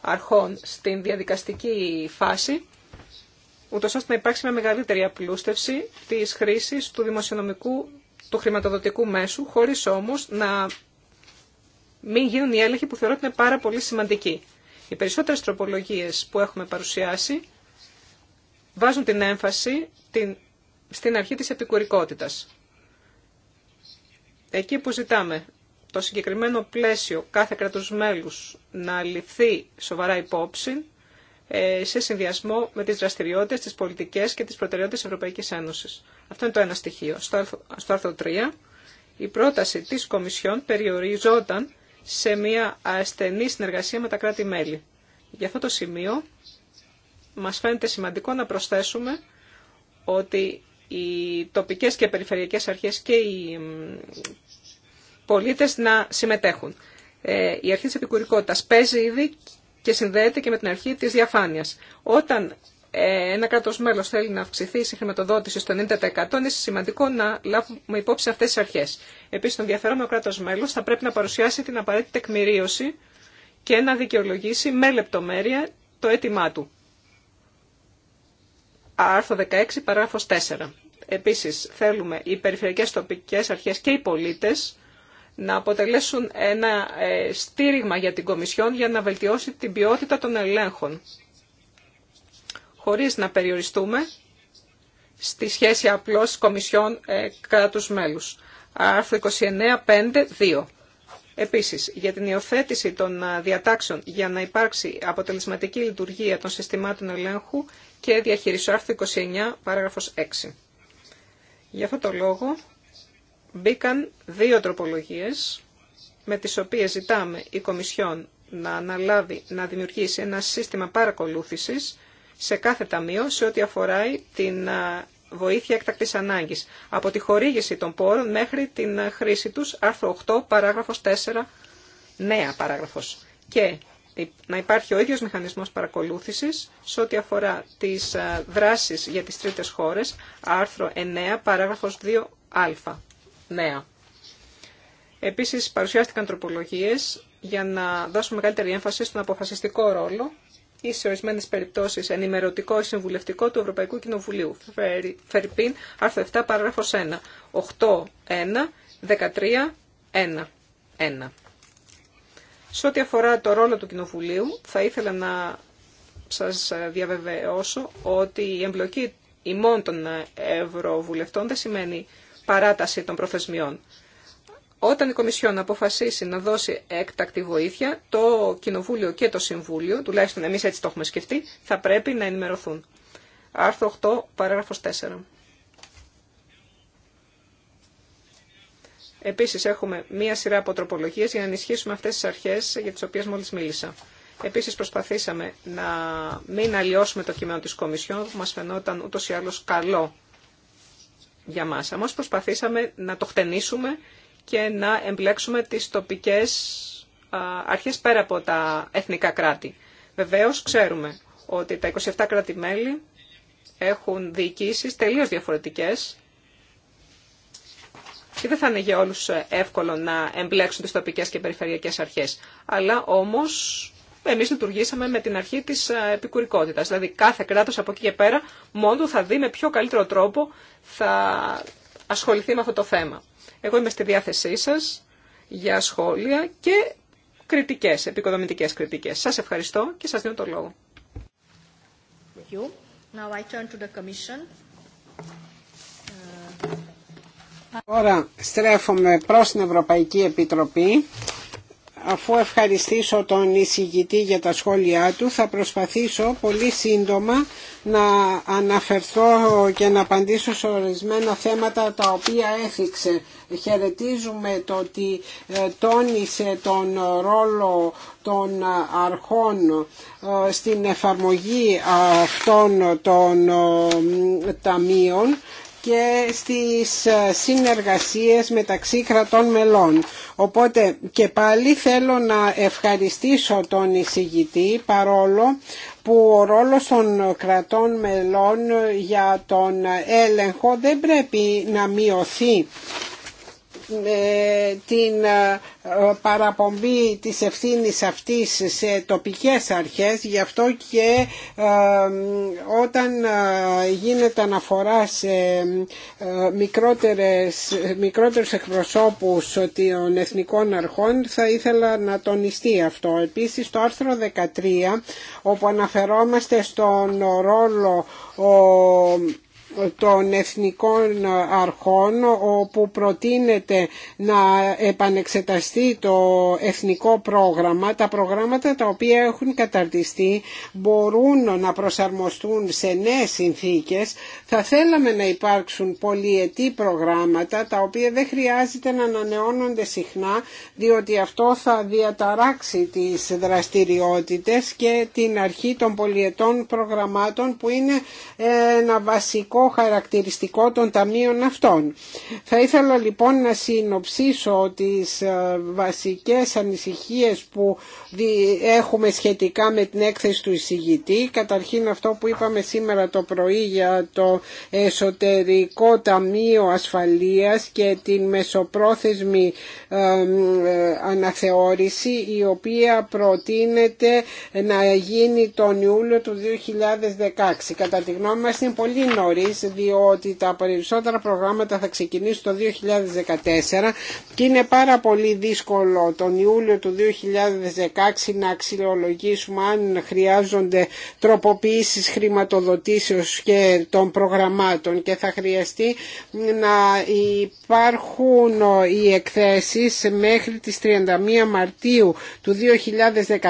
αρχών στην διαδικαστική φάση, ούτω ώστε να υπάρξει μια μεγαλύτερη απλούστευση της χρήση του δημοσιονομικού, του χρηματοδοτικού μέσου, χωρίς όμως να μην γίνουν οι έλεγχοι που θεωρώ ότι είναι πάρα πολύ σημαντικοί. Οι περισσότερες τροπολογίες που έχουμε παρουσιάσει βάζουν την έμφαση την, στην αρχή της επικουρικότητας. Εκεί που ζητάμε το συγκεκριμένο πλαίσιο κάθε κρατούς μέλους να ληφθεί σοβαρά υπόψη ε, σε συνδυασμό με τις δραστηριότητες, τις πολιτικές και τις προτεραιότητες της Ευρωπαϊκής Ένωσης. Αυτό είναι το ένα στοιχείο. Στο άρθρο 3, η πρόταση της Κομισιόν περιοριζόταν σε μια ασθενή συνεργασία με τα κράτη-μέλη. Για αυτό το σημείο μας φαίνεται σημαντικό να προσθέσουμε ότι οι τοπικές και περιφερειακές αρχές και οι πολίτες να συμμετέχουν. Ε, η αρχή της Επικουρικότητα παίζει ήδη και συνδέεται και με την αρχή της διαφάνειας. Όταν ε, ένα κράτο μέλος θέλει να αυξηθεί η χρηματοδότηση στο 90% είναι σημαντικό να λάβουμε υπόψη αυτές τις αρχές. Επίσης, το ενδιαφέρον κράτο μέλο, θα πρέπει να παρουσιάσει την απαραίτητη τεκμηρίωση και να δικαιολογήσει με λεπτομέρεια το αίτημά του. Άρθρο 16, παράγραφος 4. Επίσης, θέλουμε οι περιφερειακές τοπικές αρχές και οι πολίτες να αποτελέσουν ένα ε, στήριγμα για την Κομισιόν για να βελτιώσει την ποιότητα των ελέγχων, χωρίς να περιοριστούμε στη σχέση απλώς Κομισιόν ε, κατά τους μέλους. Άρθρο 29.5.2. Επίσης, για την υιοθέτηση των ε, διατάξεων για να υπάρξει αποτελεσματική λειτουργία των συστημάτων ελέγχου και διαχείριση. Άρθρο 29, παράγραφος 6. Για αυτό το λόγο, μπήκαν δύο τροπολογίες με τις οποίες ζητάμε η Κομισιόν να αναλάβει, να δημιουργήσει ένα σύστημα παρακολούθησης σε κάθε ταμείο σε ό,τι αφορά την βοήθεια έκτακτης ανάγκης, από τη χορήγηση των πόρων μέχρι την χρήση τους, άρθρο 8, παράγραφος 4, νέα παράγραφος. Και να υπάρχει ο ίδιος μηχανισμός παρακολούθησης σε ό,τι αφορά τις δράσεις για τις τρίτες χώρες, άρθρο 9, παράγραφος 2α νέα. Επίσης παρουσιάστηκαν τροπολογίε για να δώσουμε μεγαλύτερη έμφαση στον αποφασιστικό ρόλο ή σε ορισμένε περιπτώσει ενημερωτικό ή συμβουλευτικό του Ευρωπαϊκού Κοινοβουλίου. Φερρυπίν, άρθρο 7, παράγραφο 1. 8, 1, 13, 1, 1. Σε ό,τι αφορά το ρόλο του Κοινοβουλίου, θα ήθελα να σας διαβεβαιώσω ότι η εμπλοκή ημών των Ευρωβουλευτών δεν σημαίνει παράταση των προθεσμιών. Όταν η Κομισιόν αποφασίσει να δώσει έκτακτη βοήθεια, το Κοινοβούλιο και το Συμβούλιο, τουλάχιστον εμείς έτσι το έχουμε σκεφτεί, θα πρέπει να ενημερωθούν. Άρθρο 8, παράγραφος 4. Επίσης έχουμε μία σειρά από τροπολογίες για να ενισχύσουμε αυτές τις αρχές για τις οποίες μόλις μίλησα. Επίσης προσπαθήσαμε να μην αλλοιώσουμε το κείμενο της Κομισιόν που μας φαινόταν ούτως ή άλλως καλό για μας. Όμως προσπαθήσαμε να το χτενίσουμε και να εμπλέξουμε τις τοπικές αρχές πέρα από τα εθνικά κράτη. Βεβαίως ξέρουμε ότι τα 27 κράτη-μέλη έχουν διοικήσεις τελείως διαφορετικές και δεν θα είναι για όλους εύκολο να εμπλέξουν τις τοπικές και περιφερειακές αρχές. Αλλά όμως Εμεί λειτουργήσαμε με την αρχή τη ε, επικουρικότητα. Δηλαδή, κάθε κράτο από εκεί και πέρα μόνο θα δει με ποιο καλύτερο τρόπο θα ασχοληθεί με αυτό το θέμα. Εγώ είμαι στη διάθεσή σα για σχόλια και κριτικέ, επικοδομητικέ κριτικέ. Σα ευχαριστώ και σα δίνω το λόγο. Τώρα στρέφομαι προς την Ευρωπαϊκή Επιτροπή αφού ευχαριστήσω τον εισηγητή για τα σχόλιά του θα προσπαθήσω πολύ σύντομα να αναφερθώ και να απαντήσω σε ορισμένα θέματα τα οποία έθιξε. Χαιρετίζουμε το ότι ε, τόνισε τον ρόλο των αρχών ε, στην εφαρμογή αυτών των ε, ταμείων και στις ε, συνεργασίες μεταξύ κρατών μελών. Οπότε και πάλι θέλω να ευχαριστήσω τον εισηγητή παρόλο που ο ρόλος των κρατών μελών για τον έλεγχο δεν πρέπει να μειωθεί την ε, ε, παραπομπή της ευθύνης αυτής σε τοπικές αρχές γι' αυτό και ε, όταν γίνεται αναφορά σε μικρότερες, μικρότερους εκπροσώπους των εθνικών αρχών θα ήθελα να τονιστεί αυτό. Επίσης το άρθρο 13 όπου αναφερόμαστε στον ρόλο ο των εθνικών αρχών όπου προτείνεται να επανεξεταστεί το εθνικό πρόγραμμα. Τα προγράμματα τα οποία έχουν καταρτιστεί μπορούν να προσαρμοστούν σε νέες συνθήκες. Θα θέλαμε να υπάρξουν πολυετή προγράμματα τα οποία δεν χρειάζεται να ανανεώνονται συχνά διότι αυτό θα διαταράξει τις δραστηριότητες και την αρχή των πολυετών προγραμμάτων που είναι ένα βασικό χαρακτηριστικό των ταμείων αυτών. Θα ήθελα λοιπόν να συνοψίσω τις ε, βασικές ανησυχίες που έχουμε σχετικά με την έκθεση του εισηγητή. Καταρχήν αυτό που είπαμε σήμερα το πρωί για το εσωτερικό ταμείο ασφαλείας και την μεσοπρόθεσμη ε, ε, αναθεώρηση η οποία προτείνεται να γίνει τον Ιούλιο του 2016. Κατά τη γνώμη μας είναι πολύ νωρί διότι τα περισσότερα προγράμματα θα ξεκινήσουν το 2014 και είναι πάρα πολύ δύσκολο τον Ιούλιο του 2016 να αξιολογήσουμε αν χρειάζονται τροποποιήσεις χρηματοδοτήσεως και των προγραμμάτων και θα χρειαστεί να υπάρχουν οι εκθέσεις μέχρι τις 31 Μαρτίου του 2014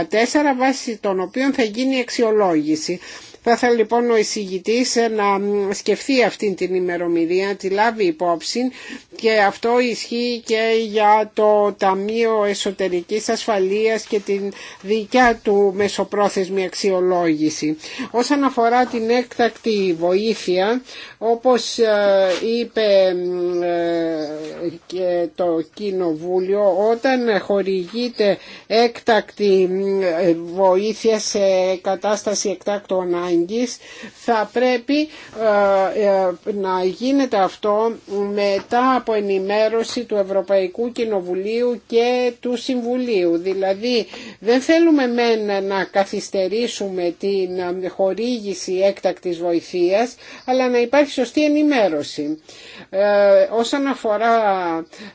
βάσει των οποίων θα γίνει η αξιολόγηση. Θα ήθελα λοιπόν ο εισηγητής ε, να σκεφτεί αυτή την ημερομηνία, τη λάβει υπόψη και αυτό ισχύει και για το Ταμείο Εσωτερικής Ασφαλείας και την δικιά του μεσοπρόθεσμη αξιολόγηση. Όσον αφορά την έκτακτη βοήθεια, όπως ε, είπε ε, και το Κοινοβούλιο, όταν χορηγείται έκτακτη βοήθεια σε κατάσταση εκτάκτου ανάγκης, θα πρέπει ε, ε, να γίνεται αυτό μετά από ενημέρωση του Ευρωπαϊκού Κοινοβουλίου και του Συμβουλίου. Δηλαδή δεν θέλουμε μεν να καθυστερήσουμε την ε, χορήγηση έκτακτης βοηθείας αλλά να υπάρχει σωστή ενημέρωση. Όσον αφορά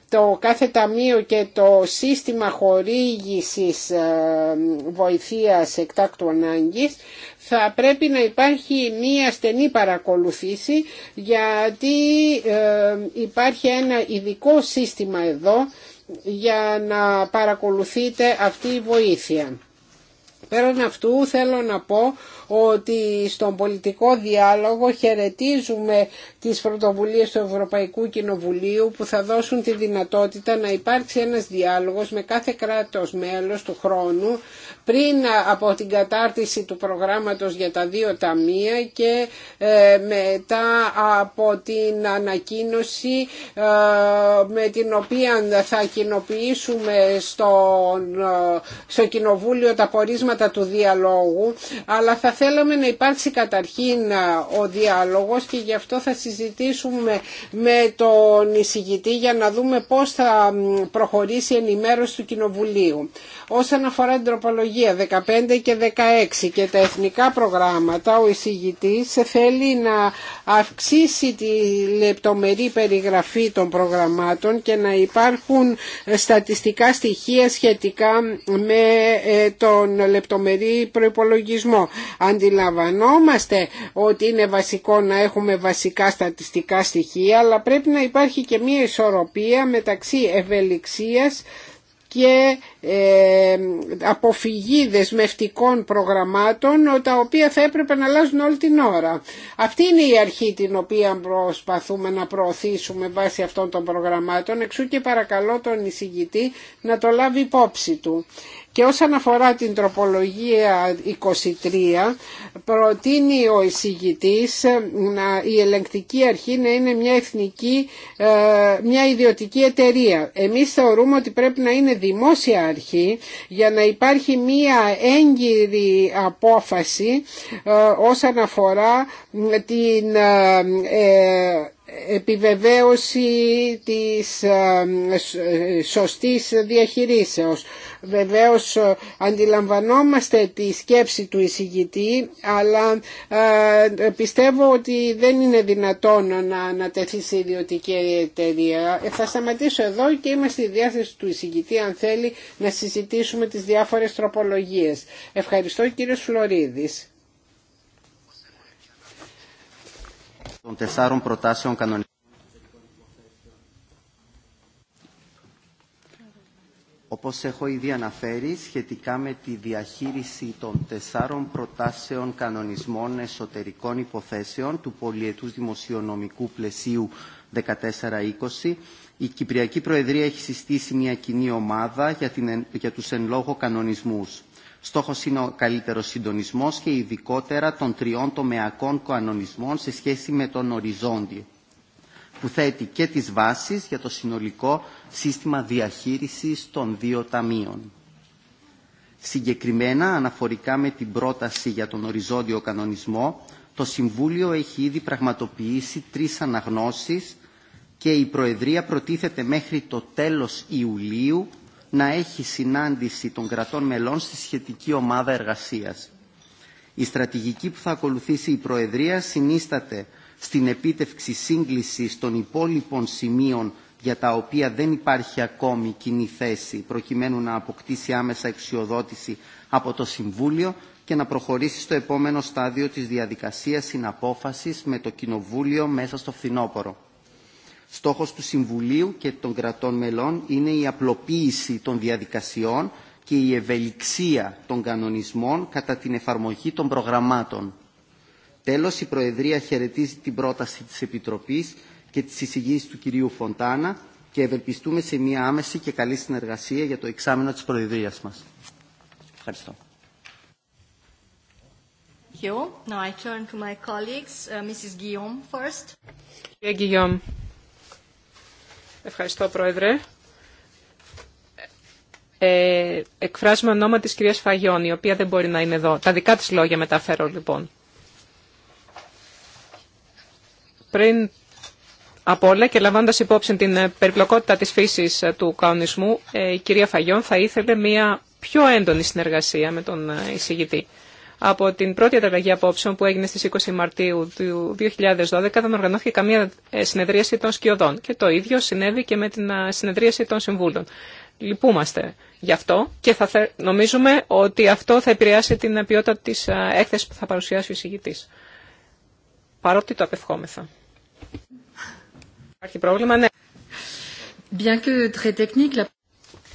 το κάθε ταμείο και το σύστημα χορήγησης βοηθείας εκτάκτου ανάγκης θα πρέπει να υπάρχει μία στενή παρακολουθήση γιατί ε, υπάρχει ένα ειδικό σύστημα εδώ για να παρακολουθείτε αυτή η βοήθεια. Πέραν αυτού θέλω να πω ότι στον πολιτικό διάλογο χαιρετίζουμε τις πρωτοβουλίες του Ευρωπαϊκού Κοινοβουλίου που θα δώσουν τη δυνατότητα να υπάρξει ένας διάλογος με κάθε κράτος μέλος του χρόνου πριν από την κατάρτιση του προγράμματος για τα δύο ταμεία και ε, μετά από την ανακοίνωση ε, με την οποία θα κοινοποιήσουμε στον, ε, στο Κοινοβούλιο τα πορίσματα του διαλόγου αλλά θα θέλαμε να υπάρξει καταρχήν ο διάλογος και γι' αυτό θα συζητήσουμε με τον εισηγητή για να δούμε πώς θα προχωρήσει η ενημέρωση του Κοινοβουλίου. Όσον αφορά την τροπολογία 15 και 16 και τα εθνικά προγράμματα, ο εισηγητής θέλει να αυξήσει τη λεπτομερή περιγραφή των προγραμμάτων και να υπάρχουν στατιστικά στοιχεία σχετικά με ε, τον λεπτομερή προϋπολογισμό. Αντιλαμβανόμαστε ότι είναι βασικό να έχουμε βασικά στατιστικά στοιχεία, αλλά πρέπει να υπάρχει και μία ισορροπία μεταξύ ευελιξίας και ε, αποφυγή δεσμευτικών προγραμμάτων τα οποία θα έπρεπε να αλλάζουν όλη την ώρα. Αυτή είναι η αρχή την οποία προσπαθούμε να προωθήσουμε βάσει αυτών των προγραμμάτων εξού και παρακαλώ τον εισηγητή να το λάβει υπόψη του. Και όσον αφορά την τροπολογία 23, προτείνει ο εισηγητής να, η ελεγκτική αρχή να είναι μια εθνική, ε, μια ιδιωτική εταιρεία. Εμείς θεωρούμε ότι πρέπει να είναι δημόσια για να υπάρχει μία έγκυρη απόφαση ε, όσον αφορά την ε, ε, επιβεβαίωση της ε, ε, σωστής διαχειρίσεως. Βεβαίως ε, αντιλαμβανόμαστε τη σκέψη του εισηγητή αλλά πιστεύω ότι δεν είναι δυνατόν να ανατεθεί σε ιδιωτική εταιρεία. Θα σταματήσω εδώ και είμαι στη διάθεση του εισηγητή αν θέλει να συζητήσουμε τις διάφορες τροπολογίες. Ευχαριστώ κύριε Φλωρίδης. των τεσσάρων προτάσεων κανονικών. Όπως έχω ήδη αναφέρει, σχετικά με τη διαχείριση των τεσσάρων προτάσεων κανονισμών εσωτερικών υποθέσεων του πολιετούς δημοσιονομικού 1420, η Κυπριακή Προεδρία έχει συστήσει μια κοινή ομάδα για, την, για τους εν λόγω κανονισμούς. Στόχος είναι ο καλύτερος συντονισμό και ειδικότερα των τριών τομεακών κανονισμών σε σχέση με τον οριζόντιο, που θέτει και τις βάσεις για το συνολικό σύστημα διαχείριση των δύο ταμείων. Συγκεκριμένα, αναφορικά με την πρόταση για τον οριζόντιο κανονισμό, το Συμβούλιο έχει ήδη πραγματοποιήσει τρεις αναγνώσεις και η Προεδρία προτίθεται μέχρι το τέλος Ιουλίου να έχει συνάντηση των κρατών μελών στη σχετική ομάδα εργασίας. Η στρατηγική που θα ακολουθήσει η Προεδρία συνίσταται στην επίτευξη σύγκληση των υπόλοιπων σημείων για τα οποία δεν υπάρχει ακόμη κοινή θέση προκειμένου να αποκτήσει άμεσα εξιοδότηση από το Συμβούλιο και να προχωρήσει στο επόμενο στάδιο της διαδικασίας συναπόφασης με το Κοινοβούλιο μέσα στο φθινόπωρο. Στόχος του Συμβουλίου και των κρατών μελών είναι η απλοποίηση των διαδικασιών και η ευελιξία των κανονισμών κατά την εφαρμογή των προγραμμάτων. Τέλος, η Προεδρία χαιρετίζει την πρόταση της Επιτροπής και τις εισηγήσεις του κυρίου Φοντάνα και ευελπιστούμε σε μια άμεση και καλή συνεργασία για το εξάμεινο της Προεδρίας μας. Ευχαριστώ. Ευχαριστώ, Πρόεδρε. Ε, εκφράζουμε ονόμα της κυρίας Φαγιών, η οποία δεν μπορεί να είναι εδώ. Τα δικά της λόγια μεταφέρω, λοιπόν. Πριν από όλα και λαμβάνοντα υπόψη την ε, περιπλοκότητα της φύσης ε, του κανονισμού, ε, η κυρία Φαγιών θα ήθελε μια πιο έντονη συνεργασία με τον εισηγητή από την πρώτη ανταλλαγή απόψεων που έγινε στις 20 Μαρτίου του 2012 δεν οργανώθηκε καμία ε, συνεδρίαση των σκιωδών. Και το ίδιο συνέβη και με την συνεδρίαση των συμβούλων. Λυπούμαστε γι' αυτό και θα νομίζουμε ότι αυτό θα επηρεάσει την ποιότητα της έκθεσης που θα παρουσιάσει ο εισηγητής. Παρότι το απευχόμεθα. Υπάρχει πρόβλημα, ναι. Bien que très technique, la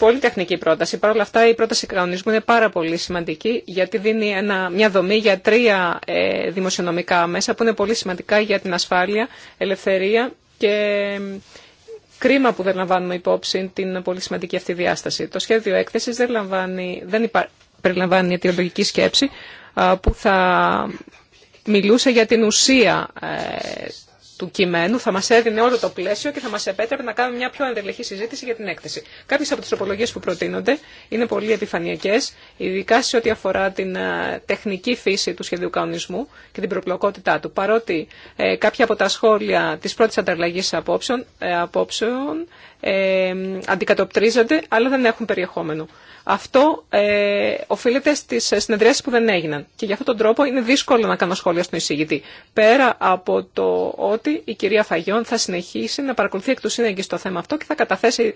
πολύ τεχνική πρόταση. Παρ' όλα αυτά η πρόταση κανονισμού είναι πάρα πολύ σημαντική γιατί δίνει μια δομή για τρία ε, δημοσιονομικά μέσα που είναι πολύ σημαντικά για την ασφάλεια, ελευθερία και κρίμα που δεν λαμβάνουμε υπόψη την πολύ σημαντική αυτή διάσταση. Το σχέδιο έκθεσης δεν, λαμβάνει, δεν υπα... περιλαμβάνει αιτιολογική σκέψη που θα μιλούσε για την ουσία ε, του κειμένου θα μα έδινε όλο το πλαίσιο και θα μα επέτρεπε να κάνουμε μια πιο ενδελεχή συζήτηση για την έκθεση. Κάποιε από τι τροπολογίε που προτείνονται είναι πολύ επιφανειακέ, ειδικά σε ό,τι αφορά την ε, τεχνική φύση του σχεδίου κανονισμού και την προπλοκότητά του. Παρότι ε, κάποια από τα σχόλια τη πρώτη ανταλλαγή απόψεων, ε, απόψεων ε, αντικατοπτρίζονται, αλλά δεν έχουν περιεχόμενο. Αυτό ε, οφείλεται στι συνεδριάσει που δεν έγιναν. Και γι' αυτόν τον τρόπο είναι δύσκολο να κάνω σχόλια στον εισηγητή. Πέρα από το ότι η κυρία Φαγιόν θα συνεχίσει να παρακολουθεί εκ του σύνεγγυ στο θέμα αυτό και θα καταθέσει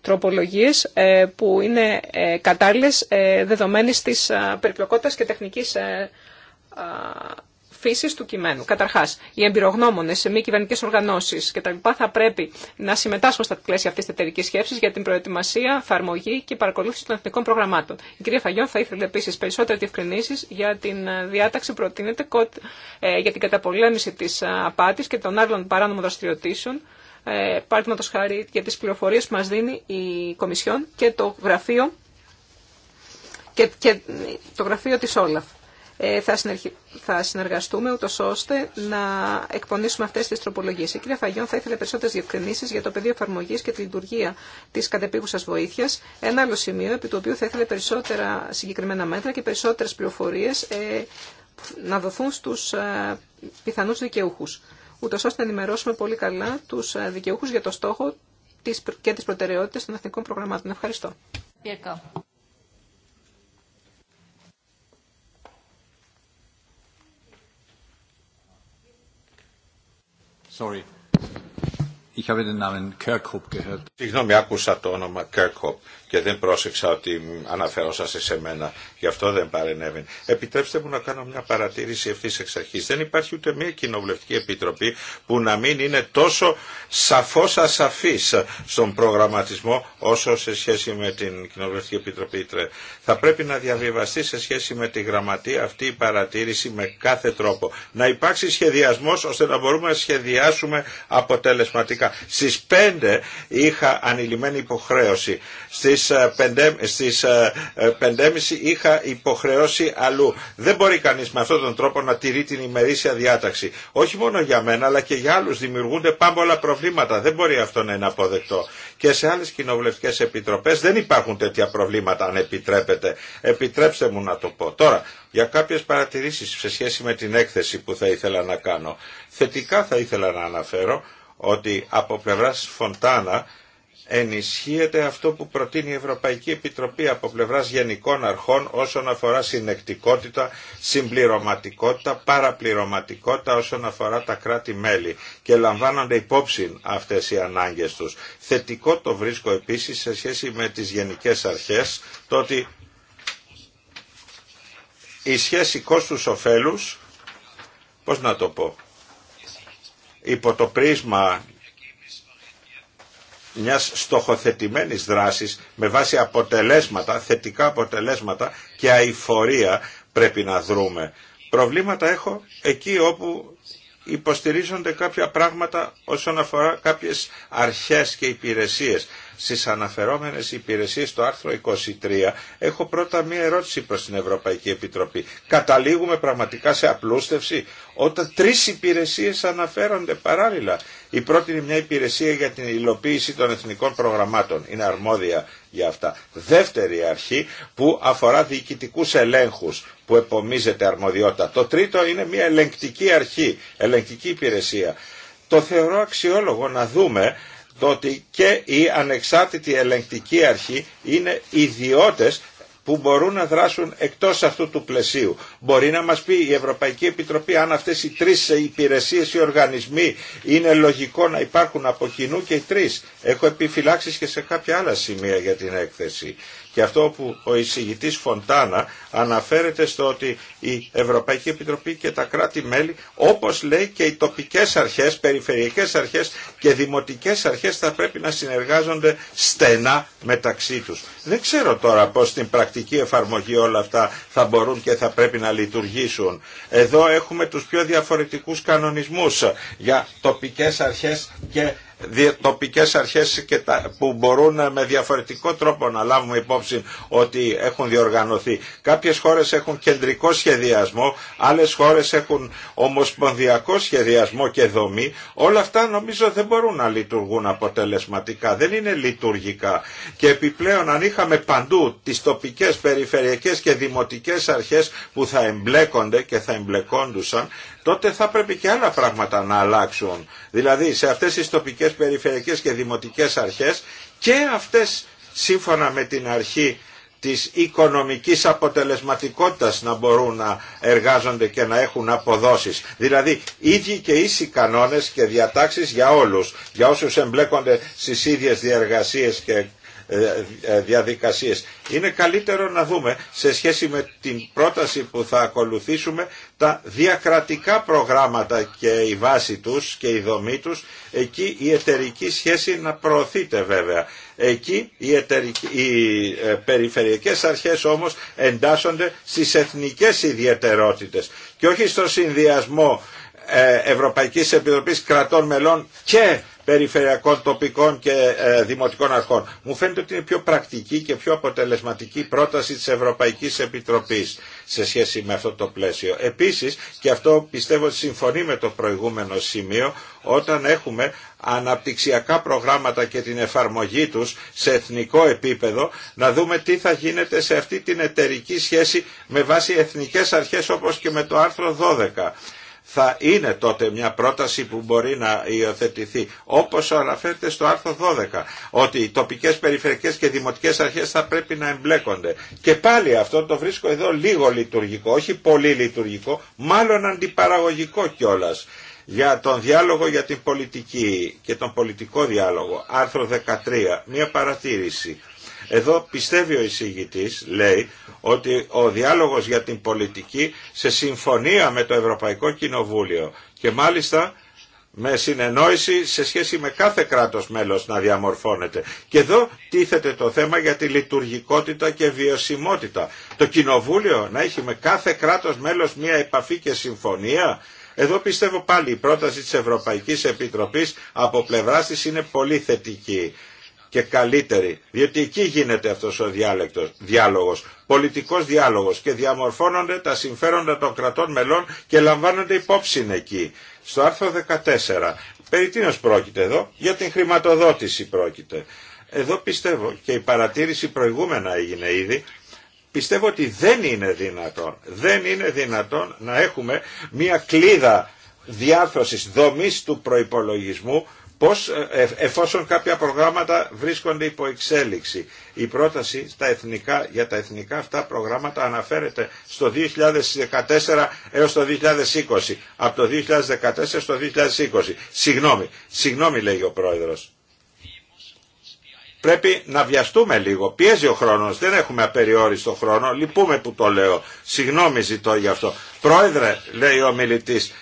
τροπολογίε ε, που είναι ε, κατάλληλε ε, δεδομένη τη ε, περιπλοκότητα και τεχνική φύση του κειμένου. Καταρχά, οι εμπειρογνώμονε, σε μη κυβερνητικέ οργανώσει κτλ. θα πρέπει να συμμετάσχουν στα πλαίσια αυτή τη εταιρική σκέψη για την προετοιμασία, εφαρμογή και παρακολούθηση των εθνικών προγραμμάτων. Η κυρία Φαγιόν θα ήθελε επίση περισσότερε διευκρινήσει για την διάταξη που προτείνεται ε, για την καταπολέμηση τη απάτη και των άλλων παράνομων δραστηριοτήσεων. Ε, Παραδείγματο χάρη για τι πληροφορίε που μα δίνει η Κομισιόν και το γραφείο, και, και, το γραφείο της Όλαφ. Ε, θα συνεργαστούμε ούτω ώστε να εκπονήσουμε αυτέ τι τροπολογίε. Η κυρία Φαγιόν θα ήθελε περισσότερε διευκρινήσει για το πεδίο εφαρμογή και τη λειτουργία τη κατεπίγουσα βοήθεια. Ένα άλλο σημείο επί του οποίου θα ήθελε περισσότερα συγκεκριμένα μέτρα και περισσότερε πληροφορίε ε, να δοθούν στου ε, πιθανού δικαιούχου. Ούτω ώστε να ενημερώσουμε πολύ καλά του δικαιούχου για το στόχο και τι προτεραιότητε των εθνικών προγραμμάτων. Ευχαριστώ. Sorry. Συγγνώμη, άκουσα το όνομα Κέρκοπ και δεν πρόσεξα ότι αναφερόσαστε σε μένα. Γι' αυτό δεν παρενέβη. Επιτρέψτε μου να κάνω μια παρατήρηση ευθύ εξ αρχή. Δεν υπάρχει ούτε μια κοινοβουλευτική επιτροπή που να μην είναι τόσο σαφώ ασαφή στον προγραμματισμό όσο σε σχέση με την κοινοβουλευτική επιτροπή ΤΡΕ. Θα πρέπει να διαβιβαστεί σε σχέση με τη γραμματεία αυτή η παρατήρηση με κάθε τρόπο. Να υπάρξει σχεδιασμό ώστε να μπορούμε να σχεδιάσουμε αποτελεσματικά Στι Στις 5 είχα ανηλυμένη υποχρέωση. Στι 5.30 ε, ε, ε, είχα υποχρεώσει αλλού. Δεν μπορεί κανεί με αυτόν τον τρόπο να τηρεί την ημερήσια διάταξη. Όχι μόνο για μένα αλλά και για άλλου. δημιουργούνται πάμπολα προβλήματα. Δεν μπορεί αυτό να είναι αποδεκτό. Και σε άλλε κοινοβουλευτικέ επιτροπέ δεν υπάρχουν τέτοια προβλήματα αν επιτρέπετε. Επιτρέψτε μου να το πω. Τώρα, για κάποιε παρατηρήσει σε σχέση με την έκθεση που θα ήθελα να κάνω. Θετικά θα ήθελα να αναφέρω ότι από πλευράς Φοντάνα ενισχύεται αυτό που προτείνει η Ευρωπαϊκή Επιτροπή από πλευράς γενικών αρχών όσον αφορά συνεκτικότητα, συμπληρωματικότητα, παραπληρωματικότητα όσον αφορά τα κράτη-μέλη και λαμβάνονται υπόψη αυτές οι ανάγκες τους. Θετικό το βρίσκω επίσης σε σχέση με τις γενικές αρχές το ότι η σχέση κόστους-οφέλους, πώς να το πω, υπό το πρίσμα μιας στοχοθετημένης δράσης με βάση αποτελέσματα, θετικά αποτελέσματα και αηφορία πρέπει να δρούμε. Προβλήματα έχω εκεί όπου υποστηρίζονται κάποια πράγματα όσον αφορά κάποιες αρχές και υπηρεσίες στις αναφερόμενες υπηρεσίες στο άρθρο 23, έχω πρώτα μία ερώτηση προς την Ευρωπαϊκή Επιτροπή. Καταλήγουμε πραγματικά σε απλούστευση όταν τρεις υπηρεσίες αναφέρονται παράλληλα. Η πρώτη είναι μια υπηρεσία για την υλοποίηση των εθνικών προγραμμάτων. Είναι αρμόδια για αυτά. Δεύτερη αρχή που αφορά διοικητικού ελέγχους που επομίζεται αρμοδιότητα. Το τρίτο είναι μια ελεγκτική αρχή, ελεγκτική υπηρεσία. Το θεωρώ αξιόλογο να δούμε το ότι και η ανεξάρτητη ελεγκτική αρχή είναι ιδιώτες που μπορούν να δράσουν εκτός αυτού του πλαισίου. Μπορεί να μας πει η Ευρωπαϊκή Επιτροπή αν αυτές οι τρεις υπηρεσίες ή οργανισμοί είναι λογικό να υπάρχουν από κοινού και οι τρεις. Έχω επιφυλάξεις και σε κάποια άλλα σημεία για την έκθεση. Και αυτό που ο εισηγητής Φοντάνα αναφέρεται στο ότι η Ευρωπαϊκή Επιτροπή και τα κράτη-μέλη, όπως λέει και οι τοπικές αρχές, περιφερειακές αρχές και δημοτικές αρχές θα πρέπει να συνεργάζονται στενά μεταξύ τους. Δεν ξέρω τώρα πώς στην πρακτική εφαρμογή όλα αυτά θα μπορούν και θα πρέπει να λειτουργήσουν. Εδώ έχουμε τους πιο διαφορετικούς κανονισμούς για τοπικές αρχές και τοπικές αρχές που μπορούν με διαφορετικό τρόπο να λάβουμε υπόψη ότι έχουν διοργανωθεί. Κάποιες χώρες έχουν κεντρικό σχεδιασμό, άλλες χώρες έχουν ομοσπονδιακό σχεδιασμό και δομή. Όλα αυτά νομίζω δεν μπορούν να λειτουργούν αποτελεσματικά, δεν είναι λειτουργικά. Και επιπλέον αν είχαμε παντού τις τοπικές, περιφερειακές και δημοτικές αρχές που θα εμπλέκονται και θα εμπλεκόντουσαν, τότε θα πρέπει και άλλα πράγματα να αλλάξουν. Δηλαδή σε αυτές τις τοπικές περιφερειακές και δημοτικές αρχές και αυτές σύμφωνα με την αρχή της οικονομικής αποτελεσματικότητας να μπορούν να εργάζονται και να έχουν αποδόσεις. Δηλαδή ίδιοι και ίσοι κανόνες και διατάξεις για όλους, για όσους εμπλέκονται στις ίδιες διεργασίες και ε, ε, διαδικασίες. Είναι καλύτερο να δούμε σε σχέση με την πρόταση που θα ακολουθήσουμε τα διακρατικά προγράμματα και η βάση τους και η δομή τους. Εκεί η εταιρική σχέση να προωθείται βέβαια. Εκεί οι, εταιρικοί, περιφερειακές αρχές όμως εντάσσονται στις εθνικές ιδιαιτερότητες και όχι στο συνδυασμό ε, Ευρωπαϊκής Επιτροπής Κρατών Μελών και περιφερειακών, τοπικών και ε, δημοτικών αρχών. Μου φαίνεται ότι είναι πιο πρακτική και πιο αποτελεσματική πρόταση της Ευρωπαϊκής Επιτροπής σε σχέση με αυτό το πλαίσιο. Επίσης, και αυτό πιστεύω ότι συμφωνεί με το προηγούμενο σημείο, όταν έχουμε αναπτυξιακά προγράμματα και την εφαρμογή τους σε εθνικό επίπεδο, να δούμε τι θα γίνεται σε αυτή την εταιρική σχέση με βάση εθνικές αρχές όπως και με το άρθρο 12 θα είναι τότε μια πρόταση που μπορεί να υιοθετηθεί. Όπως αναφέρεται στο άρθρο 12, ότι οι τοπικές, περιφερειακές και δημοτικές αρχές θα πρέπει να εμπλέκονται. Και πάλι αυτό το βρίσκω εδώ λίγο λειτουργικό, όχι πολύ λειτουργικό, μάλλον αντιπαραγωγικό κιόλα για τον διάλογο για την πολιτική και τον πολιτικό διάλογο, άρθρο 13, μια παρατήρηση. Εδώ πιστεύει ο εισηγητής, λέει, ότι ο διάλογος για την πολιτική σε συμφωνία με το Ευρωπαϊκό Κοινοβούλιο και μάλιστα με συνεννόηση σε σχέση με κάθε κράτος μέλος να διαμορφώνεται. Και εδώ τίθεται το θέμα για τη λειτουργικότητα και βιωσιμότητα. Το Κοινοβούλιο να έχει με κάθε κράτος μέλος μία επαφή και συμφωνία. Εδώ πιστεύω πάλι η πρόταση της Ευρωπαϊκής Επιτροπής από πλευράς της είναι πολύ θετική και καλύτερη. Διότι εκεί γίνεται αυτός ο διάλεκτος, διάλογος, πολιτικός διάλογος και διαμορφώνονται τα συμφέροντα των κρατών μελών και λαμβάνονται υπόψη εκεί. Στο άρθρο 14, περί τίνος πρόκειται εδώ, για την χρηματοδότηση πρόκειται. Εδώ πιστεύω και η παρατήρηση προηγούμενα έγινε ήδη, πιστεύω ότι δεν είναι δυνατόν, δεν είναι δυνατόν να έχουμε μια κλίδα διάρθρωσης δομής του προϋπολογισμού πώς, ε, ε, εφόσον κάποια προγράμματα βρίσκονται υπό εξέλιξη. Η πρόταση στα εθνικά, για τα εθνικά αυτά προγράμματα αναφέρεται στο 2014 έως το 2020. Από το 2014 στο 2020. Συγγνώμη, συγγνώμη λέει ο πρόεδρος. Πρέπει να βιαστούμε λίγο. Πιέζει ο χρόνος. Δεν έχουμε απεριόριστο χρόνο. Λυπούμε που το λέω. Συγγνώμη ζητώ γι' αυτό. Πρόεδρε, λέει ο μιλητής,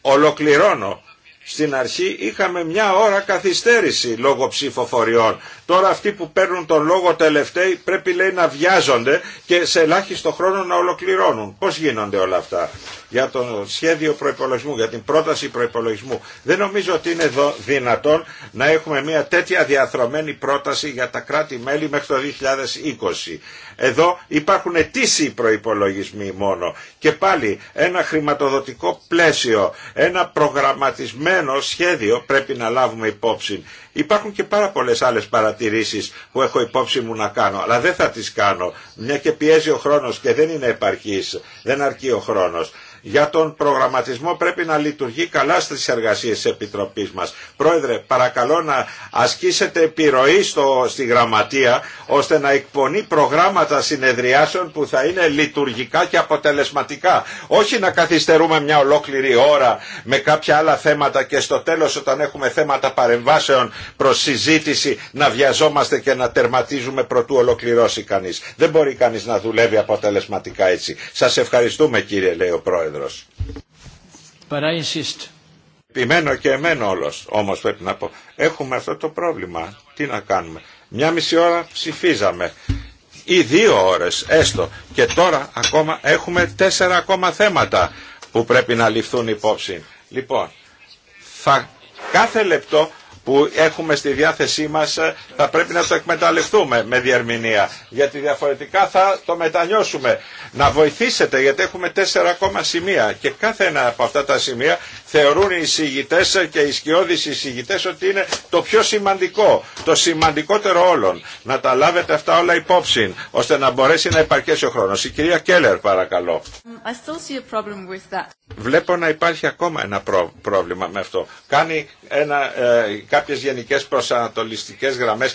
ολοκληρώνω στην αρχή είχαμε μια ώρα καθυστέρηση λόγω ψηφοφοριών. Τώρα αυτοί που παίρνουν τον λόγο τελευταίοι πρέπει λέει να βιάζονται και σε ελάχιστο χρόνο να ολοκληρώνουν. Πώς γίνονται όλα αυτά για το σχέδιο προϋπολογισμού, για την πρόταση προϋπολογισμού. Δεν νομίζω ότι είναι δυνατόν να έχουμε μια τέτοια διαθρωμένη πρόταση για τα κράτη-μέλη μέχρι το 2020. Εδώ υπάρχουν αιτήσιοι προϋπολογισμοί μόνο και πάλι ένα χρηματοδοτικό πλαίσιο, ένα προγραμματισμένο σχέδιο πρέπει να λάβουμε υπόψη. Υπάρχουν και πάρα πολλές άλλες παρατηρήσεις που έχω υπόψη μου να κάνω, αλλά δεν θα τις κάνω, μια και πιέζει ο χρόνος και δεν είναι επαρκής, δεν αρκεί ο χρόνος για τον προγραμματισμό πρέπει να λειτουργεί καλά στις εργασίες της Επιτροπής μας. Πρόεδρε, παρακαλώ να ασκήσετε επιρροή στο, στη γραμματεία ώστε να εκπονεί προγράμματα συνεδριάσεων που θα είναι λειτουργικά και αποτελεσματικά. Όχι να καθυστερούμε μια ολόκληρη ώρα με κάποια άλλα θέματα και στο τέλος όταν έχουμε θέματα παρεμβάσεων προς συζήτηση να βιαζόμαστε και να τερματίζουμε προτού ολοκληρώσει κανείς. Δεν μπορεί κανείς να δουλεύει αποτελεσματικά έτσι. Σας ευχαριστούμε κύριε λέει ο Πρόεδρος. Επιμένω και εμένα όλος, όμως πρέπει να πω. Έχουμε αυτό το πρόβλημα. Τι να κάνουμε. Μια μισή ώρα ψηφίζαμε ή δύο ώρες έστω και τώρα ακόμα έχουμε τέσσερα ακόμα θέματα που πρέπει να ληφθούν υπόψη. Λοιπόν, θα κάθε λεπτό που έχουμε στη διάθεσή μας ε, θα πρέπει να το εκμεταλλευτούμε με διαρμηνία. γιατί διαφορετικά θα το μετανιώσουμε. Να βοηθήσετε γιατί έχουμε τέσσερα ακόμα σημεία και κάθε ένα από αυτά τα σημεία θεωρούν οι εισηγητές και οι σκιώδεις εισηγητές ότι είναι το πιο σημαντικό, το σημαντικότερο όλων. Να τα λάβετε αυτά όλα υπόψη, ώστε να μπορέσει να υπαρκέσει ο χρόνος. Η κυρία Κέλλερ παρακαλώ. Mm, Βλέπω να υπάρχει ακόμα ένα πρόβλημα με αυτό. Κάνει ε, κάποιες γενικές προσανατολιστικές γραμμές,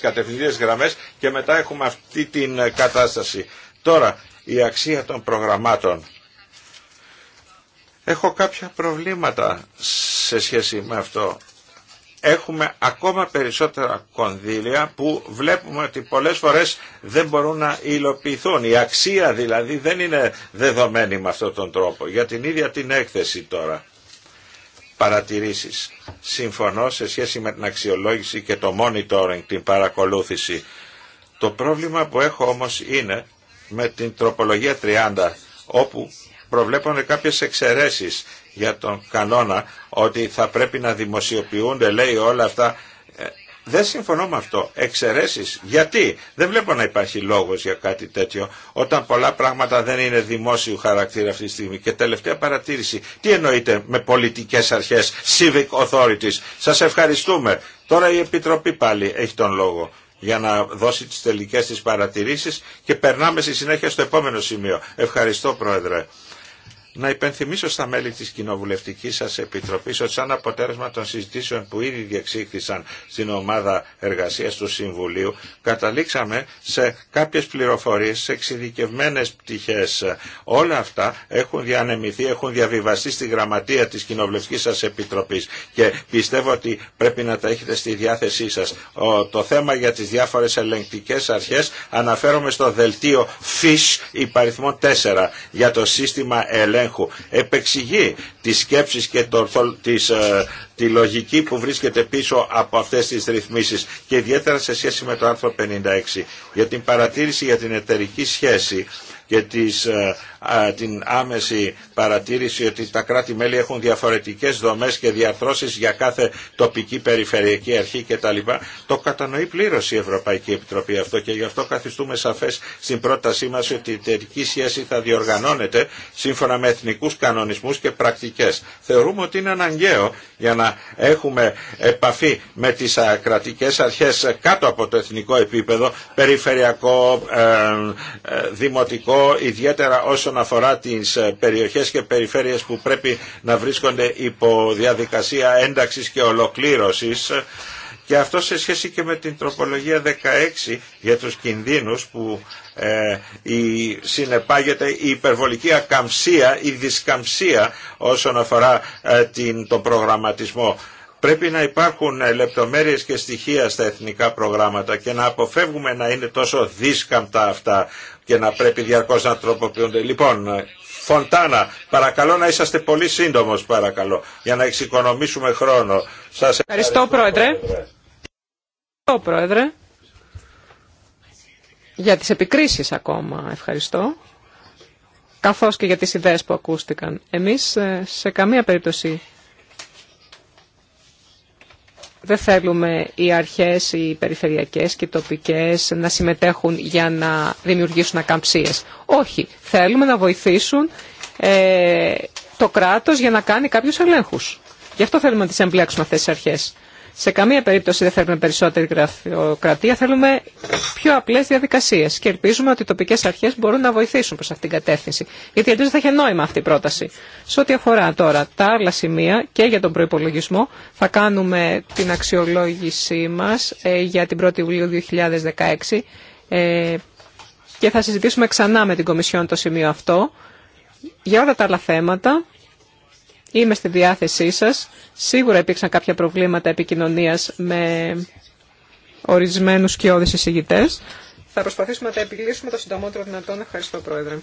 γραμμές και μετά έχουμε αυτή την ε, κατάσταση. Τώρα, η αξία των προγραμμάτων Έχω κάποια προβλήματα σε σχέση με αυτό. Έχουμε ακόμα περισσότερα κονδύλια που βλέπουμε ότι πολλές φορές δεν μπορούν να υλοποιηθούν. Η αξία δηλαδή δεν είναι δεδομένη με αυτόν τον τρόπο. Για την ίδια την έκθεση τώρα. Παρατηρήσεις. Συμφωνώ σε σχέση με την αξιολόγηση και το monitoring, την παρακολούθηση. Το πρόβλημα που έχω όμως είναι με την τροπολογία 30 όπου προβλέπονται κάποιες εξαιρέσεις για τον κανόνα ότι θα πρέπει να δημοσιοποιούνται, λέει όλα αυτά. Ε, δεν συμφωνώ με αυτό. Εξαιρέσει. Γιατί δεν βλέπω να υπάρχει λόγο για κάτι τέτοιο όταν πολλά πράγματα δεν είναι δημόσιου χαρακτήρα αυτή τη στιγμή. Και τελευταία παρατήρηση. Τι εννοείτε με πολιτικέ αρχέ, civic authorities. Σα ευχαριστούμε. Τώρα η Επιτροπή πάλι έχει τον λόγο για να δώσει τις τελικές της παρατηρήσεις και περνάμε στη συνέχεια στο επόμενο σημείο. Ευχαριστώ Πρόεδρε. Να υπενθυμίσω στα μέλη της κοινοβουλευτικής σας επιτροπής ότι σαν αποτέλεσμα των συζητήσεων που ήδη διεξήχθησαν στην ομάδα εργασίας του Συμβουλίου καταλήξαμε σε κάποιες πληροφορίες, σε εξειδικευμένες πτυχές. Όλα αυτά έχουν διανεμηθεί, έχουν διαβιβαστεί στη γραμματεία της κοινοβουλευτικής σας επιτροπής και πιστεύω ότι πρέπει να τα έχετε στη διάθεσή σας. το θέμα για τις διάφορες ελεγκτικές αρχές αναφέρομαι στο δελτίο FISH υπαριθμό 4 για το σύστημα ελέγχου έχω Επεξηγεί τις σκέψεις και το, τις, ε, τη λογική που βρίσκεται πίσω από αυτές τις ρυθμίσεις και ιδιαίτερα σε σχέση με το άρθρο 56 για την παρατήρηση για την εταιρική σχέση και τις ε, την άμεση παρατήρηση ότι τα κράτη-μέλη έχουν διαφορετικές δομές και διαρθρώσεις για κάθε τοπική περιφερειακή αρχή κτλ. Το κατανοεί πλήρως η Ευρωπαϊκή Επιτροπή αυτό και γι' αυτό καθιστούμε σαφές στην πρότασή μας ότι η εταιρική σχέση θα διοργανώνεται σύμφωνα με εθνικούς κανονισμούς και πρακτικές. Θεωρούμε ότι είναι αναγκαίο για να έχουμε επαφή με τις κρατικές αρχές κάτω από το εθνικό επίπεδο, περιφερειακό, ε, ε, δημοτικό, ιδιαίτερα όσο όσον αφορά τις ε, περιοχές και περιφέρειες που πρέπει να βρίσκονται υπό διαδικασία ένταξης και ολοκλήρωσης ε, και αυτό σε σχέση και με την τροπολογία 16 για τους κινδύνους που ε, η, συνεπάγεται η υπερβολική ακαμψία, η δισκαμψία όσον αφορά ε, την, τον προγραμματισμό. Πρέπει να υπάρχουν λεπτομέρειες και στοιχεία στα εθνικά προγράμματα και να αποφεύγουμε να είναι τόσο δίσκαμπτα αυτά και να πρέπει διαρκώς να τροποποιούνται. Λοιπόν, Φοντάνα, παρακαλώ να είσαστε πολύ σύντομος, παρακαλώ, για να εξοικονομήσουμε χρόνο. ευχαριστώ, Πρόεδρε. Ευχαριστώ, Πρόεδρε. Για τις επικρίσεις ακόμα, ευχαριστώ. Καθώς και για τις ιδέες που ακούστηκαν. Εμείς ε, σε καμία περίπτωση δεν θέλουμε οι αρχές, οι περιφερειακές και οι τοπικές να συμμετέχουν για να δημιουργήσουν ακαμψίες. Όχι, θέλουμε να βοηθήσουν ε, το κράτος για να κάνει κάποιους ελέγχους. Γι' αυτό θέλουμε να τις εμπλέξουμε αυτές τις αρχές. Σε καμία περίπτωση δεν θέλουμε περισσότερη γραφειοκρατία, θέλουμε πιο απλές διαδικασίες και ελπίζουμε ότι οι τοπικές αρχές μπορούν να βοηθήσουν προς αυτήν την κατεύθυνση. Γιατί αλλιώς θα είχε νόημα αυτή η πρόταση. Σε ό,τι αφορά τώρα τα άλλα σημεία και για τον προϋπολογισμό, θα κάνουμε την αξιολόγησή μας ε, για την 1η Ιουλίου 2016 ε, και θα συζητήσουμε ξανά με την Κομισιόν το σημείο αυτό για όλα τα άλλα θέματα Είμαι στη διάθεσή σας. Σίγουρα υπήρξαν κάποια προβλήματα επικοινωνίας με ορισμένους και όδες εισηγητές. Θα προσπαθήσουμε να τα επιλύσουμε το συντομότερο δυνατόν. Ευχαριστώ, Πρόεδρε.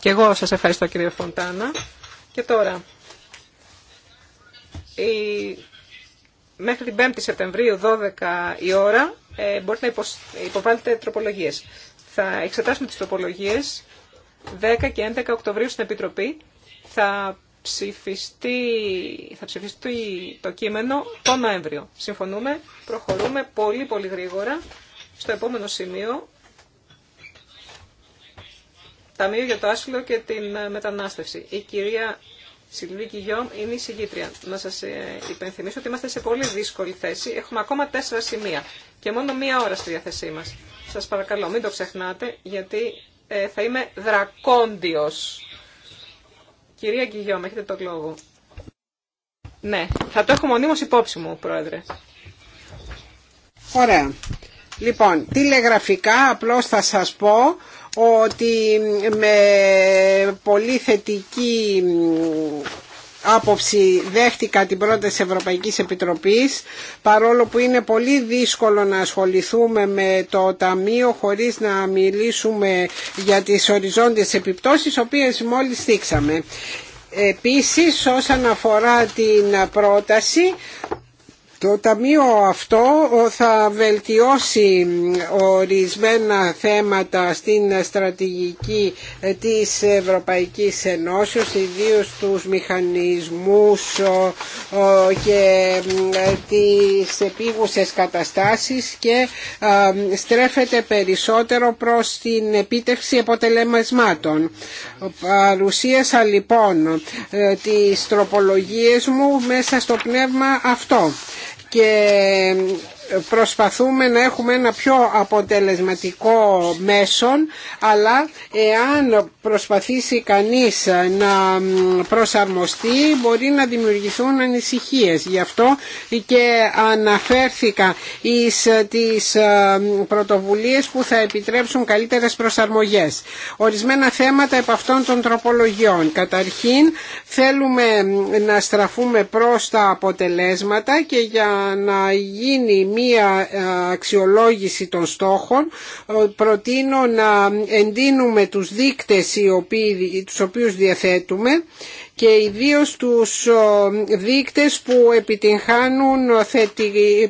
Και εγώ σας ευχαριστώ, κύριε Φοντάνα. Και τώρα, μέχρι την 5η Σεπτεμβρίου, 12 η ώρα, ε, μπορείτε να υποσ... υποβάλλετε τροπολογίες. Θα εξετάσουμε τις τροπολογίες 10 και 11 Οκτωβρίου στην Επιτροπή. Θα θα ψηφιστεί το κείμενο το Νοέμβριο. Συμφωνούμε, προχωρούμε πολύ πολύ γρήγορα στο επόμενο σημείο. Ταμείο για το άσυλο και την ε, μετανάστευση. Η κυρία Σιλβίκη Γιώμ είναι η συγκήτρια. Να σας ε, υπενθυμίσω ότι είμαστε σε πολύ δύσκολη θέση. Έχουμε ακόμα τέσσερα σημεία και μόνο μία ώρα στη διάθεσή μας. Σας παρακαλώ μην το ξεχνάτε γιατί ε, θα είμαι δρακόντιος Κυρία με έχετε το λόγο. Ναι, θα το έχω μονίμως υπόψη μου, Πρόεδρε. Ωραία. Λοιπόν, τηλεγραφικά απλώς θα σας πω ότι με πολύ θετική άποψη δέχτηκα την πρόταση Ευρωπαϊκής Επιτροπής παρόλο που είναι πολύ δύσκολο να ασχοληθούμε με το Ταμείο χωρίς να μιλήσουμε για τις οριζόντιες επιπτώσεις οποίες μόλις στήξαμε. Επίσης όσον αφορά την πρόταση το ταμείο αυτό θα βελτιώσει ορισμένα θέματα στην στρατηγική ε, της Ευρωπαϊκής Ενώσεως, ιδίως τους μηχανισμούς και ε, τις επίγουσες καταστάσεις και στρέφεται περισσότερο προς την επίτευξη αποτελεσμάτων. Παρουσίασα λοιπόν ε, τις τροπολογίες μου μέσα στο πνεύμα αυτό και προσπαθούμε να έχουμε ένα πιο αποτελεσματικό μέσον αλλά εάν προσπαθήσει κανείς να προσαρμοστεί μπορεί να δημιουργηθούν ανησυχίες. Γι' αυτό και αναφέρθηκα εις τις ε, πρωτοβουλίες που θα επιτρέψουν καλύτερες προσαρμογές. Ορισμένα θέματα επ' αυτών των τροπολογιών. Καταρχήν θέλουμε να στραφούμε προς τα αποτελέσματα και για να γίνει μία ε, αξιολόγηση των στόχων ε, προτείνω να εντείνουμε τους δείκτες οι οποίοι, τους οποίους διαθέτουμε και ιδίω τους δείκτες που επιτυγχάνουν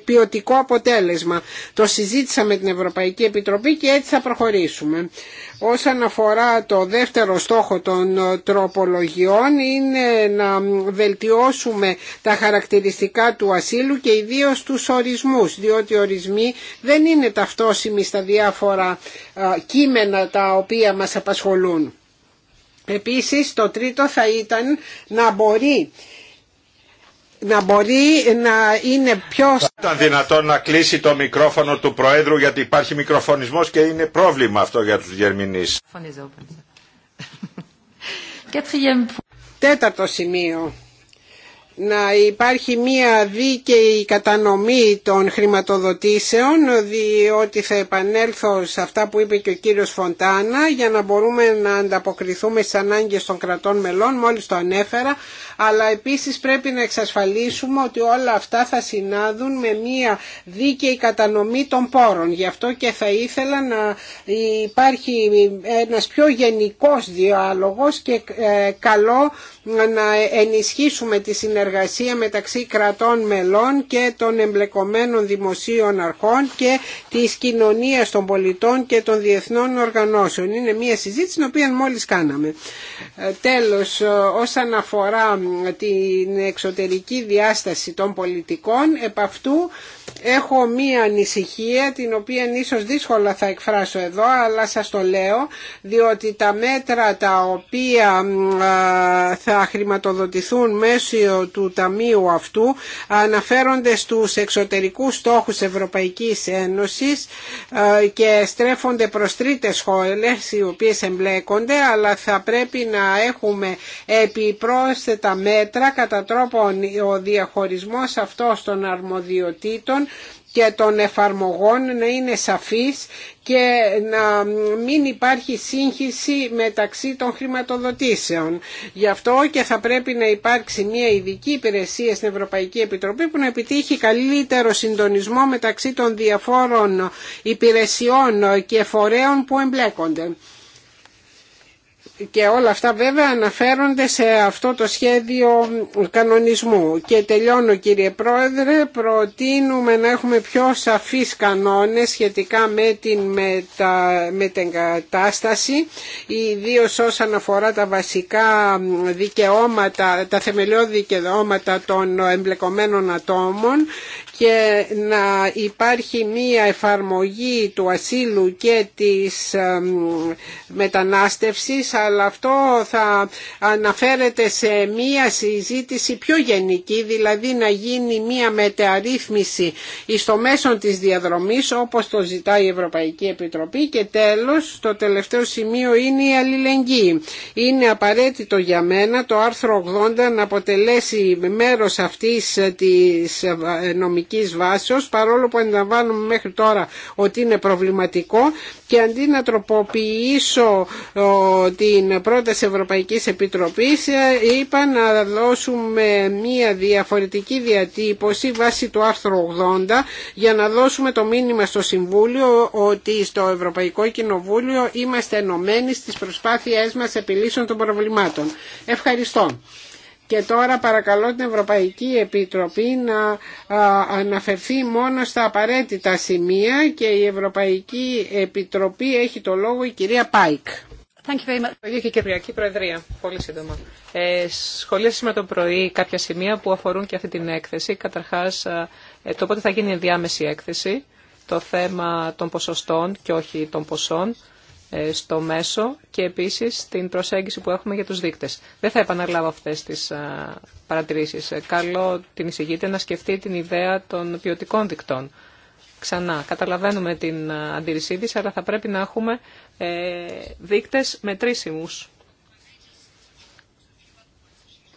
ποιοτικό αποτέλεσμα. Το συζήτησα με την Ευρωπαϊκή Επιτροπή και έτσι θα προχωρήσουμε. Όσον αφορά το δεύτερο στόχο των ε, τροπολογιών είναι να βελτιώσουμε τα χαρακτηριστικά του ασύλου και ιδίω του ορισμούς, διότι οι ορισμοί δεν είναι ταυτόσιμοι στα διάφορα ε, κείμενα τα οποία μας απασχολούν. Επίσης το τρίτο θα ήταν να μπορεί να μπορεί να είναι πιο... Θα ήταν δυνατόν να κλείσει το μικρόφωνο του Προέδρου γιατί υπάρχει μικροφωνισμός και είναι πρόβλημα αυτό για τους γερμηνείς. Τέταρτο σημείο να υπάρχει μία δίκαιη κατανομή των χρηματοδοτήσεων διότι θα επανέλθω σε αυτά που είπε και ο κύριος Φοντάνα για να μπορούμε να ανταποκριθούμε στις ανάγκες των κρατών μελών μόλις το ανέφερα αλλά επίσης πρέπει να εξασφαλίσουμε ότι όλα αυτά θα συνάδουν με μία δίκαιη κατανομή των πόρων. Γι' αυτό και θα ήθελα να υπάρχει ένας πιο γενικός διάλογος και ε, καλό να ενισχύσουμε τη συνεργασία μεταξύ κρατών μελών και των εμπλεκομένων δημοσίων αρχών και της κοινωνίας των πολιτών και των διεθνών οργανώσεων. Είναι μια συζήτηση την οποία μόλις κάναμε. Ε, τέλος, ε, όσον αφορά την εξωτερική διάσταση των πολιτικών επ' αυτού έχω μία ανησυχία την οποία ίσως δύσκολα θα εκφράσω εδώ αλλά σας το λέω διότι τα μέτρα τα οποία θα χρηματοδοτηθούν μέσω του ταμείου αυτού αναφέρονται στους εξωτερικούς στόχους Ευρωπαϊκής Ένωσης και στρέφονται προς τρίτες χώρες οι οποίες εμπλέκονται αλλά θα πρέπει να έχουμε επιπρόσθετα μέτρα κατά τρόπον ο διαχωρισμός αυτός των αρμοδιοτήτων και των εφαρμογών να είναι σαφής και να μην υπάρχει σύγχυση μεταξύ των χρηματοδοτήσεων. Γι' αυτό και θα πρέπει να υπάρξει μια ειδική υπηρεσία στην Ευρωπαϊκή Επιτροπή που να επιτύχει καλύτερο συντονισμό μεταξύ των διαφόρων υπηρεσιών και φορέων που εμπλέκονται και όλα αυτά βέβαια αναφέρονται σε αυτό το σχέδιο κανονισμού. Και τελειώνω κύριε Πρόεδρε, προτείνουμε να έχουμε πιο σαφείς κανόνες σχετικά με την την μετεγκατάσταση, ιδίω όσον αφορά τα βασικά δικαιώματα, τα θεμελιώδη δικαιώματα των εμπλεκομένων ατόμων και να υπάρχει μία εφαρμογή του ασύλου και της μετανάστευσης αλλά αυτό θα αναφέρεται σε μία συζήτηση πιο γενική δηλαδή να γίνει μία μεταρρύθμιση στο μέσο της διαδρομής όπως το ζητάει η Ευρωπαϊκή Επιτροπή και τέλος το τελευταίο σημείο είναι η αλληλεγγύη. Είναι απαραίτητο για μένα το άρθρο 80 να αποτελέσει μέρος αυτής της ε, νομικής βάσεως παρόλο που αντιλαμβάνουμε μέχρι τώρα ότι είναι προβληματικό και αντί να τροποποιήσω την πρόταση Ευρωπαϊκής Επιτροπής ε, είπα να δώσουμε μία διαφορετική διατύπωση βάσει του άρθρου 80 για να δώσουμε το μήνυμα στο Συμβούλιο ότι στο Ευρωπαϊκό Κοινοβούλιο είμαστε ενωμένοι στις προσπάθειές μας επιλύσεων των προβλημάτων. Ευχαριστώ. Και τώρα παρακαλώ την Ευρωπαϊκή Επιτροπή να αναφερθεί μόνο στα απαραίτητα σημεία και η Ευρωπαϊκή Επιτροπή έχει το λόγο η κυρία Πάικ. Ευχαριστώ και Κυπριακή Προεδρία. Πολύ σύντομα. Ε, σχολίασαμε το πρωί κάποια σημεία που αφορούν και αυτή την έκθεση. Καταρχάς, ε, ε, το πότε θα γίνει η διάμεση έκθεση, το θέμα των ποσοστών και όχι των ποσών. Ε, στο μέσο και επίσης την προσέγγιση που έχουμε για τους δείκτες. Δεν θα επαναλάβω αυτές τις παρατηρήσεις. Ε, καλό την εισηγείτε να σκεφτεί την ιδέα των ποιοτικών δικτών. Ξανά, καταλαβαίνουμε την αντίρρησή της, αλλά θα πρέπει να έχουμε ε, δείκτες μετρήσιμους.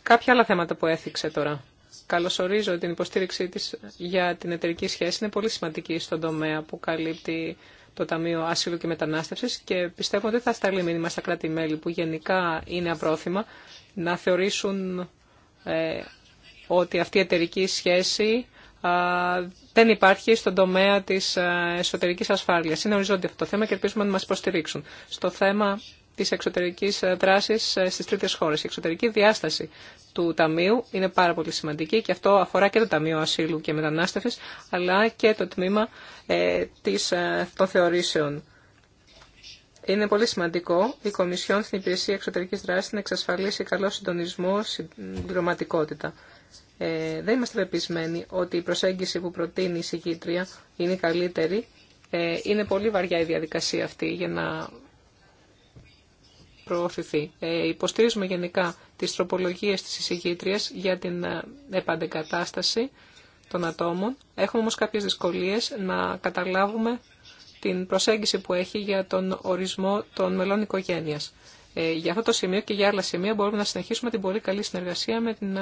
Κάποια άλλα θέματα που έθιξε τώρα. Καλωσορίζω την υποστήριξή της για την εταιρική σχέση. Είναι πολύ σημαντική στον τομέα που καλύπτει το Ταμείο Άσυλου και Μετανάστευσης και πιστεύω ότι θα σταλεί μήνυμα στα κράτη-μέλη που γενικά είναι απρόθυμα να θεωρήσουν ε, ότι αυτή η εταιρική σχέση δεν υπάρχει στον τομέα της ε, εσωτερικής ασφάλειας. Είναι οριζόντιο αυτό το θέμα και ελπίζουμε να μας υποστηρίξουν. Στο θέμα Τη εξωτερική ε, δράση ε, στι τρίτε χώρε Η εξωτερική διάσταση του Ταμείου είναι πάρα πολύ σημαντική και αυτό αφορά και το Ταμείο Ασύλου και Μετανάστευση, αλλά και το τμήμα ε, της, ε, των θεωρήσεων. Είναι πολύ σημαντικό η Κομισιόν στην Υπηρεσία Εξωτερικής Δράσης να εξασφαλίσει καλό συντονισμό, συμπληρωματικότητα. Ε, δεν είμαστε πεπισμένοι ότι η προσέγγιση που προτείνει η συγκήτρια είναι η καλύτερη. είναι πολύ βαριά η διαδικασία αυτή για να προωθηθεί. Ε, υποστηρίζουμε γενικά τις τροπολογίες της εισηγήτριας για την ε, επαντεκατάσταση των ατόμων. Έχουμε όμως κάποιες δυσκολίες να καταλάβουμε την προσέγγιση που έχει για τον ορισμό των μελών οικογένειας. Ε, για αυτό το σημείο και για άλλα σημεία μπορούμε να συνεχίσουμε την πολύ καλή συνεργασία με την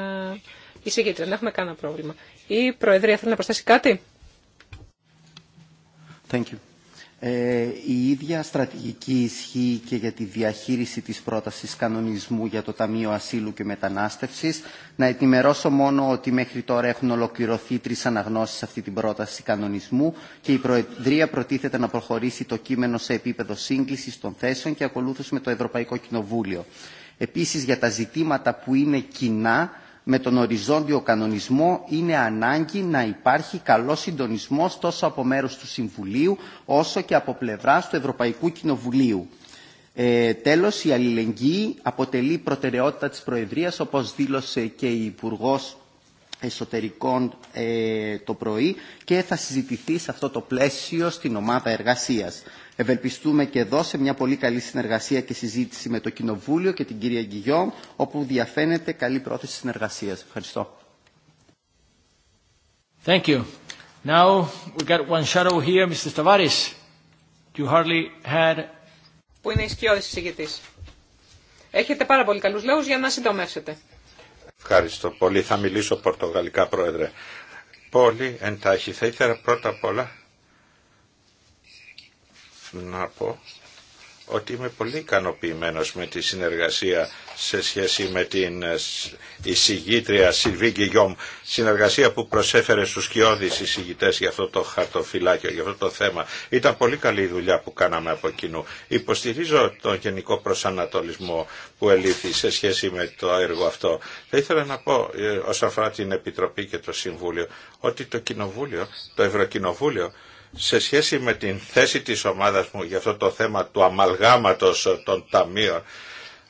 εισηγήτρια. Δεν έχουμε κανένα πρόβλημα. Η Προεδρία θέλει να προσθέσει κάτι. Thank ε, η ίδια στρατηγική ισχύει και για τη διαχείριση της πρότασης κανονισμού για το Ταμείο Ασύλου και Μετανάστευσης. Να ενημερώσω μόνο ότι μέχρι τώρα έχουν ολοκληρωθεί τρεις αναγνώσεις αυτή την πρόταση κανονισμού και η Προεδρία προτίθεται να προχωρήσει το κείμενο σε επίπεδο σύγκλησης των θέσεων και ακολούθως με το Ευρωπαϊκό Κοινοβούλιο. Επίσης για τα ζητήματα που είναι κοινά με τον οριζόντιο κανονισμό είναι ανάγκη να υπάρχει καλός συντονισμό τόσο από μέρου του Συμβουλίου όσο και από πλευρά του Ευρωπαϊκού Κοινοβουλίου. Ε, τέλος, η αλληλεγγύη αποτελεί προτεραιότητα της Προεδρίας όπως δήλωσε και η υπουργό εσωτερικών ε, το πρωί και θα συζητηθεί σε αυτό το πλαίσιο στην ομάδα εργασίας. Ευελπιστούμε και εδώ σε μια πολύ καλή συνεργασία και συζήτηση με το Κοινοβούλιο και την κυρία Γκυγιό, όπου διαφαίνεται καλή πρόθεση συνεργασίας. Ευχαριστώ. Thank you. Now we got one shadow here, Mr. Tavares. You hardly had... Που είναι ισχυώδης εισηγητής. Έχετε πάρα πολύ καλούς λόγους για να συντομεύσετε. Ευχαριστώ πολύ. Θα μιλήσω πορτογαλικά, Πρόεδρε. Πολύ εντάχει. Θα ήθελα πρώτα απ' όλα να πω ότι είμαι πολύ ικανοποιημένο με τη συνεργασία σε σχέση με την εισηγήτρια Σιλβί Γκυγιόμ, συνεργασία που προσέφερε στους κοιόδη εισηγητέ για αυτό το χαρτοφυλάκιο, για αυτό το θέμα. Ήταν πολύ καλή η δουλειά που κάναμε από κοινού. Υποστηρίζω τον γενικό προσανατολισμό που ελήφθη σε σχέση με το έργο αυτό. Θα ήθελα να πω ε, όσον αφορά την Επιτροπή και το Συμβούλιο, ότι το Κοινοβούλιο, το Ευρωκοινοβούλιο, σε σχέση με την θέση της ομάδας μου για αυτό το θέμα του αμαλγάματος των ταμείων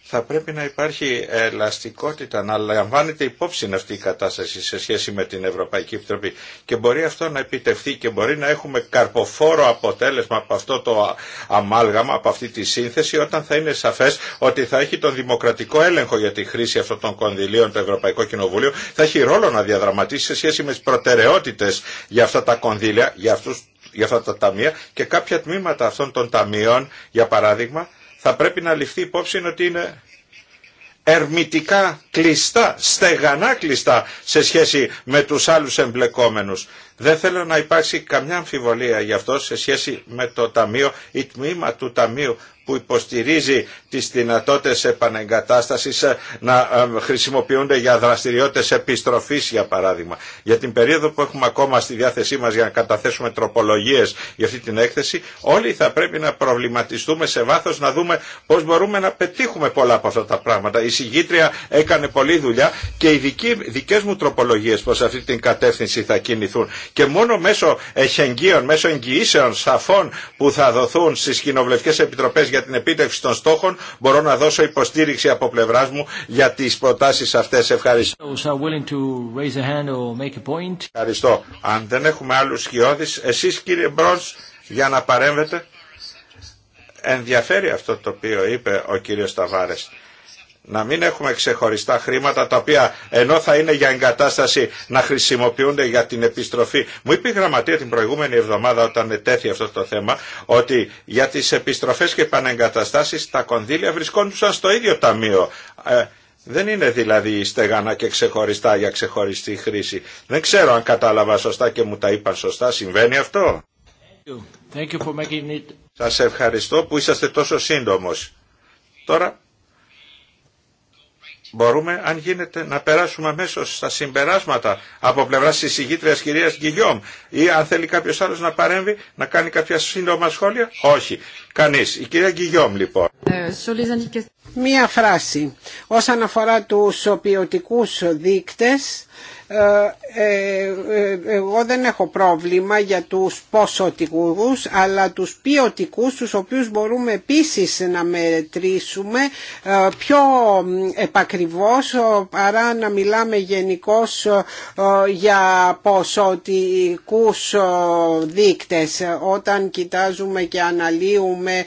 θα πρέπει να υπάρχει ελαστικότητα, να λαμβάνεται υπόψη αυτή η κατάσταση σε σχέση με την Ευρωπαϊκή Επιτροπή. Και μπορεί αυτό να επιτευχθεί και μπορεί να έχουμε καρποφόρο αποτέλεσμα από αυτό το αμάλγαμα, από αυτή τη σύνθεση, όταν θα είναι σαφές ότι θα έχει τον δημοκρατικό έλεγχο για τη χρήση αυτών των κονδυλίων το Ευρωπαϊκό Κοινοβούλιο, θα έχει ρόλο να διαδραματίσει σε σχέση με τι προτεραιότητε για αυτά τα κονδύλια, για αυτούς για αυτά τα ταμεία και κάποια τμήματα αυτών των ταμείων, για παράδειγμα, θα πρέπει να ληφθεί υπόψη ότι είναι ερμητικά κλειστά, στεγανά κλειστά σε σχέση με τους άλλους εμπλεκόμενους. Δεν θέλω να υπάρξει καμιά αμφιβολία γι' αυτό σε σχέση με το Ταμείο ή τμήμα του Ταμείου που υποστηρίζει τις δυνατότητες επανεγκατάστασης ε, να ε, χρησιμοποιούνται για δραστηριότητες επιστροφής για παράδειγμα. Για την περίοδο που έχουμε ακόμα στη διάθεσή μας για να καταθέσουμε τροπολογίες για αυτή την έκθεση όλοι θα πρέπει να προβληματιστούμε σε βάθος να δούμε πώς μπορούμε να πετύχουμε πολλά από αυτά τα πράγματα. Η συγγήτρια έκανε πολλή δουλειά και οι δικές μου τροπολογίες προς αυτή την κατεύθυνση θα κινηθούν και μόνο μέσω εχεγγύων, μέσω εγγυήσεων σαφών που θα δοθούν στις κοινοβουλευτικές επιτροπές για την επίτευξη των στόχων, μπορώ να δώσω υποστήριξη από πλευρά μου για τι προτάσει αυτέ. Ευχαριστώ. Ευχαριστώ. Αν δεν έχουμε άλλου σκιώδει, εσεί κύριε Μπρό, για να παρέμβετε. Ενδιαφέρει αυτό το οποίο είπε ο κύριος Ταβάρες να μην έχουμε ξεχωριστά χρήματα τα οποία ενώ θα είναι για εγκατάσταση να χρησιμοποιούνται για την επιστροφή. Μου είπε η γραμματεία την προηγούμενη εβδομάδα όταν ετέθη αυτό το θέμα ότι για τις επιστροφές και επανεγκαταστάσεις τα κονδύλια βρισκόντουσαν στο ίδιο ταμείο. Ε, δεν είναι δηλαδή στεγανά και ξεχωριστά για ξεχωριστή χρήση. Δεν ξέρω αν κατάλαβα σωστά και μου τα είπαν σωστά. Συμβαίνει αυτό. Σα Σας ευχαριστώ που είσαστε τόσο σύντομος. Τώρα μπορούμε αν γίνεται να περάσουμε αμέσω στα συμπεράσματα από πλευρά τη συγγήτρια κυρία Γκυλιόμ ή αν θέλει κάποιο άλλο να παρέμβει, να κάνει κάποια σύντομα σχόλια. Όχι, κανείς. Η κυρία Γκυγιόμ λοιπόν. Μία φράση. γκυλιομ λοιπον μια αφορά του ποιοτικού δείκτε, ε, ε, ε, εγώ δεν έχω πρόβλημα για τους ποσοτικούς αλλά τους ποιοτικούς τους οποίους μπορούμε επίσης να μετρήσουμε πιο επακριβώς παρά να μιλάμε γενικώ για ποσοτικούς δείκτες όταν κοιτάζουμε και αναλύουμε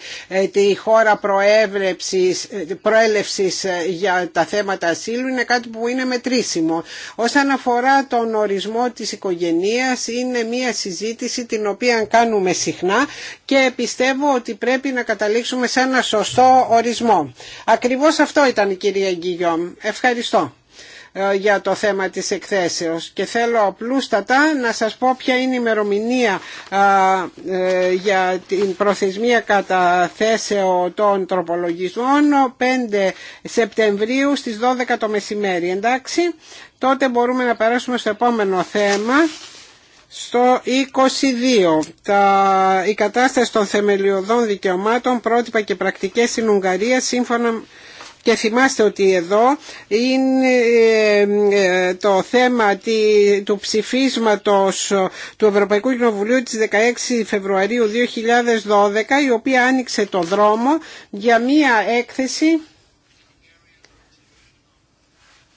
τη χώρα προέλευσης, προέλευσης για τα θέματα ασύλου είναι κάτι που είναι μετρήσιμο. Όσον αφορά αφορά τον ορισμό της οικογενείας είναι μια συζήτηση την οποία κάνουμε συχνά και πιστεύω ότι πρέπει να καταλήξουμε σε ένα σωστό ορισμό. Ακριβώς αυτό ήταν η κυρία Γκυγιόμ. Ευχαριστώ. Ε, για το θέμα της εκθέσεως και θέλω απλούστατα να σας πω ποια είναι η ημερομηνία ε, ε, για την προθεσμία καταθέσεω των τροπολογισμών 5 Σεπτεμβρίου στις 12 το μεσημέρι εντάξει τότε μπορούμε να περάσουμε στο επόμενο θέμα στο 22 τα, η κατάσταση των θεμελιωδών δικαιωμάτων πρότυπα και πρακτικές στην Ουγγαρία σύμφωνα και θυμάστε ότι εδώ είναι ε, ε, το θέμα του ψηφίσματος του Ευρωπαϊκού Κοινοβουλίου της 16 Φεβρουαρίου 2012 η οποία άνοιξε το δρόμο για μία έκθεση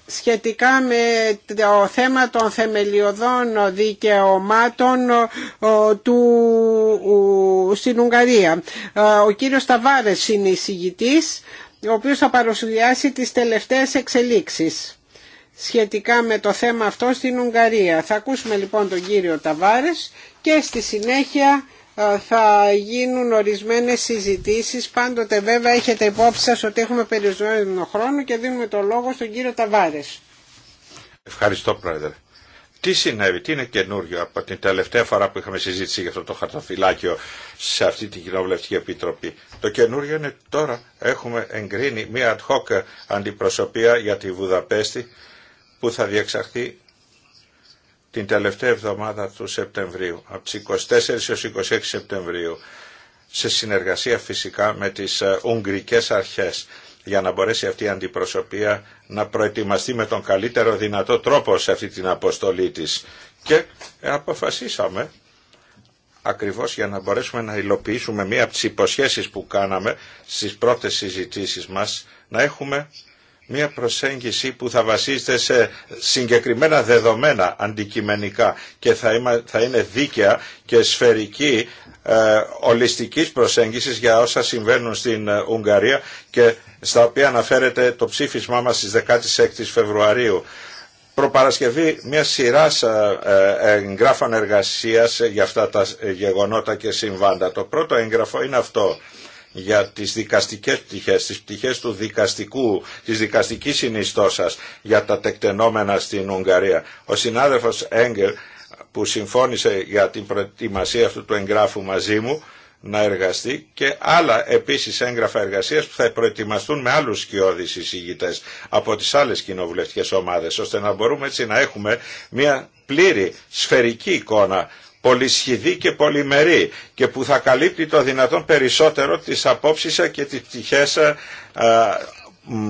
σχετικά με το θέμα των θεμελιωδών δικαιωμάτων του, στην Ουγγαρία. Ο κύριος Ταβάρες είναι εισηγητής ο οποίος θα παρουσιάσει τις τελευταίες εξελίξεις σχετικά με το θέμα αυτό στην Ουγγαρία. Θα ακούσουμε λοιπόν τον κύριο Ταβάρες και στη συνέχεια θα γίνουν ορισμένες συζητήσεις. Πάντοτε βέβαια έχετε υπόψη σας ότι έχουμε περιορισμένο χρόνο και δίνουμε το λόγο στον κύριο Ταβάρες. Ευχαριστώ πρόεδρε. Τι συνέβη, τι είναι καινούριο από την τελευταία φορά που είχαμε συζήτηση για αυτό το χαρτοφυλάκιο σε αυτή την Κοινοβουλευτική Επίτροπη. Το καινούριο είναι τώρα έχουμε εγκρίνει μια ad hoc αντιπροσωπεία για τη Βουδαπέστη που θα διεξαχθεί την τελευταία εβδομάδα του Σεπτεμβρίου, από τις 24 έως 26 Σεπτεμβρίου, σε συνεργασία φυσικά με τις ε, Ουγγρικές Αρχές για να μπορέσει αυτή η αντιπροσωπεία να προετοιμαστεί με τον καλύτερο δυνατό τρόπο σε αυτή την αποστολή της. Και αποφασίσαμε ακριβώς για να μπορέσουμε να υλοποιήσουμε μία από τις υποσχέσεις που κάναμε στις πρώτες συζητήσεις μας, να έχουμε μία προσέγγιση που θα βασίζεται σε συγκεκριμένα δεδομένα αντικειμενικά και θα είναι δίκαια και σφαιρική ε, ολιστικής προσέγγισης για όσα συμβαίνουν στην ε, Ουγγαρία και στα οποία αναφέρεται το ψήφισμά μας στις 16 Φεβρουαρίου. Προπαρασκευή μια σειρά ε, εγγράφων εργασίας για αυτά τα γεγονότα και συμβάντα. Το πρώτο έγγραφο είναι αυτό για τις δικαστικές πτυχές, τις πτυχές του δικαστικού, της δικαστικής συνιστώσας για τα τεκτενόμενα στην Ουγγαρία. Ο συνάδελφος Έγγελ που συμφώνησε για την προετοιμασία αυτού του εγγράφου μαζί μου να εργαστεί και άλλα επίσης έγγραφα εργασίας που θα προετοιμαστούν με άλλους σκιώδεις εισηγητές από τις άλλες κοινοβουλευτικές ομάδες ώστε να μπορούμε έτσι να έχουμε μια πλήρη σφαιρική εικόνα πολυσχηδή και πολυμερή και που θα καλύπτει το δυνατόν περισσότερο τις απόψεις και τις πτυχές ε, ε,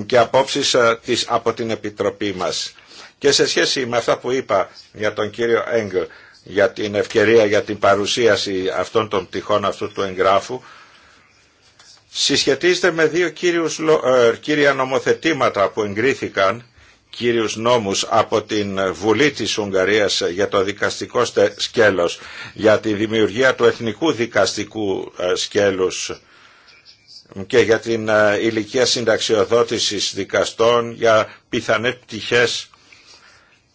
και απόψεις ε, από την Επιτροπή μας. Και σε σχέση με αυτά που είπα για τον κύριο Έγκλ για την ευκαιρία για την παρουσίαση αυτών των πτυχών αυτού του εγγράφου, συσχετίζεται με δύο κύριους, ε, κύρια νομοθετήματα που εγκρίθηκαν, κύριους νόμους από την Βουλή της Ουγγαρίας για το δικαστικό σκέλος, για τη δημιουργία του εθνικού δικαστικού ε, σκέλους και για την ε, ηλικία συνταξιοδότησης δικαστών, για πιθανές πτυχές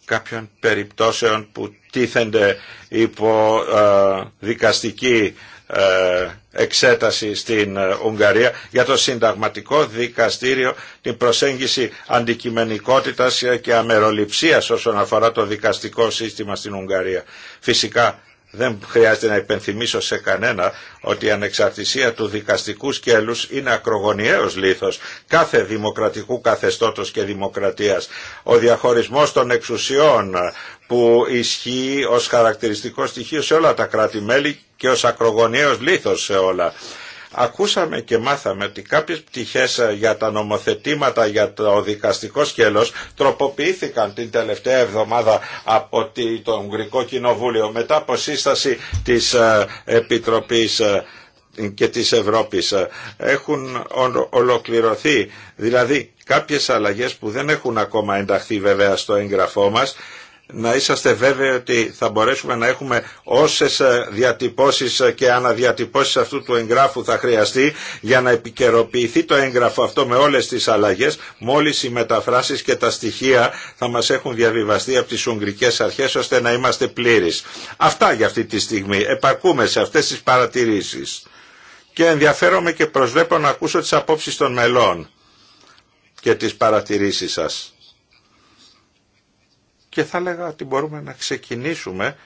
κάποιων περιπτώσεων που τίθενται υπό ε, δικαστική ε, εξέταση στην ε, Ουγγαρία για το συνταγματικό δικαστήριο την προσέγγιση αντικειμενικότητας και αμεροληψίας όσον αφορά το δικαστικό σύστημα στην Ουγγαρία. Φυσικά δεν χρειάζεται να υπενθυμίσω σε κανένα ότι η ανεξαρτησία του δικαστικού σκέλους είναι ακρογωνιαίος λήθος κάθε δημοκρατικού καθεστώτος και δημοκρατίας. Ο διαχωρισμός των εξουσιών που ισχύει ως χαρακτηριστικό στοιχείο σε όλα τα κράτη-μέλη και ως ακρογωνιαίος λήθος σε όλα. Ακούσαμε και μάθαμε ότι κάποιες πτυχές ε, για τα νομοθετήματα για το δικαστικό σκέλος τροποποιήθηκαν την τελευταία εβδομάδα από το Ουγγρικό Κοινοβούλιο μετά από σύσταση της ε, Επιτροπής ε, και της Ευρώπης έχουν ολοκληρωθεί δηλαδή κάποιες αλλαγές που δεν έχουν ακόμα ενταχθεί βέβαια στο έγγραφό μας να είσαστε βέβαιοι ότι θα μπορέσουμε να έχουμε όσες ε, διατυπώσεις ε, και αναδιατυπώσεις αυτού του εγγράφου θα χρειαστεί για να επικαιροποιηθεί το έγγραφο αυτό με όλες τις αλλαγές μόλις οι μεταφράσεις και τα στοιχεία θα μας έχουν διαβιβαστεί από τις Ουγγρικές Αρχές ώστε να είμαστε πλήρεις. Αυτά για αυτή τη στιγμή. Επαρκούμε σε αυτές τις παρατηρήσεις. Και ενδιαφέρομαι και προσβλέπω να ακούσω τις απόψεις των μελών και τις παρατηρήσεις σας και θα έλεγα ότι μπορούμε να ξεκινήσουμε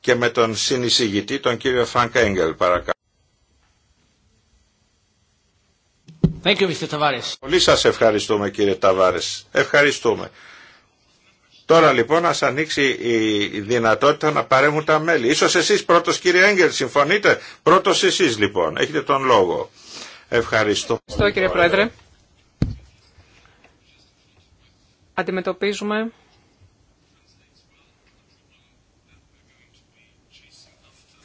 και με τον συνεισηγητή, τον κύριο Φρανκ Έγγελ, παρακαλώ. Thank you, Mr. Tavares. Πολύ σας ευχαριστούμε κύριε Ταβάρες. Ευχαριστούμε. Τώρα λοιπόν ας ανοίξει η δυνατότητα να παρέμουν τα μέλη. Ίσως εσείς πρώτος κύριε Έγκελ, συμφωνείτε. Πρώτος εσείς λοιπόν. Έχετε τον λόγο. Ευχαριστώ. Ευχαριστώ κύριε Πρόεδρε. Αντιμετωπίζουμε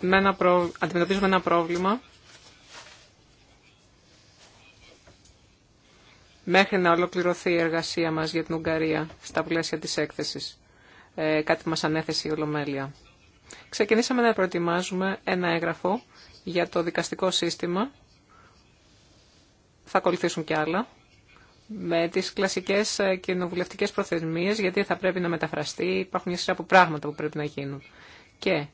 με αντιμετωπίζουμε ένα πρόβλημα μέχρι να ολοκληρωθεί η εργασία μας για την Ουγγαρία στα πλαίσια της έκθεσης. Ε, κάτι που μας ανέθεσε η Ολομέλεια. Ξεκινήσαμε να προετοιμάζουμε ένα έγγραφο για το δικαστικό σύστημα. Θα ακολουθήσουν κι άλλα με τις κλασικές ε, κοινοβουλευτικές προθεσμίες, γιατί θα πρέπει να μεταφραστεί, υπάρχουν μια σειρά από πράγματα που πρέπει να γίνουν. Και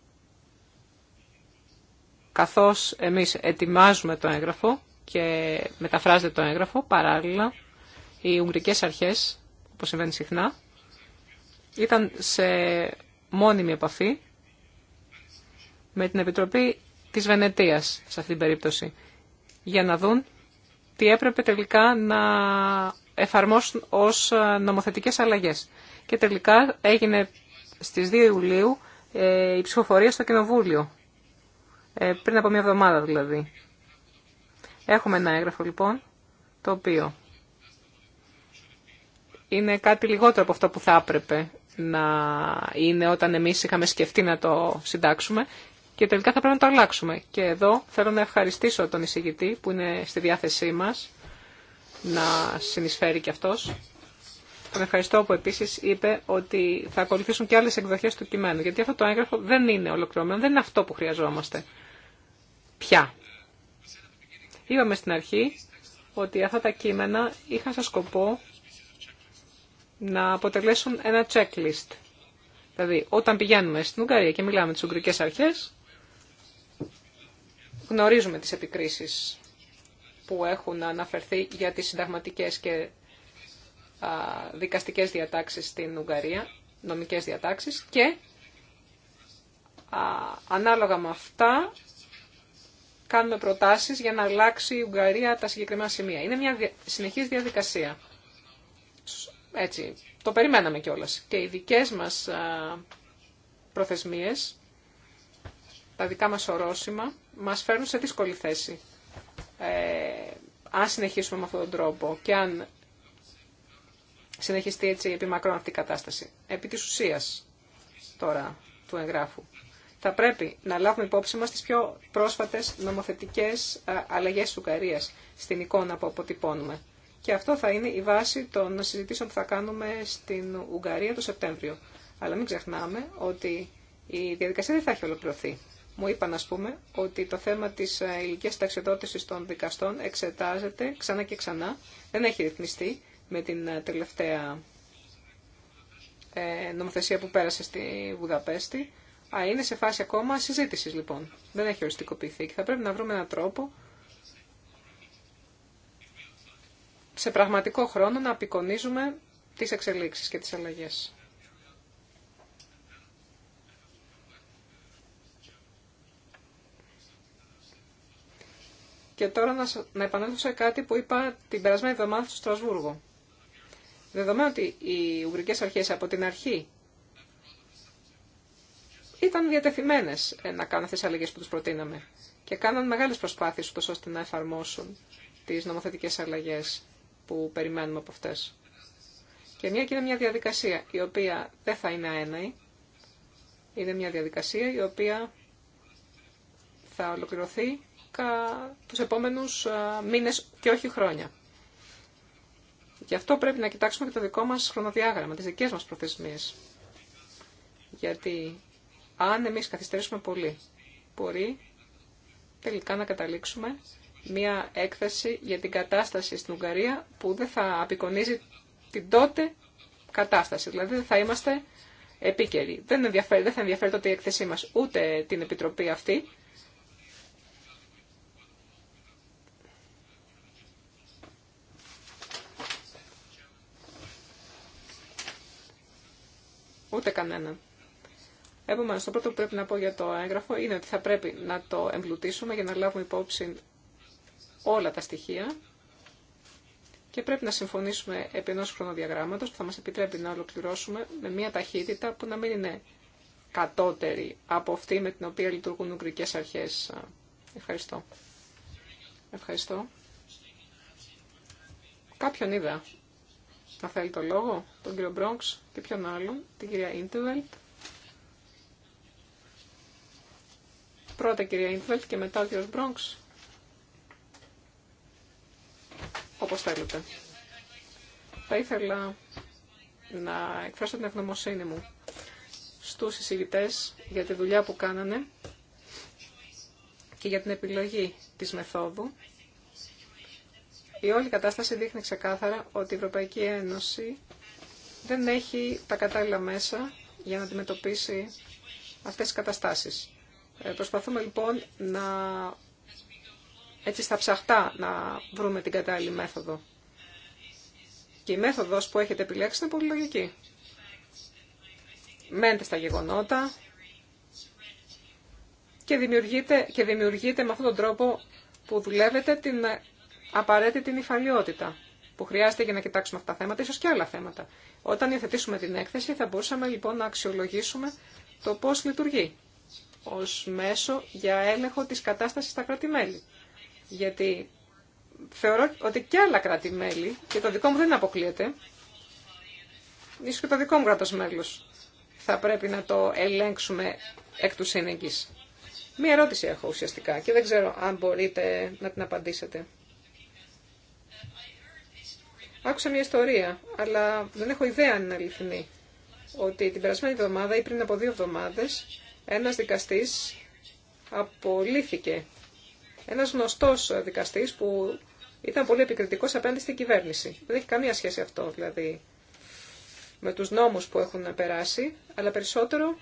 καθώς εμείς ετοιμάζουμε το έγγραφο και μεταφράζεται το έγγραφο, παράλληλα οι ουγγρικές αρχές, όπως συμβαίνει συχνά, ήταν σε μόνιμη επαφή με την Επιτροπή της Βενετίας σε αυτή την περίπτωση για να δουν τι έπρεπε τελικά να εφαρμόσουν ως νομοθετικές αλλαγές. Και τελικά έγινε στις 2 Ιουλίου ε, η ψηφοφορία στο Κοινοβούλιο ε, πριν από μια εβδομάδα δηλαδή. Έχουμε ένα έγγραφο λοιπόν, το οποίο είναι κάτι λιγότερο από αυτό που θα έπρεπε να είναι όταν εμείς είχαμε σκεφτεί να το συντάξουμε και τελικά θα πρέπει να το αλλάξουμε. Και εδώ θέλω να ευχαριστήσω τον εισηγητή που είναι στη διάθεσή μας να συνεισφέρει και αυτός. Τον ευχαριστώ που επίσης είπε ότι θα ακολουθήσουν και άλλες εκδοχές του κειμένου, γιατί αυτό το έγγραφο δεν είναι ολοκληρωμένο, δεν είναι αυτό που χρειαζόμαστε. Ποια. Είπαμε στην αρχή ότι αυτά τα κείμενα είχαν σαν σκοπό να αποτελέσουν ένα checklist. Δηλαδή, όταν πηγαίνουμε στην Ουγγαρία και μιλάμε με τις Ουγγρικές Αρχές, γνωρίζουμε τις επικρίσεις που έχουν αναφερθεί για τις συνταγματικές και δικαστικές διατάξεις στην Ουγγαρία, νομικές διατάξεις και ανάλογα με αυτά κάνουμε προτάσεις για να αλλάξει η Ουγγαρία τα συγκεκριμένα σημεία. Είναι μια συνεχής διαδικασία. Έτσι, το περιμέναμε κιόλας. Και οι δικές μας προθεσμίες, τα δικά μας ορόσημα, μας φέρνουν σε δύσκολη θέση. Ε, αν συνεχίσουμε με αυτόν τον τρόπο και αν συνεχιστεί έτσι επί μακρόν αυτή η κατάσταση. Επί της ουσίας τώρα του εγγράφου θα πρέπει να λάβουμε υπόψη μας τις πιο πρόσφατες νομοθετικές αλλαγές της Ουγγαρίας στην εικόνα που αποτυπώνουμε. Και αυτό θα είναι η βάση των συζητήσεων που θα κάνουμε στην Ουγγαρία το Σεπτέμβριο. Αλλά μην ξεχνάμε ότι η διαδικασία δεν θα έχει ολοκληρωθεί. Μου είπαν, α πούμε, ότι το θέμα τη ε, ηλικία ταξιδότηση των δικαστών εξετάζεται ξανά και ξανά. Δεν έχει ρυθμιστεί με την ε, τελευταία ε, νομοθεσία που πέρασε στη Βουδαπέστη. Α, είναι σε φάση ακόμα συζήτηση λοιπόν. Δεν έχει οριστικοποιηθεί και θα πρέπει να βρούμε έναν τρόπο σε πραγματικό χρόνο να απεικονίζουμε τις εξελίξεις και τις αλλαγές. Και τώρα να, να επανέλθω σε κάτι που είπα την περασμένη εβδομάδα στο Στρασβούργο. Δεδομένου ότι οι Ουγγρικές Αρχές από την αρχή ήταν διατεθειμένες ε, να κάνουν αυτέ τι αλλαγέ που τους προτείναμε και κάναν μεγάλε προσπάθειε ούτω ώστε να εφαρμόσουν τι νομοθετικέ αλλαγέ που περιμένουμε από αυτέ. Και μια και είναι μια διαδικασία η οποία δεν θα είναι αέναη, είναι μια διαδικασία η οποία θα ολοκληρωθεί τους επόμενους ε, μήνες και όχι χρόνια. Γι' αυτό πρέπει να κοιτάξουμε και το δικό μας χρονοδιάγραμμα, τις δικές μας προθεσμίες. Γιατί αν εμείς καθυστερήσουμε πολύ, μπορεί τελικά να καταλήξουμε μια έκθεση για την κατάσταση στην Ουγγαρία που δεν θα απεικονίζει την τότε κατάσταση. Δηλαδή δεν θα είμαστε επίκαιροι. Δεν, ενδιαφέρει, δεν θα ενδιαφέρει τότε η έκθεσή μας ούτε την Επιτροπή αυτή. Ούτε κανέναν. Επομένω, το πρώτο που πρέπει να πω για το έγγραφο είναι ότι θα πρέπει να το εμπλουτίσουμε για να λάβουμε υπόψη όλα τα στοιχεία και πρέπει να συμφωνήσουμε επί ενός χρονοδιαγράμματος που θα μας επιτρέπει να ολοκληρώσουμε με μια ταχύτητα που να μην είναι κατώτερη από αυτή με την οποία λειτουργούν ουγγρικές αρχές. Ευχαριστώ. Ευχαριστώ. Κάποιον είδα να θέλει το λόγο, τον κύριο Μπρόγκς και ποιον άλλον, την κυρία Ίντεβελτ. Πρώτα κυρία Ιντβελτ και μετά ο κύριος Μπρόνξ. Όπως θέλετε. Θα ήθελα να εκφράσω την ευγνωμοσύνη μου στους εισηγητές για τη δουλειά που κάνανε και για την επιλογή της μεθόδου. Η όλη κατάσταση δείχνει ξεκάθαρα ότι η Ευρωπαϊκή Ένωση δεν έχει τα κατάλληλα μέσα για να αντιμετωπίσει αυτές τις καταστάσεις. Ε, προσπαθούμε λοιπόν να έτσι στα ψαχτά να βρούμε την κατάλληλη μέθοδο. Και η μέθοδος που έχετε επιλέξει είναι πολύ λογική. Μένετε στα γεγονότα και δημιουργείτε, και δημιουργείτε με αυτόν τον τρόπο που δουλεύετε την απαραίτητη νυφαλιότητα που χρειάζεται για να κοιτάξουμε αυτά τα θέματα, ίσως και άλλα θέματα. Όταν υιοθετήσουμε την έκθεση θα μπορούσαμε λοιπόν να αξιολογήσουμε το πώς λειτουργεί ως μέσο για έλεγχο της κατάστασης στα κράτη-μέλη. Γιατί θεωρώ ότι και άλλα κράτη-μέλη, και το δικό μου δεν αποκλείεται, ίσως και το δικό μου κράτος μέλος, θα πρέπει να το ελέγξουμε εκ του σύνεγγυς. Μία ερώτηση έχω ουσιαστικά και δεν ξέρω αν μπορείτε να την απαντήσετε. Άκουσα μια ιστορία, αλλά δεν έχω ιδέα αν είναι αληθινή, ότι την περασμένη εβδομάδα ή πριν από δύο εβδομάδες ένας δικαστής απολύθηκε. Ένας γνωστός δικαστής που ήταν πολύ επικριτικός απέναντι στην κυβέρνηση. Δεν έχει καμία σχέση αυτό δηλαδή με τους νόμους που έχουν περάσει, αλλά περισσότερο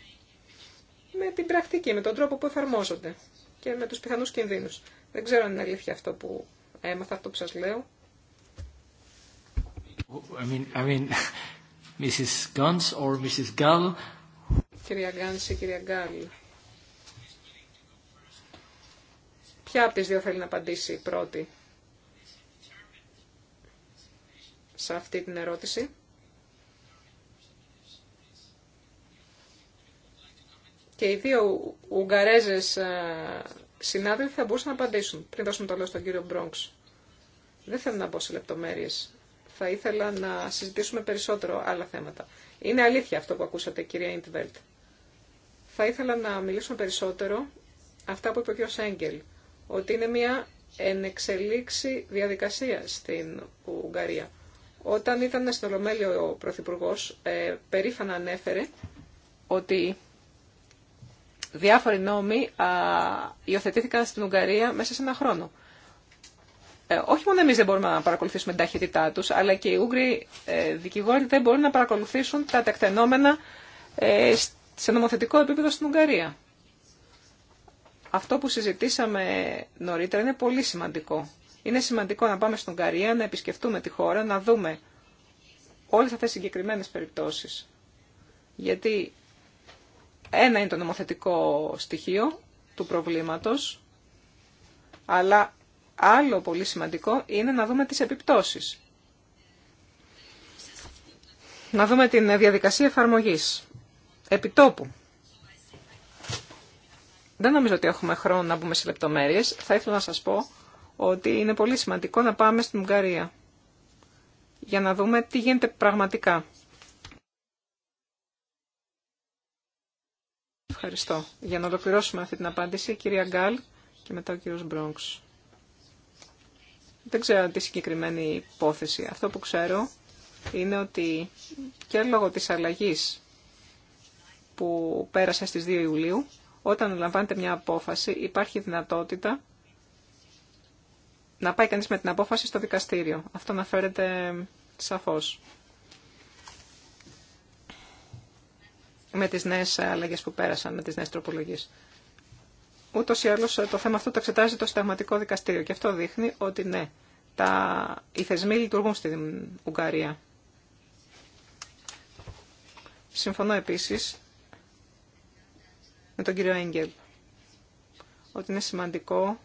με την πρακτική, με τον τρόπο που εφαρμόζονται και με τους πιθανούς κινδύνους. Δεν ξέρω αν είναι αλήθεια αυτό που έμαθα, αυτό που σας λέω. I mean, I mean, Mrs. Guns or Mrs κυρία Γκάνση, κυρία Γκάλ. Ποια από τις δύο θέλει να απαντήσει πρώτη σε αυτή την ερώτηση. Και οι δύο Ουγγαρέζες ε, συνάδελφοι θα μπορούσαν να απαντήσουν πριν δώσουμε το λόγο στον κύριο Μπρόγκς. Δεν θέλω να μπω σε λεπτομέρειες. Θα ήθελα να συζητήσουμε περισσότερο άλλα θέματα. Είναι αλήθεια αυτό που ακούσατε, κυρία Ιντβέλτ θα ήθελα να μιλήσω περισσότερο αυτά που είπε ο κ. Σέγγελ, ότι είναι μια ενεξελίξη διαδικασία στην Ουγγαρία. Όταν ήταν στο Λομέλιο ο Πρωθυπουργό, ε, περήφανα ανέφερε ότι διάφοροι νόμοι α, υιοθετήθηκαν στην Ουγγαρία μέσα σε ένα χρόνο. Ε, όχι μόνο εμεί δεν μπορούμε να παρακολουθήσουμε την ταχύτητά τους, αλλά και οι Ούγγροι ε, δικηγόροι δεν μπορούν να παρακολουθήσουν τα τεκτενόμενα ε, σε νομοθετικό επίπεδο στην Ουγγαρία. Αυτό που συζητήσαμε νωρίτερα είναι πολύ σημαντικό. Είναι σημαντικό να πάμε στην Ουγγαρία, να επισκεφτούμε τη χώρα, να δούμε όλες αυτές τις συγκεκριμένες περιπτώσεις. Γιατί ένα είναι το νομοθετικό στοιχείο του προβλήματος, αλλά άλλο πολύ σημαντικό είναι να δούμε τις επιπτώσεις. Να δούμε την διαδικασία εφαρμογής επιτόπου. Δεν νομίζω ότι έχουμε χρόνο να μπούμε σε λεπτομέρειες. Θα ήθελα να σας πω ότι είναι πολύ σημαντικό να πάμε στην Ουγγαρία για να δούμε τι γίνεται πραγματικά. Ευχαριστώ. Για να ολοκληρώσουμε αυτή την απάντηση, η κυρία Γκάλ και μετά ο κύριος Μπρόγκς. Δεν ξέρω τι συγκεκριμένη υπόθεση. Αυτό που ξέρω είναι ότι και λόγω της αλλαγής που πέρασε στις 2 Ιουλίου, όταν λαμβάνεται μια απόφαση υπάρχει δυνατότητα να πάει κανείς με την απόφαση στο δικαστήριο. Αυτό αναφέρεται σαφώς. Με τις νέες αλλαγές που πέρασαν, με τις νέες τροπολογίες. Ούτως ή άλλως το θέμα αυτό το εξετάζει το συνταγματικό δικαστήριο και αυτό δείχνει ότι ναι, τα... οι θεσμοί λειτουργούν στην Ουγγαρία. Συμφωνώ επίσης με τον κύριο Έγγελ ότι είναι σημαντικό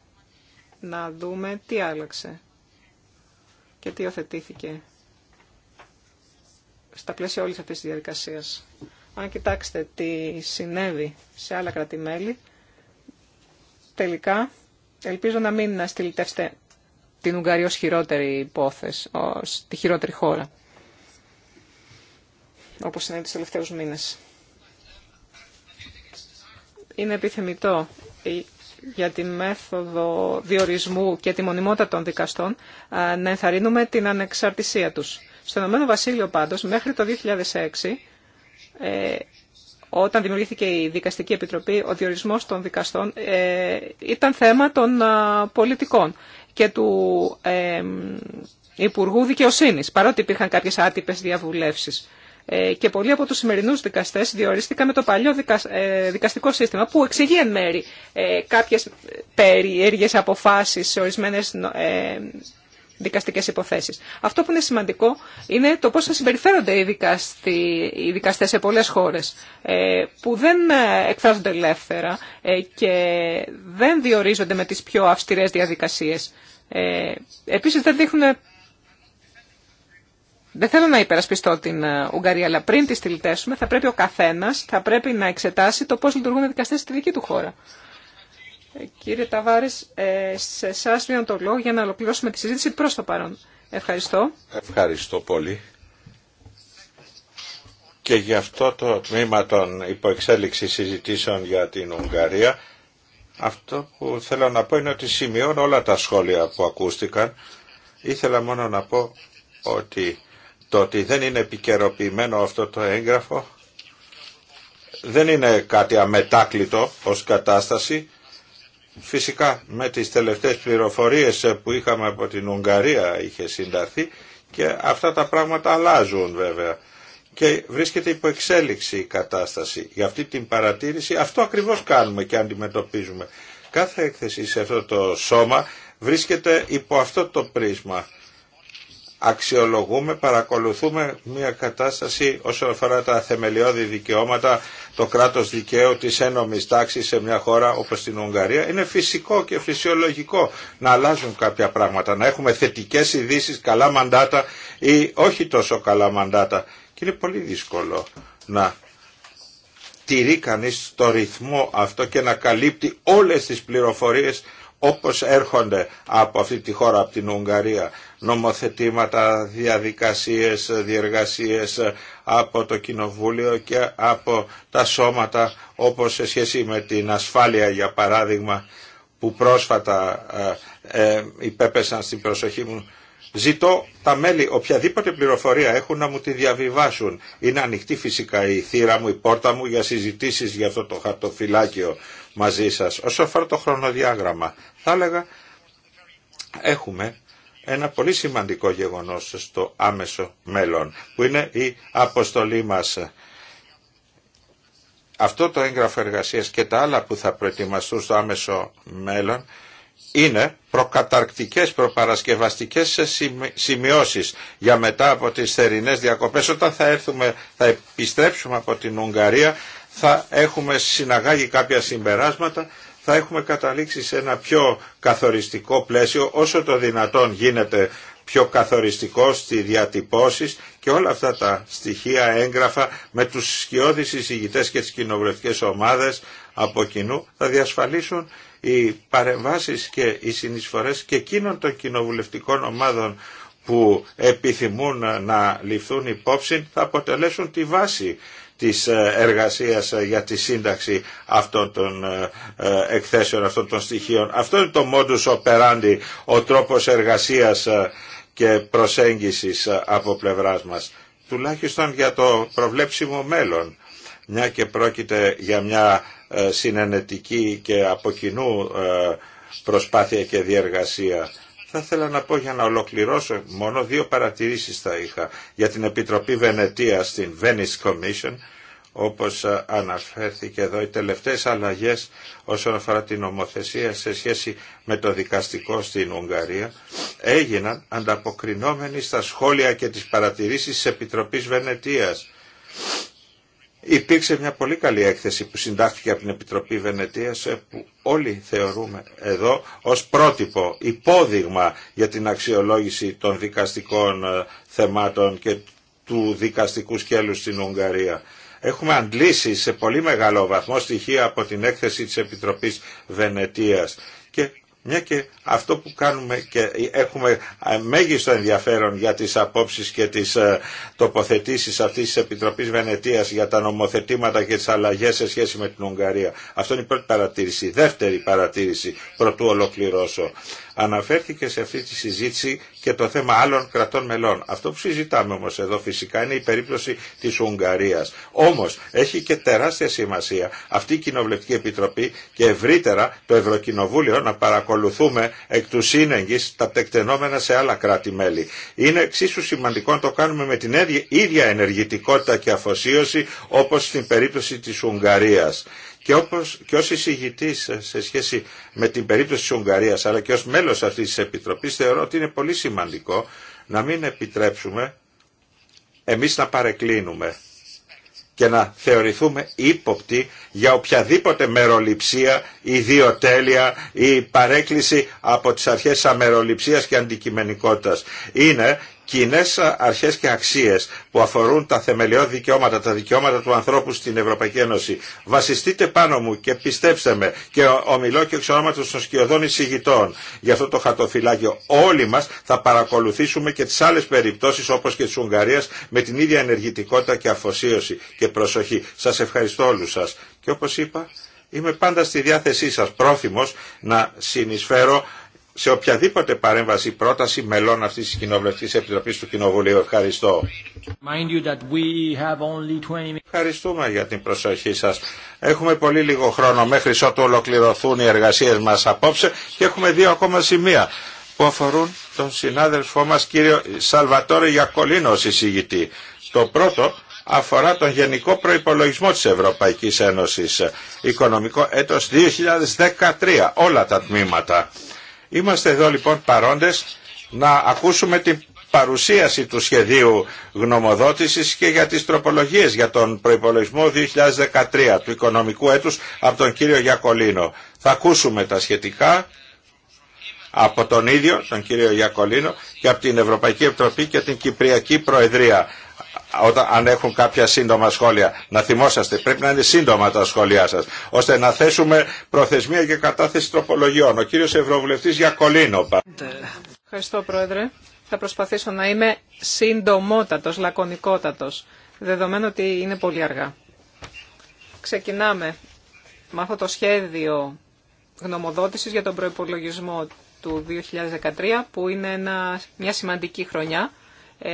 να δούμε τι άλλαξε και τι οθετήθηκε στα πλαίσια όλης αυτής της διαδικασίας. Αν κοιτάξετε τι συνέβη σε άλλα κρατημέλη, τελικά ελπίζω να μην στυλιτεύσετε την Ουγγαρία ως χειρότερη υπόθεση, ως τη χειρότερη χώρα, όπως συνέβη τους τελευταίους μήνες είναι επιθυμητό για τη μέθοδο διορισμού και τη μονιμότητα των δικαστών να ενθαρρύνουμε την ανεξαρτησία τους. Στο Ηνωμένο Βασίλειο πάντως, μέχρι το 2006, ε, όταν δημιουργήθηκε η Δικαστική Επιτροπή, ο διορισμός των δικαστών ε, ήταν θέμα των πολιτικών και του ε, Υπουργού Δικαιοσύνης, παρότι υπήρχαν κάποιες άτυπες διαβουλεύσεις. Ε, και πολλοί από τους σημερινούς δικαστές διορίστηκαν με το παλιό ε, δικαστικό σύστημα που εξηγεί εν μέρη ε, κάποιες περίεργες αποφάσεις σε ορισμένες δικαστικές υποθέσεις. Αυτό που είναι σημαντικό είναι το πώς θα συμπεριφέρονται οι, δικαστές σε πολλές χώρες που δεν εκφράζονται ελεύθερα και δεν διορίζονται με τις πιο αυστηρές διαδικασίες. Επίσης δεν δείχνουν δεν θέλω να υπερασπιστώ την ε, Ουγγαρία, αλλά πριν τη στυλιτέσουμε θα πρέπει ο καθένα θα πρέπει να εξετάσει το πώ λειτουργούν οι δικαστέ στη δική του χώρα. Ε, κύριε Ταβάρη, ε, σε εσά δίνω το λόγο για να ολοκληρώσουμε τη συζήτηση προ το παρόν. Ευχαριστώ. Ευχαριστώ πολύ. Και γι' αυτό το τμήμα των υποεξέλιξης συζητήσεων για την Ουγγαρία, αυτό που θέλω να πω είναι ότι σημειώνω όλα τα σχόλια που ακούστηκαν. Ήθελα μόνο να πω ότι το ότι δεν είναι επικαιροποιημένο αυτό το έγγραφο δεν είναι κάτι αμετάκλητο ως κατάσταση. Φυσικά με τις τελευταίες πληροφορίες που είχαμε από την Ουγγαρία είχε συνταθεί και αυτά τα πράγματα αλλάζουν βέβαια. Και βρίσκεται υπό εξέλιξη η κατάσταση. Για αυτή την παρατήρηση αυτό ακριβώς κάνουμε και αντιμετωπίζουμε. Κάθε έκθεση σε αυτό το σώμα βρίσκεται υπό αυτό το πρίσμα αξιολογούμε, παρακολουθούμε μια κατάσταση όσον αφορά τα θεμελιώδη δικαιώματα, το κράτος δικαίου της ένομης τάξης σε μια χώρα όπως την Ουγγαρία. Είναι φυσικό και φυσιολογικό να αλλάζουν κάποια πράγματα, να έχουμε θετικές ειδήσει, καλά μαντάτα ή όχι τόσο καλά μαντάτα. Και είναι πολύ δύσκολο να τηρεί κανείς το ρυθμό αυτό και να καλύπτει όλες τις πληροφορίες όπως έρχονται από αυτή τη χώρα, από την Ουγγαρία, νομοθετήματα, διαδικασίες, διεργασίες από το Κοινοβούλιο και από τα σώματα, όπως σε σχέση με την ασφάλεια, για παράδειγμα, που πρόσφατα ε, ε υπέπεσαν στην προσοχή μου. Ζητώ τα μέλη, οποιαδήποτε πληροφορία έχουν να μου τη διαβιβάσουν. Είναι ανοιχτή φυσικά η θύρα μου, η πόρτα μου για συζητήσεις για αυτό το χαρτοφυλάκιο μαζί σας. Όσο αφορά το χρονοδιάγραμμα, θα έλεγα έχουμε ένα πολύ σημαντικό γεγονός στο άμεσο μέλλον, που είναι η αποστολή μας. Αυτό το έγγραφο εργασίας και τα άλλα που θα προετοιμαστούν στο άμεσο μέλλον είναι προκαταρκτικές, προπαρασκευαστικές σημειώσεις για μετά από τις θερινές διακοπές. Όταν θα έρθουμε, θα επιστρέψουμε από την Ουγγαρία, θα έχουμε συναγάγει κάποια συμπεράσματα, θα έχουμε καταλήξει σε ένα πιο καθοριστικό πλαίσιο, όσο το δυνατόν γίνεται πιο καθοριστικό στη διατυπώσεις και όλα αυτά τα στοιχεία έγγραφα με τους σκιώδεις εισηγητές και τις κοινοβουλευτικές ομάδες από κοινού θα διασφαλίσουν οι παρεμβάσεις και οι συνεισφορές και εκείνων των κοινοβουλευτικών ομάδων που επιθυμούν να ληφθούν υπόψη θα αποτελέσουν τη βάση της ε, εργασίας ε, για τη σύνταξη αυτών των ε, εκθέσεων, αυτών των στοιχείων. Αυτό είναι το modus operandi, ο τρόπος εργασίας και προσέγγισης από πλευράς μας. Τουλάχιστον για το προβλέψιμο μέλλον, μια και πρόκειται για μια συνενετική και από κοινού προσπάθεια και διεργασία. Θα ήθελα να πω για να ολοκληρώσω, μόνο δύο παρατηρήσεις θα είχα για την Επιτροπή Βενετία στην Venice Commission όπως ε, αναφέρθηκε εδώ, οι τελευταίες αλλαγές όσον αφορά την νομοθεσία σε σχέση με το δικαστικό στην Ουγγαρία έγιναν ανταποκρινόμενοι στα σχόλια και τις παρατηρήσεις της Επιτροπής Βενετίας. Υπήρξε μια πολύ καλή έκθεση που συντάχθηκε από την Επιτροπή Βενετίας ε, που όλοι θεωρούμε εδώ ως πρότυπο, υπόδειγμα για την αξιολόγηση των δικαστικών ε, θεμάτων και του δικαστικού σκέλους στην Ουγγαρία. Έχουμε αντλήσει σε πολύ μεγάλο βαθμό στοιχεία από την έκθεση της Επιτροπής Βενετίας και μια και αυτό που κάνουμε και έχουμε ε, μέγιστο ενδιαφέρον για τις απόψεις και τις ε, τοποθετήσεις αυτής της Επιτροπής Βενετίας για τα νομοθετήματα και τις αλλαγές σε σχέση με την Ουγγαρία. Αυτό είναι η πρώτη παρατήρηση. δεύτερη παρατήρηση, πρωτού ολοκληρώσω. Αναφέρθηκε σε αυτή τη συζήτηση και το θέμα άλλων κρατών μελών. Αυτό που συζητάμε όμως εδώ φυσικά είναι η περίπτωση της Ουγγαρίας. Όμως έχει και τεράστια σημασία αυτή η Κοινοβουλευτική Επιτροπή και ευρύτερα το Ευρωκοινοβούλιο να παρακολουθούμε εκ του σύνεγγυς τα τεκτενόμενα σε άλλα κράτη-μέλη. Είναι εξίσου σημαντικό να το κάνουμε με την ίδια ενεργητικότητα και αφοσίωση όπως στην περίπτωση της Ουγγαρίας και, όπως, και ως εισηγητής σε σχέση με την περίπτωση της Ουγγαρίας αλλά και ως μέλος αυτής της Επιτροπής θεωρώ ότι είναι πολύ σημαντικό να μην επιτρέψουμε εμείς να παρεκκλίνουμε και να θεωρηθούμε ύποπτοι για οποιαδήποτε μεροληψία ή ιδιοτέλεια ή παρέκκληση από τις αρχές αμεροληψίας και αντικειμενικότητας. Είναι κοινέ αρχέ και αξίε που αφορούν τα θεμελιώδη δικαιώματα, τα δικαιώματα του ανθρώπου στην Ευρωπαϊκή Ένωση. Βασιστείτε πάνω μου και πιστέψτε με και ομιλώ και εξ ονόματο των σκιωδών εισηγητών για αυτό το χαρτοφυλάκιο. Όλοι μα θα παρακολουθήσουμε και τι άλλε περιπτώσει όπω και τη Ουγγαρία με την ίδια ενεργητικότητα και αφοσίωση και προσοχή. Σα ευχαριστώ όλου σα. Και όπω είπα, είμαι πάντα στη διάθεσή σα πρόθυμο να συνεισφέρω σε οποιαδήποτε παρέμβαση πρόταση μελών αυτής της κοινοβουλευτική Επιτροπής του Κοινοβουλίου. Ευχαριστώ. Ευχαριστούμε για την προσοχή σας. Έχουμε πολύ λίγο χρόνο μέχρι ότου ολοκληρωθούν οι εργασίες μας απόψε και έχουμε δύο ακόμα σημεία που αφορούν τον συνάδελφό μας κύριο Σαλβατόρη Γιακολίνο ως εισηγητή. Το πρώτο αφορά τον Γενικό Προϋπολογισμό της Ευρωπαϊκής Ένωσης, Οικονομικό έτος 2013, όλα τα τμήματα. Είμαστε εδώ λοιπόν παρόντες να ακούσουμε την παρουσίαση του σχεδίου γνωμοδότησης και για τις τροπολογίες για τον προϋπολογισμό 2013 του οικονομικού έτους από τον κύριο Γιακολίνο. Θα ακούσουμε τα σχετικά από τον ίδιο, τον κύριο Γιακολίνο, και από την Ευρωπαϊκή Επιτροπή και την Κυπριακή Προεδρία όταν, αν έχουν κάποια σύντομα σχόλια. Να θυμόσαστε, πρέπει να είναι σύντομα τα σχόλιά σας, ώστε να θέσουμε προθεσμία για κατάθεση τροπολογιών. Ο κύριος Ευρωβουλευτής Γιακολίνο. Ευχαριστώ Πρόεδρε. Θα προσπαθήσω να είμαι συντομότατος, λακωνικότατος, δεδομένου ότι είναι πολύ αργά. Ξεκινάμε με αυτό το σχέδιο γνωμοδότησης για τον προϋπολογισμό του 2013, που είναι μια σημαντική χρονιά. Ε,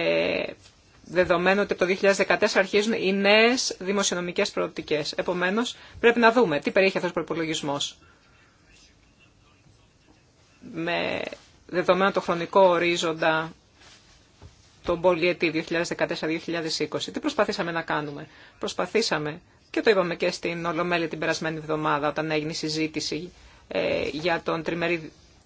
δεδομένου ότι από το 2014 αρχίζουν οι νέε δημοσιονομικέ προοπτικέ. Επομένω, πρέπει να δούμε τι περιέχει αυτό ο προπολογισμό. Με δεδομένο το χρονικό ορίζοντα τον πολιετή 2014-2020. Τι προσπαθήσαμε να κάνουμε. Προσπαθήσαμε, και το είπαμε και στην Ολομέλη την περασμένη εβδομάδα, όταν έγινε η συζήτηση ε, για, τον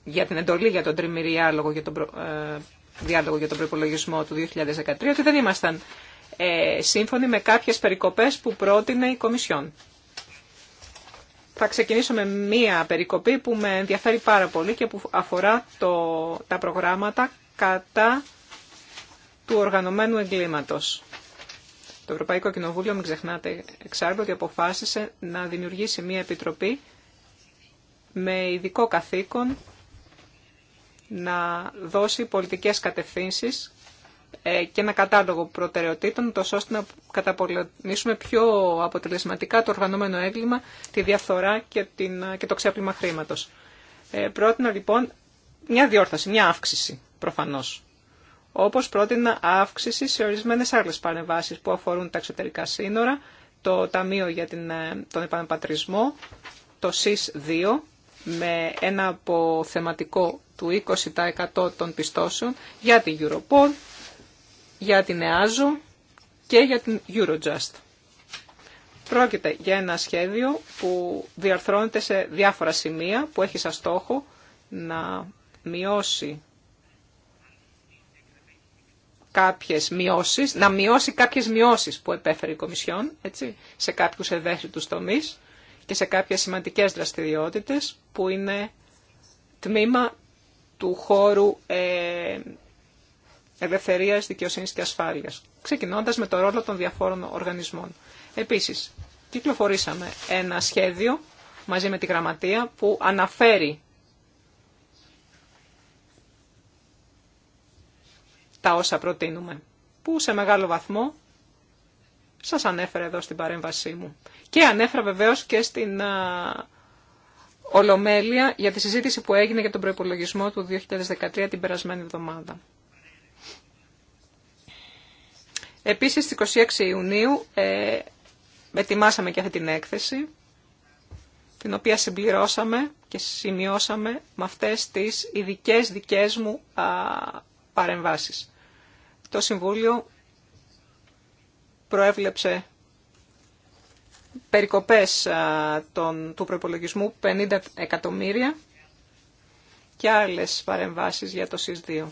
για την εντολή για τον τριμερή για τον ε, διάλογο για τον προπολογισμό του 2013 ότι δεν ήμασταν ε, σύμφωνοι με κάποιες περικοπές που πρότεινε η Κομισιόν. Θα ξεκινήσω με μία περικοπή που με ενδιαφέρει πάρα πολύ και που αφορά το, τα προγράμματα κατά του οργανωμένου εγκλήματος. Το Ευρωπαϊκό Κοινοβούλιο, μην ξεχνάτε εξάρτητα, ότι αποφάσισε να δημιουργήσει μία επιτροπή με ειδικό καθήκον να δώσει πολιτικές κατευθύνσεις ε, και ένα κατάλογο προτεραιοτήτων, τόσο ώστε να καταπολεμήσουμε πιο αποτελεσματικά το οργανωμένο έγκλημα, τη διαφθορά και, την, και το ξέπλυμα χρήματος. Ε, πρότεινα λοιπόν μια διόρθωση, μια αύξηση προφανώς. Όπως πρότεινα αύξηση σε ορισμένες άλλες παρεμβάσεις που αφορούν τα εξωτερικά σύνορα, το Ταμείο για την, ε, τον Επαναπατρισμό, το ΣΥΣ 2 με ένα αποθεματικό του 20% των πιστώσεων για την Europol, για την EASO και για την Eurojust. Πρόκειται για ένα σχέδιο που διαρθρώνεται σε διάφορα σημεία που έχει σαν στόχο να μειώσει κάποιες μειώσεις, να μειώσει κάποιες μειώσεις που επέφερε η Κομισιόν, έτσι, σε κάποιους ευαίσθητους τομείς και σε κάποιες σημαντικές δραστηριότητες που είναι τμήμα του χώρου ε, ελευθερίας, δικαιοσύνης και ασφάλειας, ξεκινώντας με το ρόλο των διαφόρων οργανισμών. Επίσης, κυκλοφορήσαμε ένα σχέδιο μαζί με τη Γραμματεία που αναφέρει τα όσα προτείνουμε, που σε μεγάλο βαθμό σας ανέφερε εδώ στην παρέμβασή μου. Και ανέφερα βεβαίως και στην Ολομέλεια για τη συζήτηση που έγινε για τον προϋπολογισμό του 2013 την περασμένη εβδομάδα. Επίσης, στις 26 Ιουνίου ε, ετοιμάσαμε και αυτή την έκθεση, την οποία συμπληρώσαμε και σημειώσαμε με αυτές τις ειδικέ δικές μου α, παρεμβάσεις. Το Συμβούλιο προέβλεψε περικοπές του προπολογισμού 50 εκατομμύρια και άλλες παρεμβάσεις για το ΣΥΣ2.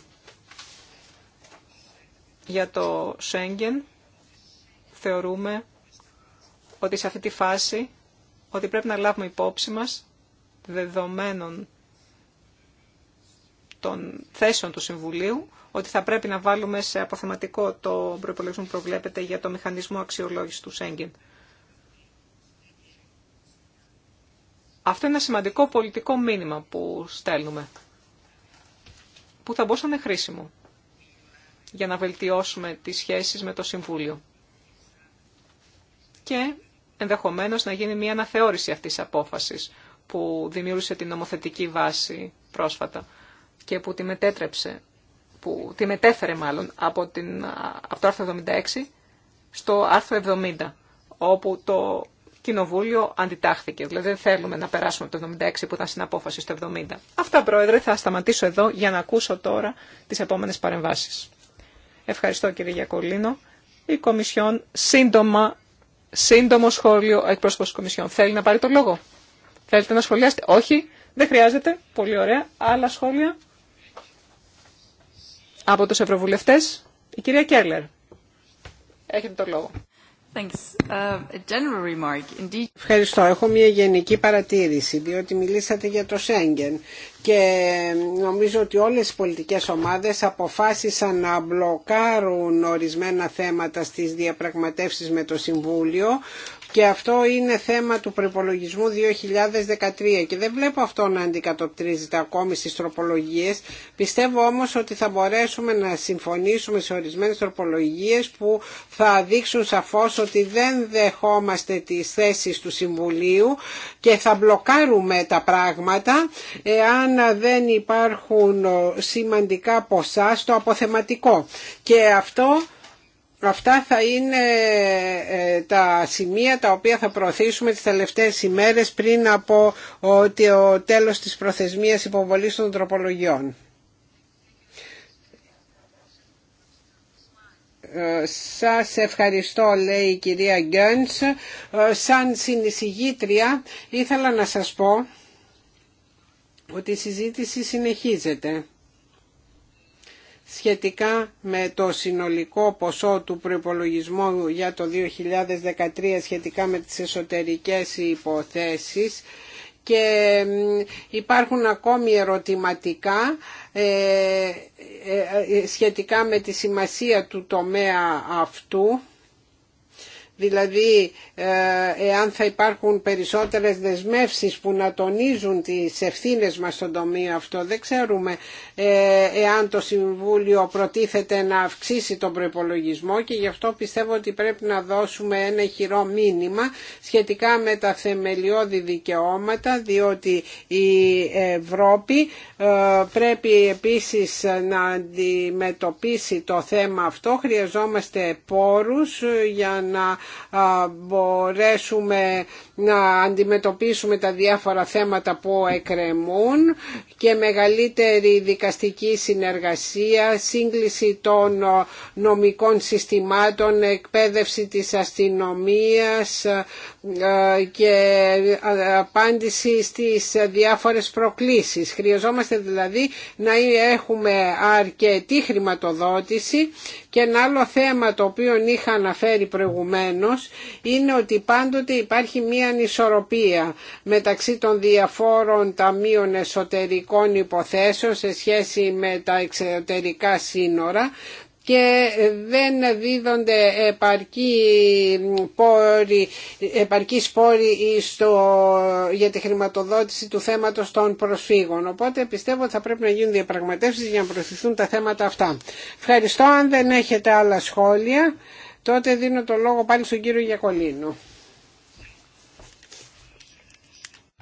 Για το Σέγγεν θεωρούμε ότι σε αυτή τη φάση ότι πρέπει να λάβουμε υπόψη μας δεδομένων των θέσεων του Συμβουλίου ότι θα πρέπει να βάλουμε σε αποθεματικό το προϋπολογισμό που προβλέπεται για το μηχανισμό αξιολόγησης του Σέγγεν. Αυτό είναι ένα σημαντικό πολιτικό μήνυμα που στέλνουμε, που θα μπορούσε να είναι χρήσιμο για να βελτιώσουμε τις σχέσεις με το Συμβούλιο. Και ενδεχομένως να γίνει μια αναθεώρηση αυτής της απόφασης που δημιούργησε την νομοθετική βάση πρόσφατα και που τη μετέτρεψε, που τη μετέφερε μάλλον από, την, από το άρθρο 76 στο άρθρο 70, όπου το κοινοβούλιο αντιτάχθηκε. Δηλαδή δεν θέλουμε να περάσουμε από το 76 που ήταν στην απόφαση στο 70. Αυτά, Πρόεδρε, θα σταματήσω εδώ για να ακούσω τώρα τις επόμενες παρεμβάσεις. Ευχαριστώ κύριε Γιακολίνο. Η Κομισιόν σύντομα, σύντομο σχόλιο εκπρόσωπος της Κομισιόν. Θέλει να πάρει το λόγο. Θέλετε να σχολιάσετε. Όχι, δεν χρειάζεται. Πολύ ωραία. Άλλα σχόλια από τους Ευρωβουλευτές. Η κυρία Κέλλερ. Έχετε το λόγο. Uh, Ευχαριστώ. Έχω μια γενική παρατήρηση, διότι μιλήσατε για το Σέγγεν και νομίζω ότι όλες οι πολιτικές ομάδες αποφάσισαν να μπλοκάρουν ορισμένα θέματα στις διαπραγματεύσεις με το Συμβούλιο και αυτό είναι θέμα του προπολογισμού 2013 και δεν βλέπω αυτό να αντικατοπτρίζεται ακόμη στις τροπολογίες. Πιστεύω όμως ότι θα μπορέσουμε να συμφωνήσουμε σε ορισμένες τροπολογίες που θα δείξουν σαφώς ότι δεν δεχόμαστε τις θέσεις του Συμβουλίου και θα μπλοκάρουμε τα πράγματα εάν δεν υπάρχουν σημαντικά ποσά στο αποθεματικό. Και αυτό Αυτά θα είναι ε, τα σημεία τα οποία θα προωθήσουμε τις τελευταίες ημέρες πριν από το τέλος της προθεσμίας υποβολής των τροπολογιών. Ε, σας ευχαριστώ λέει η κυρία Γκέντς. Ε, σαν συνεισηγήτρια ήθελα να σας πω ότι η συζήτηση συνεχίζεται σχετικά με το συνολικό ποσό του προϋπολογισμού για το 2013 σχετικά με τις εσωτερικές υποθέσεις και υπάρχουν ακόμη ερωτηματικά ε, ε, ε, σχετικά με τη σημασία του τομέα αυτού δηλαδή ε, εάν θα υπάρχουν περισσότερες δεσμεύσεις που να τονίζουν τις ευθύνες μας στον τομείο αυτό. Δεν ξέρουμε ε, εάν το Συμβούλιο προτίθεται να αυξήσει τον προπολογισμό και γι' αυτό πιστεύω ότι πρέπει να δώσουμε ένα χειρό μήνυμα σχετικά με τα θεμελιώδη δικαιώματα διότι η Ευρώπη ε, πρέπει επίσης να αντιμετωπίσει το θέμα αυτό. Χρειαζόμαστε πόρους για να μπορέσουμε να αντιμετωπίσουμε τα διάφορα θέματα που εκκρεμούν και μεγαλύτερη δικαστική συνεργασία, σύγκληση των νομικών συστημάτων, εκπαίδευση της αστυνομίας και απάντηση στις διάφορες προκλήσεις. Χρειαζόμαστε δηλαδή να έχουμε αρκετή χρηματοδότηση και ένα άλλο θέμα το οποίο είχα αναφέρει προηγουμένως είναι ότι πάντοτε υπάρχει μία ανισορροπία μεταξύ των διαφόρων ταμείων εσωτερικών υποθέσεων σε σχέση με τα εξωτερικά σύνορα και δεν δίδονται επαρκή πόρη, επαρκή σπόρη στο, για τη χρηματοδότηση του θέματος των προσφύγων. Οπότε πιστεύω ότι θα πρέπει να γίνουν διαπραγματεύσεις για να προωθηθούν τα θέματα αυτά. Ευχαριστώ. Αν δεν έχετε άλλα σχόλια, τότε δίνω το λόγο πάλι στον κύριο Γιακολίνο.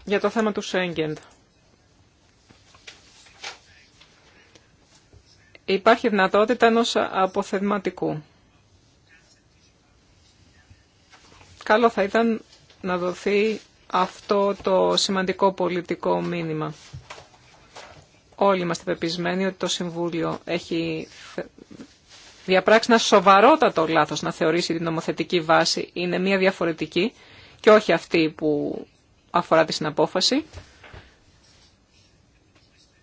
Για το θέμα του Σέγγεντ. υπάρχει δυνατότητα ενός αποθεματικού. Καλό θα ήταν να δοθεί αυτό το σημαντικό πολιτικό μήνυμα. Όλοι είμαστε πεπισμένοι ότι το Συμβούλιο έχει διαπράξει ένα σοβαρότατο λάθος να θεωρήσει την νομοθετική βάση είναι μια διαφορετική και όχι αυτή που αφορά τη συναπόφαση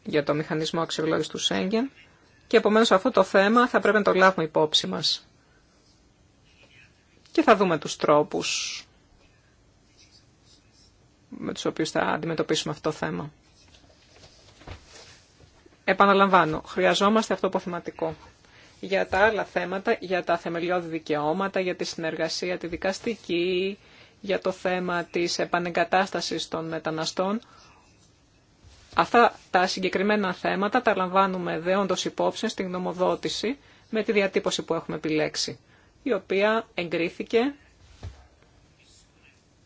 για το μηχανισμό αξιολόγηση του Σέγγεν και επομένως αυτό το θέμα θα πρέπει να το λάβουμε υπόψη μας. Και θα δούμε τους τρόπους με τους οποίους θα αντιμετωπίσουμε αυτό το θέμα. Επαναλαμβάνω, χρειαζόμαστε αυτό το θεματικό. Για τα άλλα θέματα, για τα θεμελιώδη δικαιώματα, για τη συνεργασία, τη δικαστική, για το θέμα της επανεγκατάστασης των μεταναστών, Αυτά τα συγκεκριμένα θέματα τα λαμβάνουμε δεόντως υπόψη στην γνωμοδότηση με τη διατύπωση που έχουμε επιλέξει, η οποία εγκρίθηκε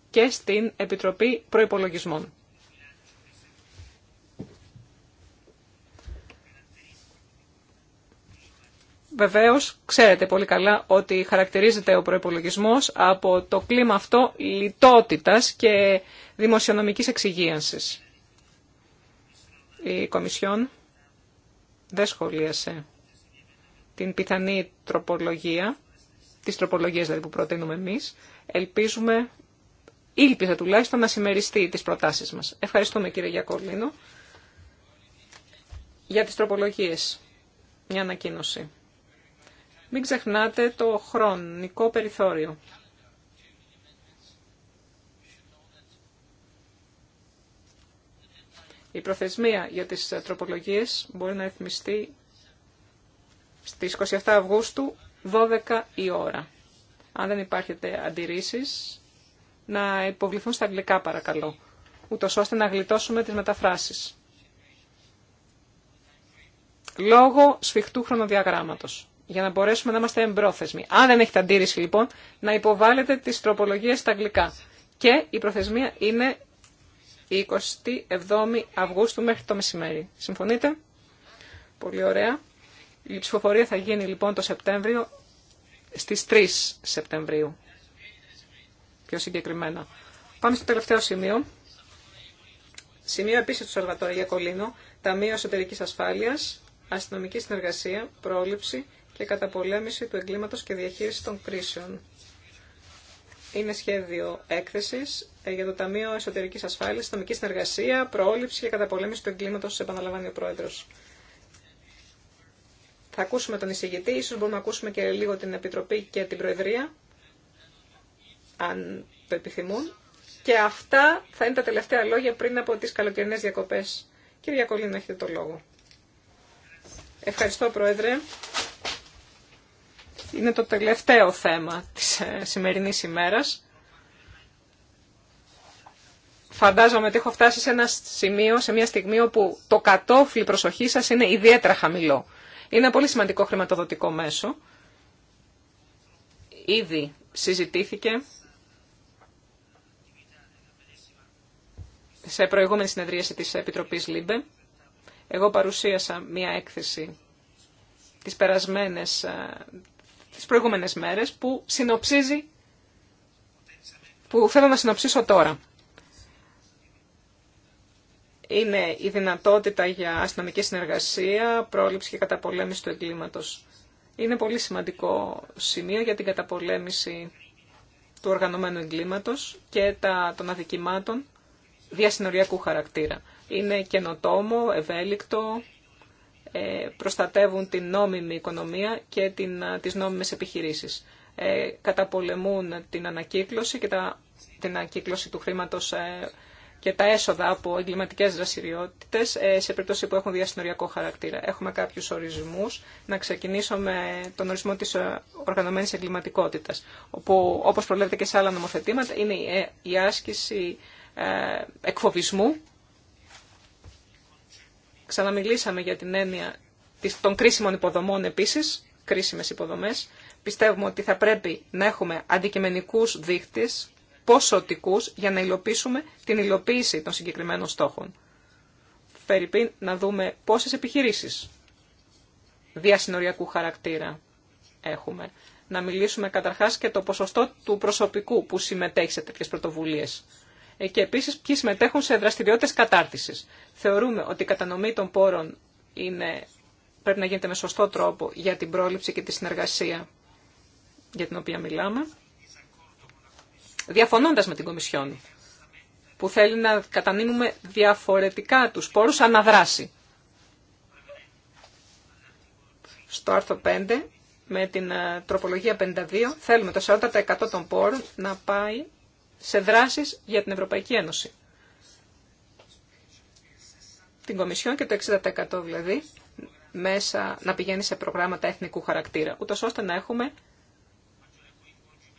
και στην Επιτροπή Προϋπολογισμών. Βεβαίως, ξέρετε πολύ καλά ότι χαρακτηρίζεται ο προπολογισμό από το κλίμα αυτό λιτότητας και δημοσιονομικής εξυγίανσης. Η Κομισιόν δεν σχολίασε την πιθανή τροπολογία, τις τροπολογίες δηλαδή που προτείνουμε εμείς. Ελπίζουμε, ήλπιζα τουλάχιστον, να συμμεριστεί τις προτάσεις μας. Ευχαριστούμε κύριε Γιακολίνο. Για τις τροπολογίες, μια ανακοίνωση. Μην ξεχνάτε το χρονικό περιθώριο. Η προθεσμία για τις ε, τροπολογίες μπορεί να εθμιστεί στις 27 Αυγούστου 12 η ώρα. Αν δεν υπάρχετε αντιρρήσεις, να υποβληθούν στα αγγλικά παρακαλώ, ούτω ώστε να γλιτώσουμε τις μεταφράσεις. Λόγω σφιχτού χρονοδιαγράμματος, για να μπορέσουμε να είμαστε εμπρόθεσμοι. Αν δεν έχετε αντίρρηση λοιπόν, να υποβάλλετε τις τροπολογίες στα αγγλικά. Και η προθεσμία είναι 27η Αυγούστου μέχρι το μεσημέρι. Συμφωνείτε? Πολύ ωραία. Η ψηφοφορία θα γίνει λοιπόν το Σεπτέμβριο στις 3 Σεπτεμβρίου. Πιο συγκεκριμένα. Πάμε στο τελευταίο σημείο. Σημείο επίσης του για Κολίνο, Ταμείο Εσωτερικής Ασφάλειας, Αστυνομική Συνεργασία, Πρόληψη και Καταπολέμηση του Εγκλήματος και Διαχείριση των Κρίσεων είναι σχέδιο έκθεσης ε, για το Ταμείο Εσωτερικής Ασφάλειας, Νομική Συνεργασία, Πρόληψη και Καταπολέμηση του Εγκλήματο, επαναλαμβάνει ο Πρόεδρος. Θα ακούσουμε τον εισηγητή, ίσως μπορούμε να ακούσουμε και λίγο την Επιτροπή και την Προεδρία, αν το επιθυμούν. Και αυτά θα είναι τα τελευταία λόγια πριν από τι καλοκαιρινέ διακοπέ. Κύριε Γιακολίνο, έχετε το λόγο. Ευχαριστώ, Πρόεδρε είναι το τελευταίο θέμα της ε, σημερινής ημέρας. Φαντάζομαι ότι έχω φτάσει σε ένα σημείο, σε μια στιγμή όπου το κατόφλι προσοχή σας είναι ιδιαίτερα χαμηλό. Είναι ένα πολύ σημαντικό χρηματοδοτικό μέσο. Ήδη συζητήθηκε σε προηγούμενη συνεδρίαση της Επιτροπής ΛΥΜΠΕ. Εγώ παρουσίασα μια έκθεση τις περασμένες ε, τις προηγούμενες μέρες που συνοψίζει, που θέλω να συνοψίσω τώρα. Είναι η δυνατότητα για αστυνομική συνεργασία, πρόληψη και καταπολέμηση του εγκλήματος. Είναι πολύ σημαντικό σημείο για την καταπολέμηση του οργανωμένου εγκλήματος και τα, των αδικημάτων διασυνοριακού χαρακτήρα. Είναι καινοτόμο, ευέλικτο, ε, προστατεύουν την νόμιμη οικονομία και την, ε, τις νόμιμες επιχειρήσεις. Ε, καταπολεμούν την ανακύκλωση και τα, την ανακύκλωση του χρήματος και τα έσοδα από εγκληματικέ δραστηριότητε σε περίπτωση που έχουν διασυνοριακό χαρακτήρα. Έχουμε κάποιου ορισμού. Να ξεκινήσω με τον ορισμό τη οργανωμένη εγκληματικότητα, όπου όπω προβλέπεται και σε άλλα νομοθετήματα είναι η άσκηση εκφοβισμού Ξαναμιλήσαμε για την έννοια των κρίσιμων υποδομών επίσης, κρίσιμες υποδομές. Πιστεύουμε ότι θα πρέπει να έχουμε αντικειμενικούς δείχτες, ποσοτικούς, για να υλοποιήσουμε την υλοποίηση των συγκεκριμένων στόχων. Φερρυπίν να δούμε πόσες επιχειρήσεις διασυνοριακού χαρακτήρα έχουμε. Να μιλήσουμε καταρχάς και το ποσοστό του προσωπικού που συμμετέχει σε τέτοιες πρωτοβουλίες. Ε, και επίσης ποιοι συμμετέχουν σε δραστηριότητες κατάρτισης. Θεωρούμε ότι η κατανομή των πόρων είναι, πρέπει να γίνεται με σωστό τρόπο για την πρόληψη και τη συνεργασία για την οποία μιλάμε, διαφωνώντας με την Κομισιόν, που θέλει να κατανείμουμε διαφορετικά τους πόρους αναδράση. Στο άρθρο 5, με την ε, τροπολογία 52, θέλουμε το 40% των πόρων να πάει σε δράσεις για την Ευρωπαϊκή Ένωση. Την Κομισιόν και το 60% δηλαδή μέσα να πηγαίνει σε προγράμματα εθνικού χαρακτήρα, ούτω ώστε να έχουμε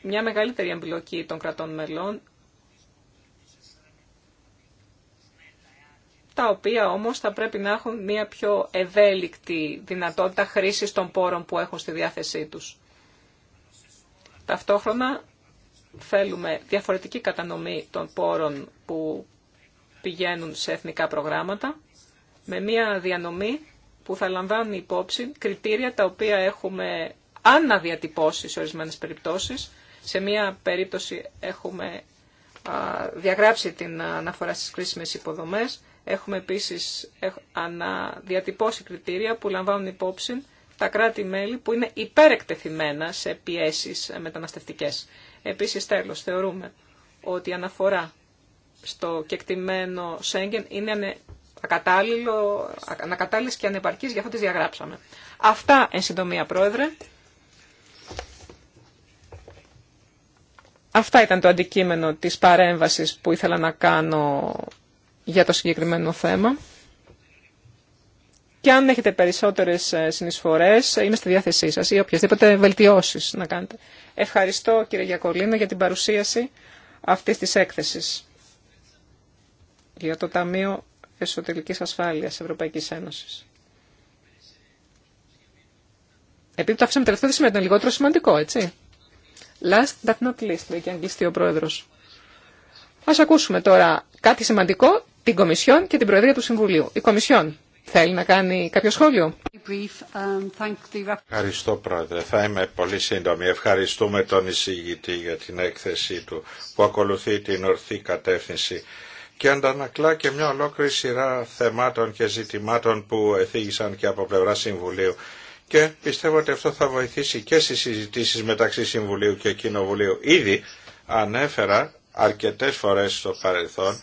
μια μεγαλύτερη εμπλοκή των κρατών μελών, τα οποία όμως θα πρέπει να έχουν μια πιο ευέλικτη δυνατότητα χρήσης των πόρων που έχουν στη διάθεσή τους. Ταυτόχρονα θέλουμε διαφορετική κατανομή των πόρων που πηγαίνουν σε εθνικά προγράμματα με μια διανομή που θα λαμβάνει υπόψη κριτήρια τα οποία έχουμε αναδιατυπώσει σε ορισμένες περιπτώσεις. Σε μια περίπτωση έχουμε διαγράψει την αναφορά στις κρίσιμες υποδομές. Έχουμε επίσης αναδιατυπώσει κριτήρια που λαμβάνουν υπόψη τα κράτη-μέλη που είναι υπερεκτεθειμένα σε πιέσεις μεταναστευτικές. Επίσης, τέλος, θεωρούμε ότι η αναφορά στο κεκτημένο Σέγγεν είναι ακατάλληλο, ανακατάλληλες και ανεπαρκής, γι' αυτό τις διαγράψαμε. Αυτά, εν συντομία, Πρόεδρε. Αυτά ήταν το αντικείμενο της παρέμβασης που ήθελα να κάνω για το συγκεκριμένο θέμα. Και αν έχετε περισσότερες ε, συνεισφορές, ε, είμαι στη διάθεσή σας ή οποιασδήποτε βελτιώσεις να κάνετε. Ευχαριστώ κύριε Γιακολίνο για την παρουσίαση αυτής της έκθεσης για το Ταμείο Εσωτερικής Ασφάλειας Ευρωπαϊκής Ένωσης. Επειδή το αφήσαμε τελευταίο, σημαίνει λιγότερο σημαντικό, έτσι. Last but not least, λέει και αγγλιστή ο πρόεδρος. Ας ακούσουμε τώρα κάτι σημαντικό, την Κομισιόν και την Προεδρία του Συμβουλίου. Η Κομισιόν. Θέλει να κάνει κάποιο σχόλιο. Ευχαριστώ πρόεδρε. Θα είμαι πολύ σύντομη. Ευχαριστούμε τον εισηγητή για την έκθεσή του που ακολουθεί την ορθή κατεύθυνση και αντανακλά και μια ολόκληρη σειρά θεμάτων και ζητημάτων που εθίγησαν και από πλευρά Συμβουλίου. Και πιστεύω ότι αυτό θα βοηθήσει και στις συζητήσεις μεταξύ Συμβουλίου και Κοινοβουλίου. Ήδη ανέφερα αρκετές φορές στο παρελθόν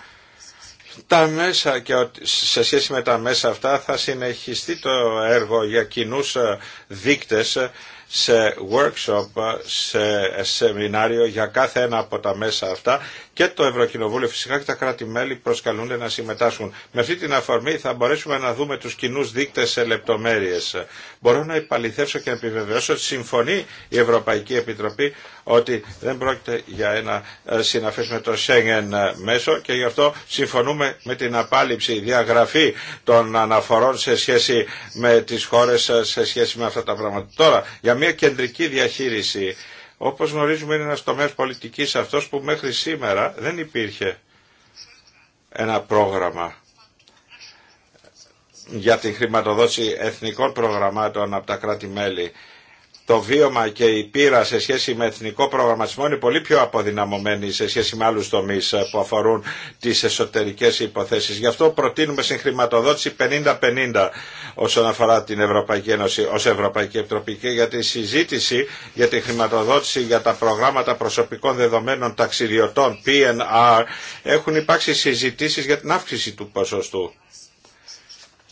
τα μέσα και σε σχέση με τα μέσα αυτά θα συνεχιστεί το έργο για κοινού ε, δείκτες ε, σε workshop, ε, σε σεμινάριο για κάθε ένα από τα μέσα αυτά και το Ευρωκοινοβούλιο φυσικά και τα κράτη-μέλη προσκαλούνται να συμμετάσχουν. Με αυτή την αφορμή θα μπορέσουμε να δούμε τους κοινού δείκτες σε λεπτομέρειες. Μπορώ να επαληθεύσω και να επιβεβαιώσω ότι συμφωνεί η Ευρωπαϊκή Επιτροπή ότι δεν πρόκειται για ένα ε, συναφές με το Σέγγεν ε, μέσο και γι' αυτό συμφωνούμε με την απάλληψη, διαγραφή των αναφορών σε σχέση με τις χώρες, ε, σε σχέση με αυτά τα πράγματα. Τώρα, για μια κεντρική διαχείριση όπως γνωρίζουμε είναι ένας τομέας πολιτικής αυτός που μέχρι σήμερα δεν υπήρχε ένα πρόγραμμα για τη χρηματοδότηση εθνικών προγραμμάτων από τα κράτη-μέλη το βίωμα και η πείρα σε σχέση με εθνικό προγραμματισμό είναι πολύ πιο αποδυναμωμένη σε σχέση με άλλους τομείς ε, που αφορούν τις εσωτερικές υποθέσεις. Γι' αυτό προτείνουμε συγχρηματοδότηση 50-50 όσον αφορά την Ευρωπαϊκή Ένωση ως Ευρωπαϊκή Επιτροπή και για τη συζήτηση για τη χρηματοδότηση για τα προγράμματα προσωπικών δεδομένων ταξιδιωτών PNR έχουν υπάρξει συζητήσεις για την αύξηση του ποσοστού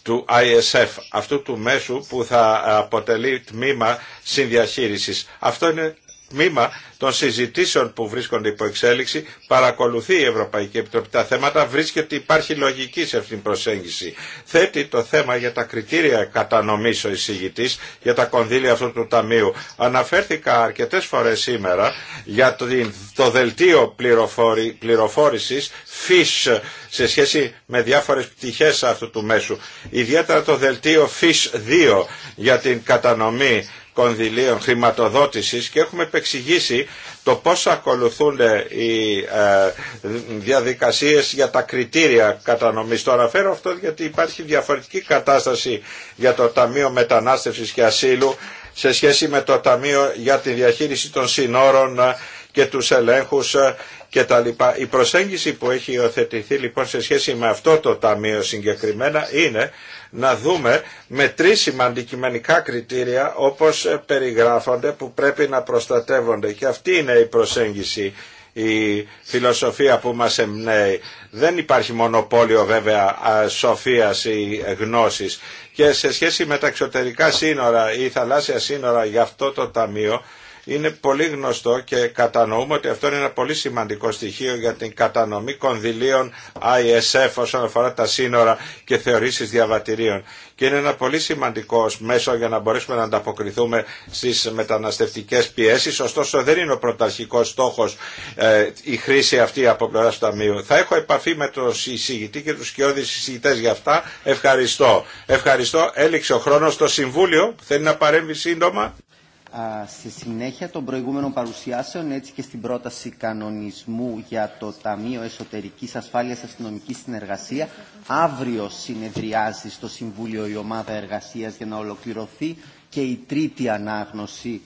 του ISF, αυτού του μέσου που θα αποτελεί τμήμα συνδιαχείρισης. Αυτό είναι τμήμα των συζητήσεων που βρίσκονται υπό εξέλιξη παρακολουθεί η Ευρωπαϊκή Επιτροπή τα θέματα, βρίσκεται υπάρχει λογική σε αυτήν την προσέγγιση. Θέτει το θέμα για τα κριτήρια κατανομής ο εισηγητή για τα κονδύλια αυτού του ταμείου. Αναφέρθηκα αρκετέ φορέ σήμερα για το δελτίο πληροφόρηση FISH σε σχέση με διάφορε πτυχέ αυτού του μέσου. Ιδιαίτερα το δελτίο FISH 2 για την κατανομή κονδυλίων χρηματοδότησης και έχουμε επεξηγήσει το πώς ακολουθούν οι ε, διαδικασίες για τα κριτήρια κατανομής. Τώρα αναφέρω αυτό γιατί υπάρχει διαφορετική κατάσταση για το Ταμείο Μετανάστευσης και Ασύλου σε σχέση με το Ταμείο για τη Διαχείριση των Συνόρων και τους ελέγχους ε, λοιπά Η προσέγγιση που έχει υιοθετηθεί λοιπόν σε σχέση με αυτό το ταμείο συγκεκριμένα είναι να δούμε με τρεις αντικειμενικά κριτήρια όπως περιγράφονται που πρέπει να προστατεύονται και αυτή είναι η προσέγγιση η φιλοσοφία που μας εμπνέει. Δεν υπάρχει μονοπόλιο βέβαια σοφίας ή γνώσης και σε σχέση με τα εξωτερικά σύνορα ή θαλάσσια σύνορα για αυτό το ταμείο είναι πολύ γνωστό και κατανοούμε ότι αυτό είναι ένα πολύ σημαντικό στοιχείο για την κατανομή κονδυλίων ISF όσον αφορά τα σύνορα και θεωρήσεις διαβατηρίων. Και είναι ένα πολύ σημαντικό μέσο για να μπορέσουμε να ανταποκριθούμε στις μεταναστευτικές πιέσεις. Ωστόσο δεν είναι ο πρωταρχικός στόχος ε, η χρήση αυτή από πλευρά του Ταμείου. Θα έχω επαφή με τον συζητητή και τους σκιώδεις συζητητές για αυτά. Ευχαριστώ. Ευχαριστώ. Έληξε ο χρόνος στο Συμβούλιο. Θέλει να παρέμβει σύντομα στη συνέχεια των προηγούμενων παρουσιάσεων έτσι και στην πρόταση κανονισμού για το Ταμείο Εσωτερικής Ασφάλειας Αστυνομική Συνεργασία. Αύριο συνεδριάζει στο Συμβούλιο η Ομάδα Εργασίας για να ολοκληρωθεί και η τρίτη ανάγνωση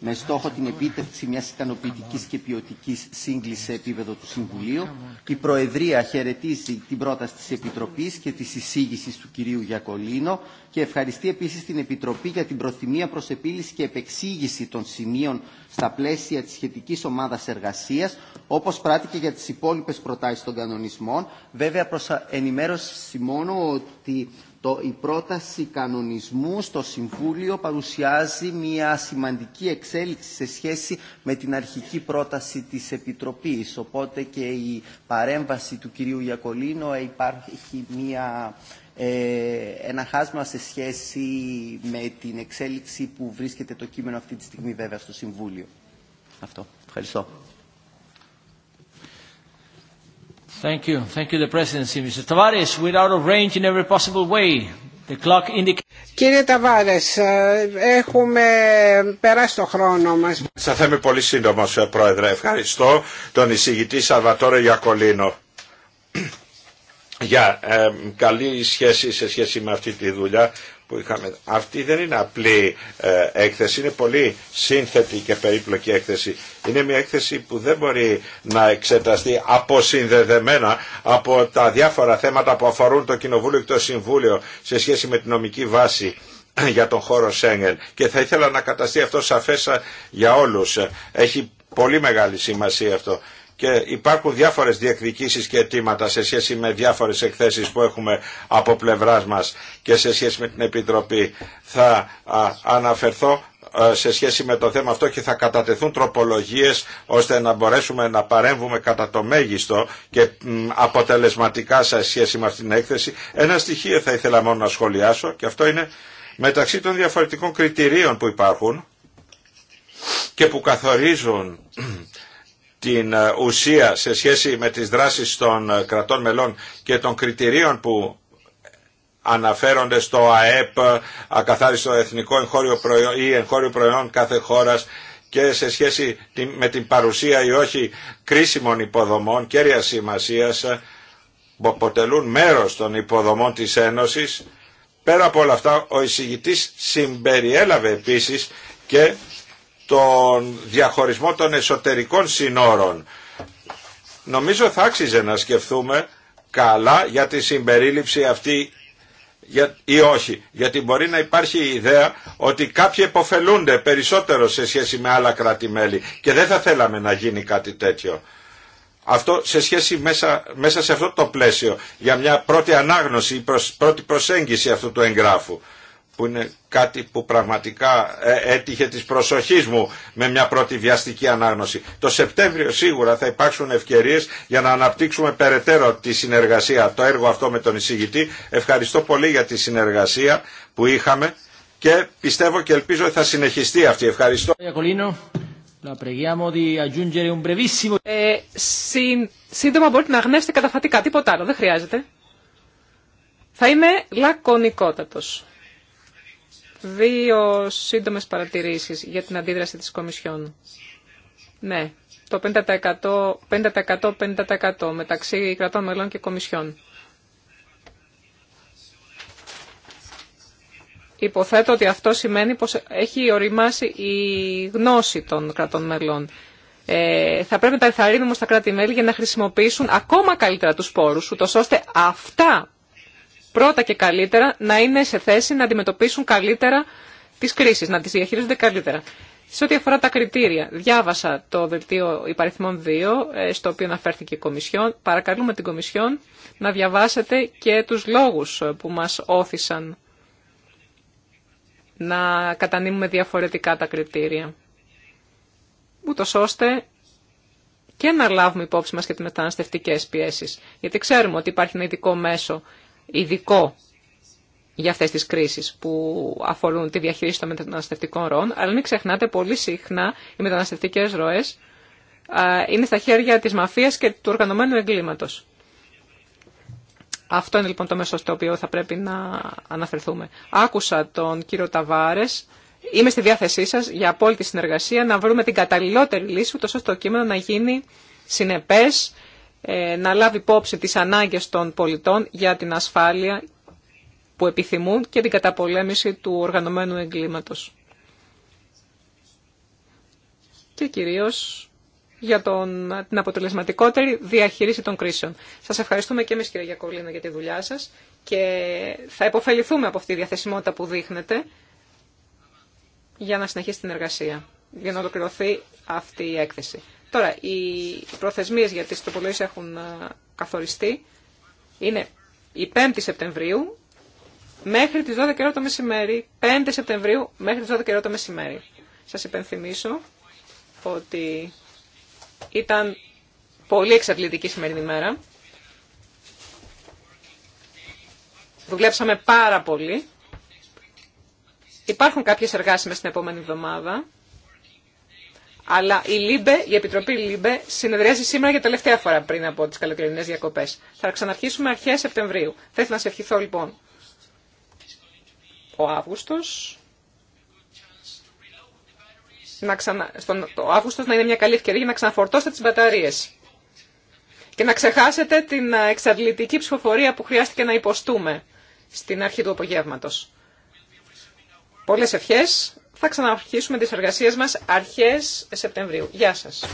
με στόχο την επίτευξη μιας ικανοποιητικής και ποιοτική σύγκλησης σε επίπεδο του Συμβουλίου. Η Προεδρία χαιρετίζει την πρόταση της Επιτροπής και της εισήγησης του κυρίου Γιακολίνο και ευχαριστεί επίσης την Επιτροπή για την προθυμία προς επίλυση και επεξήγηση των σημείων στα πλαίσια της σχετικής ομάδας εργασίας, όπως πράτηκε για τις υπόλοιπες προτάσεις των κανονισμών. Βέβαια, προς ενημέρωση μόνο ότι η πρόταση κανονισμού στο Συμβούλιο παρουσιάζει μια σημαντική εξέλιξη σε σχέση με την αρχική πρόταση της Επιτροπής. Οπότε και η παρέμβαση του κυρίου Γιακολίνο υπάρχει μια ε, ένα χάσμα σε σχέση με την εξέλιξη που βρίσκεται το κείμενο αυτή τη στιγμή βέβαια στο Συμβούλιο. Αυτό. Ευχαριστώ. Thank you. Thank you, the presidency, Mr. Tavares. We're out of range in every possible way. The clock indicates... Κύριε Ταβάρες, ε, έχουμε περάσει το χρόνο μας. Θα θα είμαι πολύ σύντομος, ε, Πρόεδρε. Ευχαριστώ τον εισηγητή Σαλβατόρο Γιακολίνο για ε, καλή σχέση σε σχέση με αυτή τη δουλειά που είχαμε. Αυτή δεν είναι απλή ε, έκθεση, είναι πολύ σύνθετη και περίπλοκη έκθεση. Είναι μια έκθεση που δεν μπορεί να εξεταστεί αποσυνδεδεμένα από τα διάφορα θέματα που αφορούν το Κοινοβούλιο και το Συμβούλιο σε σχέση με την νομική βάση για τον χώρο Σέγγεν. Και θα ήθελα να καταστεί αυτό σαφέσα για όλους. Έχει πολύ μεγάλη σημασία αυτό και υπάρχουν διάφορες διεκδικήσεις και αιτήματα σε σχέση με διάφορες εκθέσεις που έχουμε από πλευράς μας και σε σχέση με την Επιτροπή. Θα αναφερθώ σε σχέση με το θέμα αυτό και θα κατατεθούν τροπολογίες ώστε να μπορέσουμε να παρέμβουμε κατά το μέγιστο και αποτελεσματικά σε σχέση με αυτήν την έκθεση. Ένα στοιχείο θα ήθελα μόνο να σχολιάσω και αυτό είναι μεταξύ των διαφορετικών κριτηρίων που υπάρχουν και που καθορίζουν την ε, ουσία σε σχέση με τις δράσεις των ε, κρατών μελών και των κριτηρίων που αναφέρονται στο ΑΕΠ, ακαθάριστο εθνικό εγχώριο προϊόν, ή εγχώριο προϊόν κάθε χώρας και σε σχέση με την παρουσία ή όχι κρίσιμων υποδομών κέρια σημασίας που αποτελούν μέρος των υποδομών της Ένωσης. Πέρα από όλα αυτά, ο εισηγητής συμπεριέλαβε επίσης και τον διαχωρισμό των εσωτερικών συνόρων. Νομίζω θα άξιζε να σκεφτούμε καλά για τη συμπερίληψη αυτή ή όχι. Γιατί μπορεί να υπάρχει η ιδέα ότι κάποιοι υποφελούνται περισσότερο σε σχέση με άλλα κράτη-μέλη και δεν θα θέλαμε να γίνει κάτι τέτοιο. Αυτό σε σχέση μέσα, μέσα σε αυτό το πλαίσιο για μια πρώτη ανάγνωση, πρώτη προσέγγιση αυτού του εγγράφου που είναι κάτι που πραγματικά ε, έτυχε της προσοχής μου με μια πρώτη βιαστική ανάγνωση. Το Σεπτέμβριο σίγουρα θα υπάρξουν ευκαιρίες για να αναπτύξουμε περαιτέρω τη συνεργασία, το έργο αυτό με τον εισηγητή. Ευχαριστώ πολύ για τη συνεργασία που είχαμε και πιστεύω και ελπίζω ότι θα συνεχιστεί αυτή. Ευχαριστώ. Ε, σύντομα μπορείτε να αγνεύσετε καταφατικά, τίποτα άλλο, δεν χρειάζεται. Θα είμαι λακωνικότατος. Δύο σύντομες παρατηρήσεις για την αντίδραση της Κομισιόν. Ναι, το 50%, 50%, μεταξύ κρατών μελών και Κομισιόν. Υποθέτω ότι αυτό σημαίνει πως έχει οριμάσει η γνώση των κρατών μελών. Ε, θα πρέπει να τα ενθαρρύνουμε στα κράτη-μέλη για να χρησιμοποιήσουν ακόμα καλύτερα τους πόρους, ούτως ώστε αυτά πρώτα και καλύτερα να είναι σε θέση να αντιμετωπίσουν καλύτερα τις κρίσεις, να τις διαχειρίζονται καλύτερα. Σε ό,τι αφορά τα κριτήρια, διάβασα το δελτίο υπαριθμών 2, ε, στο οποίο αναφέρθηκε η Κομισιόν. Παρακαλούμε την Κομισιόν να διαβάσετε και τους λόγους ε, που μας όθησαν να κατανείμουμε διαφορετικά τα κριτήρια. Ούτω ώστε και να λάβουμε υπόψη μας και τις μεταναστευτικές πιέσεις. Γιατί ξέρουμε ότι υπάρχει ένα ειδικό μέσο ειδικό για αυτές τις κρίσεις που αφορούν τη διαχείριση των μεταναστευτικών ροών, αλλά μην ξεχνάτε πολύ συχνά οι μεταναστευτικές ροές είναι στα χέρια της μαφίας και του οργανωμένου εγκλήματος. Αυτό είναι λοιπόν το μέσο στο οποίο θα πρέπει να αναφερθούμε. Άκουσα τον κύριο Ταβάρες. Είμαι στη διάθεσή σας για απόλυτη συνεργασία να βρούμε την καταλληλότερη λύση, ούτως ώστε το κείμενο να γίνει συνεπές, ε, να λάβει υπόψη τις ανάγκες των πολιτών για την ασφάλεια που επιθυμούν και την καταπολέμηση του οργανωμένου εγκλήματος. Και κυρίως για τον, την αποτελεσματικότερη διαχείριση των κρίσεων. Σας ευχαριστούμε και εμείς κύριε Γιακολίνα για τη δουλειά σας και θα υποφεληθούμε από αυτή τη διαθεσιμότητα που δείχνετε για να συνεχίσει την εργασία, για να ολοκληρωθεί αυτή η έκθεση. Τώρα, οι προθεσμίες για τις τροπολογίες έχουν ε, καθοριστεί. Είναι η 5η Σεπτεμβρίου μέχρι τις 12 καιρό το μεσημέρι. 5 Σεπτεμβρίου μέχρι τις 12 καιρό το μεσημέρι. Σας υπενθυμίσω ότι ήταν πολύ εξαντλητική σημερινή μέρα. Δουλέψαμε πάρα πολύ. Υπάρχουν κάποιες εργάσιμες την επόμενη εβδομάδα. Αλλά η, η Επιτροπή ΛΥΜΠΕ συνεδριάζει σήμερα για τελευταία φορά πριν από τι καλοκαιρινέ διακοπέ. Θα ξαναρχίσουμε αρχέ Σεπτεμβρίου. Θα ήθελα να σε ευχηθώ λοιπόν. Ο Αύγουστο. Να ξανα... Στον... Το Αύγουστο να είναι μια καλή ευκαιρία για να ξαναφορτώσετε τι μπαταρίε. Και να ξεχάσετε την εξαντλητική ψηφοφορία που χρειάστηκε να υποστούμε στην αρχή του απογεύματο. Πολλέ ευχές θα ξαναρχίσουμε τις εργασίες μας αρχές Σεπτεμβρίου. Γεια σας.